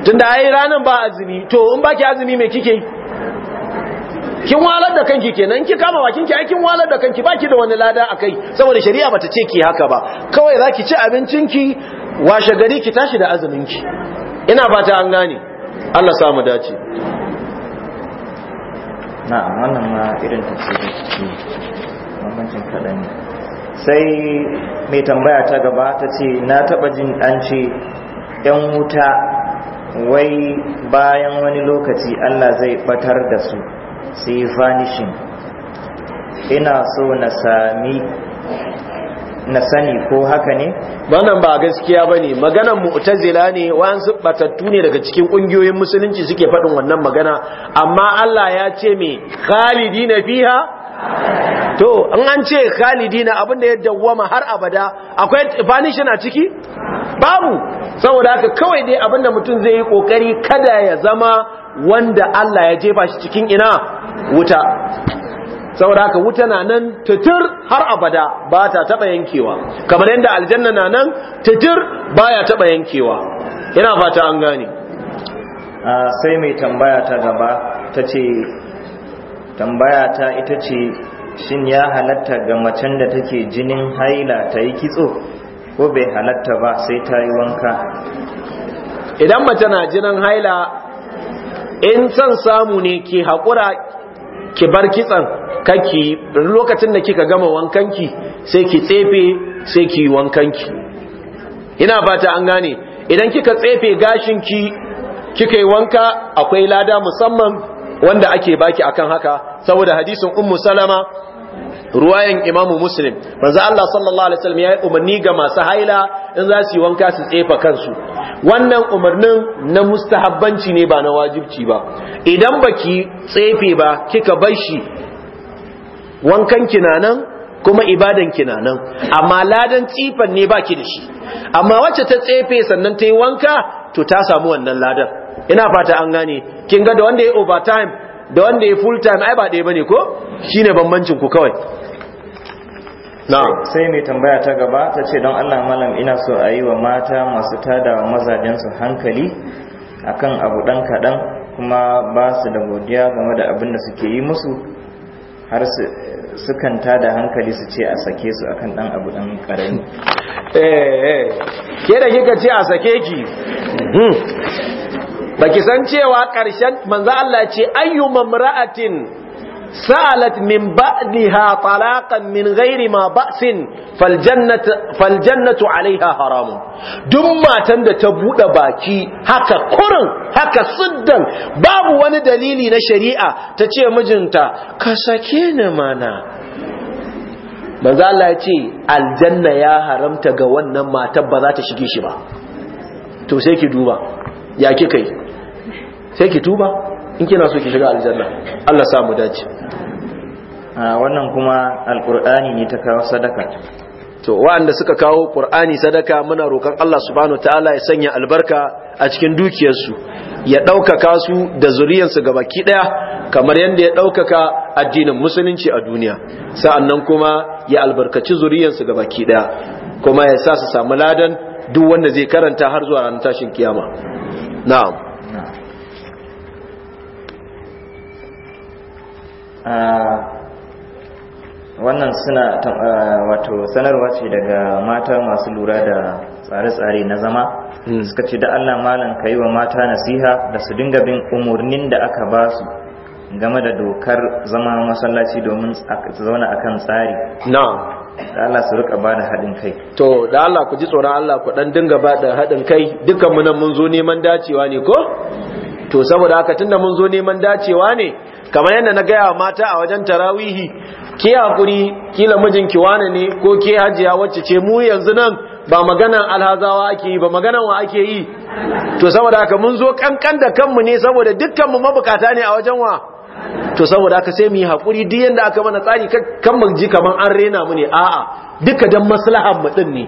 tunda ai ranan ba azumi to in baki azumi me kike kin walar da kanki kenan ki kama bakin ki kin walar da kanki baki da wani lada akai saboda shari'a bata ce ki haka ba kawai zaki ci abincin ki washe gari ki tashi da azumin ki ina fata an gane Allah sa mu dace na'am wannan ma irin tafsiri bambancin kadan sai mai tambaya ta gaba ta ce na taba jin an ce yan wuta wai bayan wani lokaci Allah zai batar da su sai vanishing ina so na sami na sani ko haka ne wannan ba gaskiya bane maganan mu'tazila ne wayansu batattu ne daga cikin kungiyoyin musulunci suke faɗin wannan magana amma Allah ya ce me khalidina fiha to in an ce Khalidi khalidina abinda ya dawwama har abada akwai vanishing a ciki babu saboda haka kawai dai abinda mutum zai yi kokari kada ya zama wanda Allah ya jefa shi cikin ina wuta saboda haka wuta na nan titir har abada ba ta taba yankewa kamar yadda aljanna na nan ba ya taba yankewa ina fata an gane sai mai tambaya ta gaba ta ce tambaya ta ita ce shin ya halatta ga macen da take jinin haila ta yi kitso ko bai halatta ba sai ta yi wanka idan mace na jinin haila in san samu ne ke haƙura ki bar kitsan kanki lokacin da kika gama wankanki sai ki tsefe sai ki wankanki ina fata an gane idan kika tsefe gashinki kika yi wanka akwai lada musamman wanda ake baki akan haka saboda hadisin ummu salama ruwayan imamu muslim manzo Allah sallallahu alaihi wasallam ya yi umarni ga masu haila in za su yi wanka su tsefa kansu wannan umarnin na mustahabbanci ne ba na wajibci ba idan baki tsefe ba kika bar shi wankan ki nan, kuma ibadan ki nan, amma ladan tsifan ne baki da shi amma wacce ta tsefe sannan ta yi wanka to ta samu wannan ladan ina fata an gane kin ga da wanda ya overtime da wanda ya full time ai ba ɗaya bane ko shine bambancin ku kawai sai mai tambaya ta gaba ta ce don allah malam ina so a yi wa mata masu tada mazajensu hankali akan abu ɗan kaɗan kuma ba su da godiya game da abin da suke yi musu har sukan tada hankali su ce a sake su akan ɗan abu ɗan ƙarami eh, eh, ke da kika ce a sake ki hmm. ba san cewa ƙarshen manzo Allah ce ayyuman mura'atin sa'alat min ba'diha talaqan min ghairi ma ba'sin fal fal jannatu alaiha haramun duk matan da ta buɗe baki haka kurin haka siddan babu wani dalili na shari'a ta ce mijinta ka sake ni mana manzo Allah ya ce aljanna ya haramta ga wannan matar ba za ta shige shi ba to sai ki duba ya kika yi sai ki tuba in kina so ki shiga aljanna Allah sa mu dace wannan kuma alqur'ani ne ta kawo sadaka to waɗanda suka kawo qur'ani sadaka muna roƙon Allah subhanahu ta'ala ya sanya albarka a cikin dukiyarsu ya ɗaukaka su da zuriyar zuriyarsu gabaki ɗaya kamar yadda ya ɗaukaka addinin musulunci a duniya sa'annan kuma ya albarkaci zuriyar zuriyarsu gabaki ɗaya kuma ya sa su samu ladan duk wanda zai karanta har zuwa ranar tashin kiyama na'am wannan suna wato sanarwa ce daga mata masu lura da tsare-tsare na zama hmm. suka ce da Allah malam ka yi wa mata nasiha da su dinga bin umarnin da aka ba su game da dokar zama masallaci domin su zauna akan tsari na'am da Allah su rika bada haɗin kai to da Allah ku ji tsoron Allah ku dan dinga bada haɗin kai dukkan mu nan mun zo neman dacewa ne ko to saboda haka tunda mun zo neman dacewa ne kamar yadda na gaya mata a wajen tarawihi ke hakuri kila mijinki wane ne ko ke hajiya wacce ce mu yanzu nan ba maganan alhazawa ake yi ba maganan wa ake yi to saboda haka mun zo kankan da kanmu ne saboda dukkanmu mabukata ne a wajen wa to saboda aka sai mu yi hakuri duk yanda aka mana tsari kan mu ji kaman an rena mu ne a'a duka dan maslahan mu din ne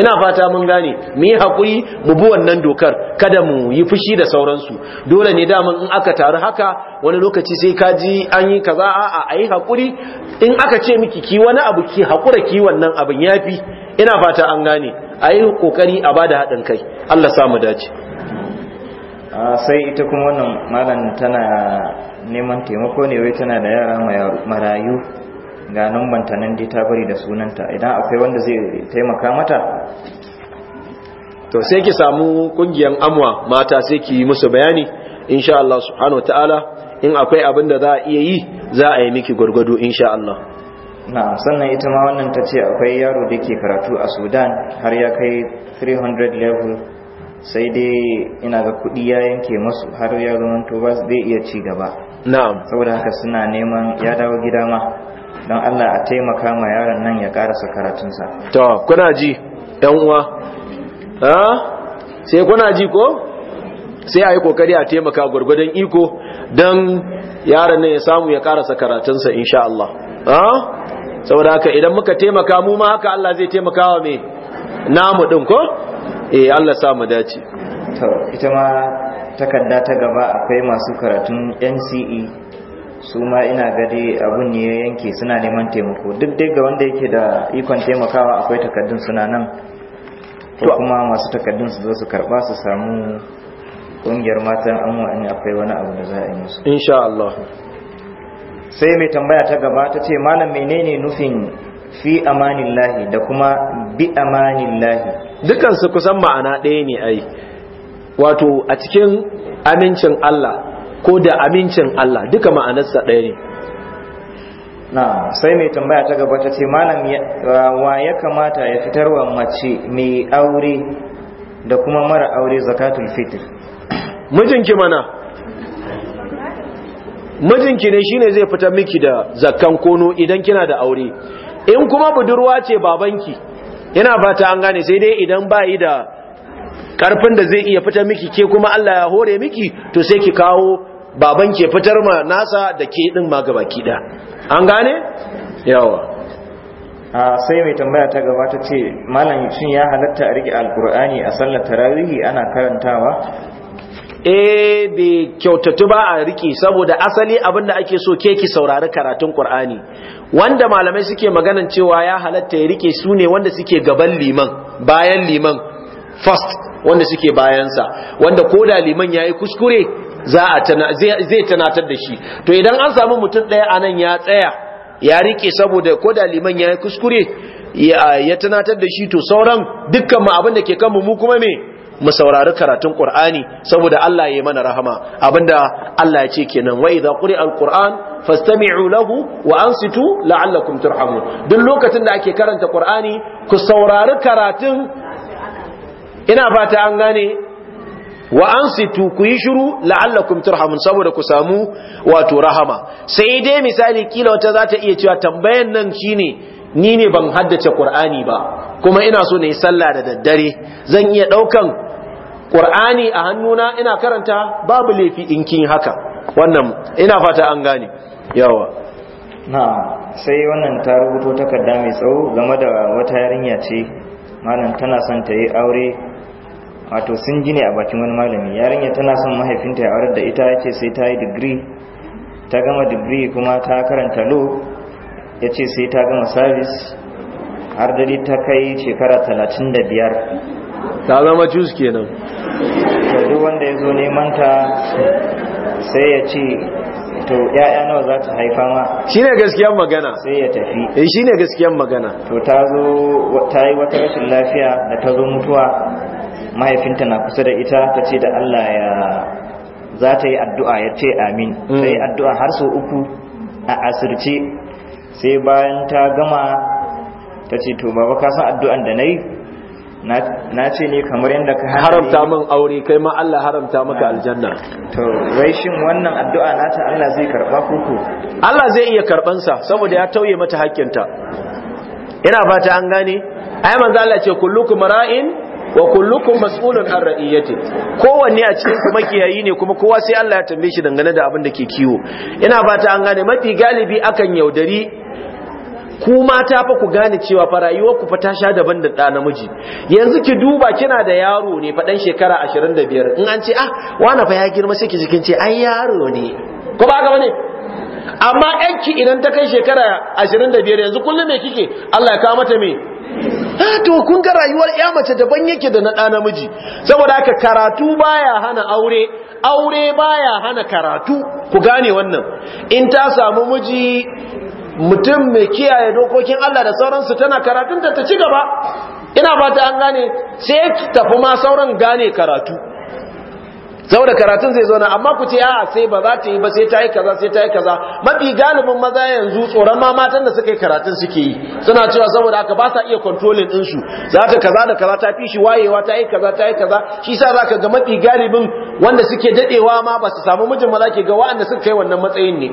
ina fata mun gane mu yi hakuri mu bi wannan dokar kada mu yi fushi da sauransu dole ne daman in aka taru haka wani lokaci sai ka ji an yi kaza a'a ayi hakuri in aka ce miki ki wani abu ki hakura ki wannan abin yafi ina fata an gane ayi kokari a bada haɗin kai Allah sa mu dace ah, sai ita kuma wannan malam tana neman taimako ne wai tana da yara marayu ga nan banta nan dai ta bari da sunanta idan akwai wanda zai taimaka mata to sai ki samu kungiyan amwa mata sai ki yi musu bayani insha Allah subhanahu ta'ala in akwai abin da za a iya yi za a yi miki gwargwado insha Allah na sannan ita ma wannan ta ce akwai yaro da ke karatu a Sudan har ya kai 300 level sai dai ina ga kudi ya yanke masu har ya zama to ba zai iya ci gaba na'am saboda haka suna neman ya dawo gida ma don Allah a taimaka ma yaron nan ya karasa karatunsa to kuna ji ɗan uwa ha sai kuna ji ko sai ayi kokari a taimaka gwargwadon iko don yaron nan ya samu ya karasa karatunsa insha Allah ha saboda haka idan muka taimaka mu ma haka Allah zai taimaka wa me namu din ko eh Allah sa mu dace to ita ma takarda ta gaba akwai masu karatun nce su ma ina gadi abun ne ya yanke suna neman taimako duk dai ga wanda yake da ikon taimakawa akwai takardun suna nan ko kuma masu takardun su zo su karba su samu kungiyar matan amma in akwai wani abu da za a yi musu insha Allah sai mai tambaya ta gaba ta ce malam menene nufin fi amanillahi da kuma bi amanillahi dukansu kusan ma'ana ɗaya ne ai wato a cikin amincin Allah ko da amincin Allah duka ma'anarsa ɗaya ne na sai mai tambaya ta gaba ta ce malam uh, wa ya kamata ya fitarwa mace mai aure da kuma mara aure zakatul fitr mijinki mana mijinki ne shine zai fitar miki da zakkan kono idan kina da aure in kuma budurwa ce babanki yana fata an gane sai dai idan ba yi da karfin da zai iya fitar miki ke kuma Allah ya hore miki to sai ki kawo baban ke fitar ma nasa da ke din ma ki da an gane yawa a sai mai tambaya ta gaba ta ce malam shin ya halatta a rike alqur'ani a sallar tarawihi ana karantawa eh bai kyautatu ba a rike saboda asali abin da ake so ke ki saurari karatun qur'ani wanda malamai suke maganan cewa ya halatta ya rike sune wanda suke gaban liman bayan liman first wanda suke bayansa wanda ko da liman yayi kuskure za a zai tanatar da shi to idan an samu mutum daya anan ya tsaya ya rike saboda ko da liman yayi kuskure ya tanatar da shi to sauran dukkan mu abin da ke kanmu mu kuma me mu saurari karatun Qur'ani saboda Allah ya yi mana rahama abinda Allah ya ce kenan wa idza quri'a al fastami'u lahu wa ansitu la'allakum turhamun duk lokacin da ake karanta Qur'ani ku saurari karatun ina fata an gane wa ansitu ku yi shiru la'allakum turhamun saboda ku samu wato rahama sai dai misali kila wata za ta iya cewa tambayan nan shine ni ne ban haddace Kur'ani ba kuma ina so yi sallah da daddare zan iya daukan qur'ani a hannuna ina karanta babu laifi in kin haka wannan ina fata an gane yawa na sai wannan ta rubuto takarda mai tsawo game da wata yarinya ce malam tana son ta yi aure wato sun gine a bakin wani malami yarinya tana son mahaifinta ya aurar da ita ya ce sai ta yi digiri ta gama digiri kuma ta karanta lo ya ce sai ta gama sabis har dare ta kai shekara talatin da biyar ta zama cus kenan duk wanda ya zo neman ta sai ya ce to ya'ya nawa za ta haifa ma shi ne gaskiyar magana sai ya tafi eh shi ne gaskiyar magana to ta zo ta yi wata rashin lafiya da ta zo mutuwa mahaifinta na kusa da ita ta ce da Allah ya za ta yi addu'a ya ce amin ta yi addu'a har sau uku a asirce sai bayan ta gama ta ce to baba ka san addu'an da na yi na ce ne kamar yadda ka haramta min aure kai ma Allah haramta maka ah. aljanna to wai shin wannan addu'a nata Allah zai karɓa koko Allah zai iya karɓansa saboda ya tauye mata hakkinta ina fata an gane ayyaman za Allah ce kullukum ra'in wa kullukum mas'ulun an ra'iyati kowanne a cikin kuma kiyayi ne kuma kowa sai Allah ya tambaye shi dangane da abin da ke kiwo ina fata an gane mafi galibi akan yaudari ku mata fa ku gane cewa fa rayuwar ku fa ta sha daban da ɗa namiji yanzu ki duba kina da yaro ne fa dan shekara 25 in an ce ah wani fa ya girma sai ki ji kin ce ai yaro ne ko ba ga bane amma yanki idan ta kai shekara 25 yanzu kullum me kike Allah ya kawo mata me to kun ga rayuwar ya mace daban yake da na ɗa namiji saboda haka karatu baya hana aure aure baya hana karatu ku gane wannan in ta samu miji mutum mai kiyaye dokokin Allah da sauransu tana karatunta ta ci gaba ina ba ta an gane sai tafi ma sauran gane karatu da karatun zai zauna amma ku ce a'a sai ba za ta yi ba sai ta yi kaza sai ta yi kaza mafi galibin maza yanzu tsoron ma matan da suka yi karatun suke yi suna cewa saboda aka ba sa iya kontrolin din su za ta kaza da kaza ta fi shi wayewa ta yi kaza ta yi kaza shi sa zaka ga mafi galibin wanda suke dadewa ma ba su samu mijin maza ke ga wa'anda suka kai wannan matsayin ne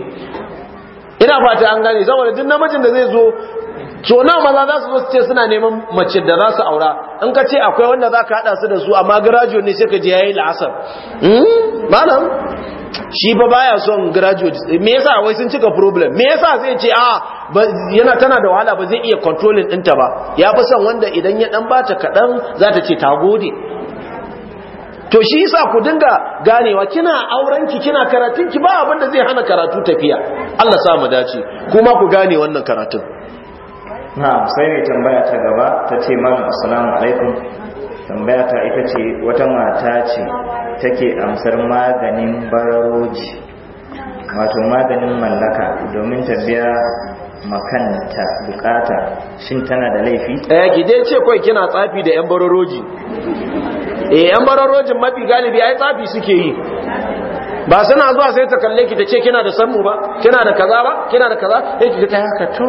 ina fata an gane saboda duk namijin da zai zo so na maza za su ce suna neman mace da za su aura in ka ce akwai wanda za ka haɗa su da su amma graduate ne sai ka je yayi la'asar hmm? malam shi ba baya son graduate me yasa wai sun cika problem me yasa zai ce ah, a yana tana da wahala ba zai iya controlling ɗinta ba ya fi son wanda idan ya dan bata kaɗan za ta ce ta gode to shi yasa ku dinga ganewa kina aurenki kina karatunki ba abin da zai hana karatu tafiya Allah sa mu dace kuma ku gane wannan karatun na sai mai tambaya ta gaba ta ce malam assalamu alaikum tambaya ta ita ce wata mata ce take amsar maganin baroji wato maganin mallaka domin ta biya makanta bukata shin tana da laifi eh gide ce kai kina tsafi da yan baroji eh yan baroji mafi galibi ai tsafi suke yi ba suna zuwa sai ta kalle ki ta ce kina da sanmu ba kina da kaza ba kina da kaza eh ki ta haka to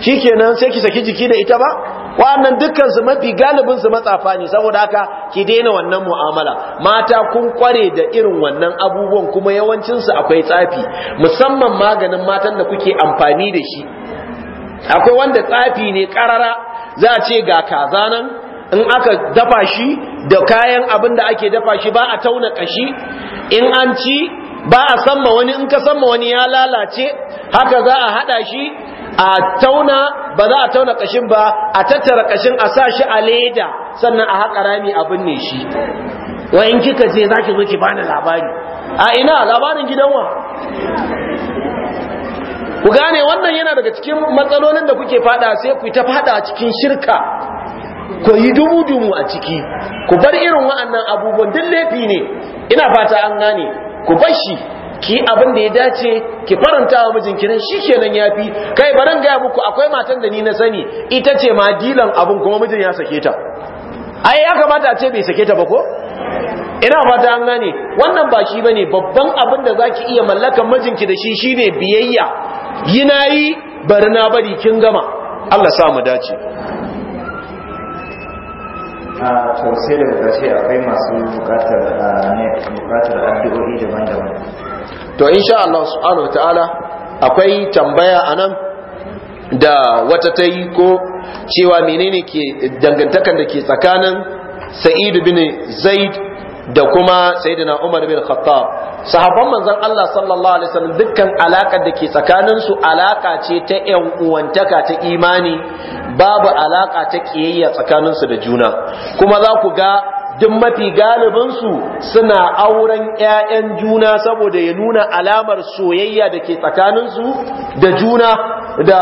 shi kenan sai ki saki jiki da ita ba wannan dukkan mafi galibin su matsafa ne saboda haka ki daina wannan mu'amala mata kun kware da irin wannan abubuwan kuma yawancin su akwai tsafi musamman maganin matan da kuke amfani da shi akwai wanda tsafi ne karara za a ce ga kaza nan in aka dafa shi da kayan abin da ake dafa shi ba a tauna kashi in an ci ba a san ma wani in ka san ma wani ya lalace haka za a hada shi a tauna ba za a tauna kashin ba a tattara kashin a sa shi a leda sannan a haƙa rami a binne shi wa in kika je zaki zo ki bani labari a ina labarin gidan wa ku gane wannan yana daga cikin matsalolin da kuke fada sai ku ta fada cikin shirka ku yi dubu dubu a ciki ku bar irin wa'annan abubuwan duk laifi ne ina fata an gane ku bashi ki abin da ya dace ki faranta wa mijinki nan shikenan yafi kai baran ga muku akwai matan da ni na sani ita ce ma dilan abin kuma mijin ya sake ta ai ya kamata a ce bai sake ta ba ko ina fata an gane wannan ba shi bane babban abin da zaki iya mijin mijinki da shi shine biyayya yinayi barna bari na bari kin gama Allah sa mu dace a tausai da ƙarshe akwai masu bukatar bukatar addu'o'i daban-daban to insha Allah subhanahu wa ta'ala akwai tambaya anan da wata ta yi ko cewa menene ke dangantakan da ke tsakanin sa'idu bin zaid da kuma sayyidina Umar bin Khattab sahabban manzon Allah sallallahu alaihi wasallam dukkan alakar da ke tsakanin su alaka ce ta yan uwantaka ta imani babu alaka ta kiyayya tsakanin su da juna kuma za ku ga duk mafi galibinsu suna auren 'ya'yan juna saboda ya nuna alamar soyayya da ke tsakaninsu da juna da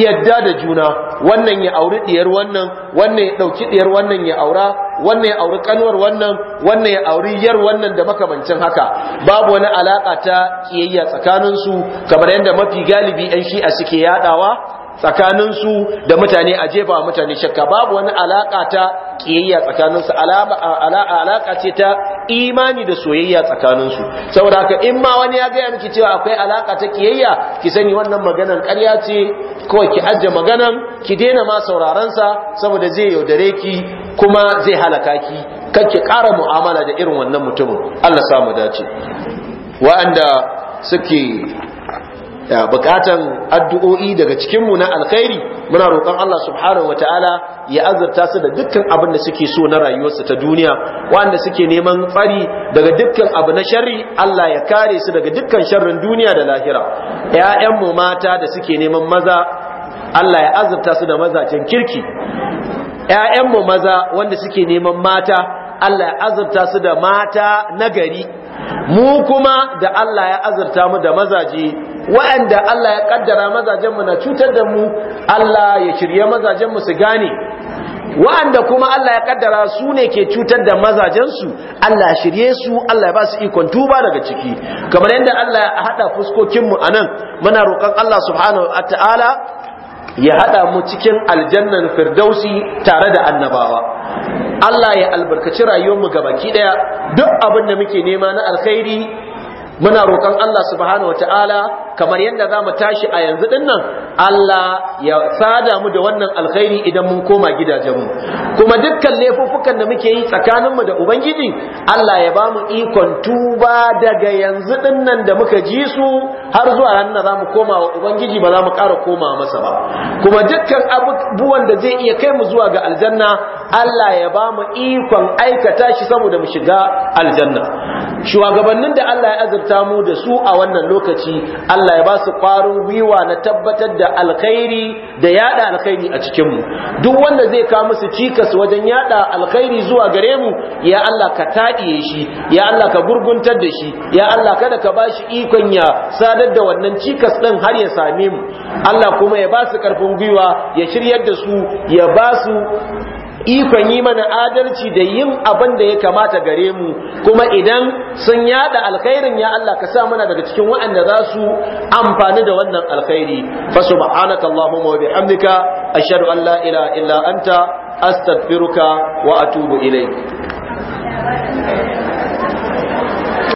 yadda da juna wannan ya auri ɗiyar wannan wannan ya ɗauki ɗiyar wannan ya aura wannan ya auri kanwar wannan wannan ya auri yar wannan da makamancin haka babu wani alaƙa ta kiyayya tsakaninsu, kamar yadda mafi galibi ɗan shi'a suke yadawa tsakaninsu da mutane a jefa mutane shakka babu wani alaka ta kiyayya tsakaninsu alaka ce ta imani da soyayya tsakaninsu saboda ka in ma wani ya gaya miki cewa akwai alaka ta kiyayya ki sani wannan maganan ƙarya ce kawai ki ajiye maganan ki daina ma sauraron sa saboda zai yaudare ki kuma zai halaka ki kar ki ƙara mu'amala da irin wannan mutumin Allah samu dace wa'anda suke bukatan addu'o'i daga cikinmu na alkhairi muna roƙon Allah subhanahu wataala ya azurta su da dukkan abin da suke so na rayuwarsu ta duniya wanda suke neman fari daga dukkan abu na sharri Allah ya kare su daga dukkan sharrin duniya da lahira Ya'yanmu mata da suke neman maza Allah ya azurta su da mazajen kirki Ya'yanmu maza wanda suke neman mata Allah ya azurta su da mata nagari mu kuma da Allah ya azurta mu da mazaje wa'anda Allah ya kaddara mazajen na cutar da mu Allah ya shirye mazajen mu su gane wa'anda kuma Allah ya ƙaddara su ne ke cutar da mazajensu Allah shirye su Allah ya ba su ikon tuba daga ciki kamar yadda Allah ya hada fuskokinmu a nan muna roƙon Allah subhanahu wa ta'ala ya hada mu cikin aljannan firdausi tare da annabawa Allah ya albarkaci rayuwar rayuwarmu gabaki daya duk abin da muke nema na alkhairi muna roƙon Allah subhanahu wataala kamar yadda za mu tashi a yanzu dinnan nan Allah ya sada mu da wannan alkhairi idan mun koma gidajenmu kuma dukkan laifuffukan da muke yi tsakaninmu da ubangiji Allah ya ba mu ikon tuba daga yanzu dinnan da muka ji su har zuwa ranar da za mu koma wa ubangiji ba za mu ƙara koma masa ba kuma dukkan abubuwan da zai iya kai mu zuwa ga aljanna Allah ya ba mu ikon aikata shi saboda mu shiga aljanna shugabannin da Allah ya azurta azurta da su a wannan lokaci Allah ya ba su ƙwarin gwiwa na tabbatar da alkhairi da yada alkhairi a cikin mu duk wanda zai ka musu cikas wajen yada alkhairi zuwa gare mu ya Allah ka taɗiye shi ya Allah ka gurguntar da shi ya Allah kada ka ba shi ikon ya sadar da wannan cikas ɗin har ya same mu Allah kuma ya ba su ƙarfin gwiwa ya shiryar da su ya ba su ikon yi mana adalci da yin abin da ya kamata gare mu kuma idan sun yada alkhairin ya Allah ka sa mana daga cikin waɗanda za su amfani da wannan alkhairi fa subhanaka allahumma wa bihamdika ashhadu an la ilaha illa anta astaghfiruka wa atubu ilayk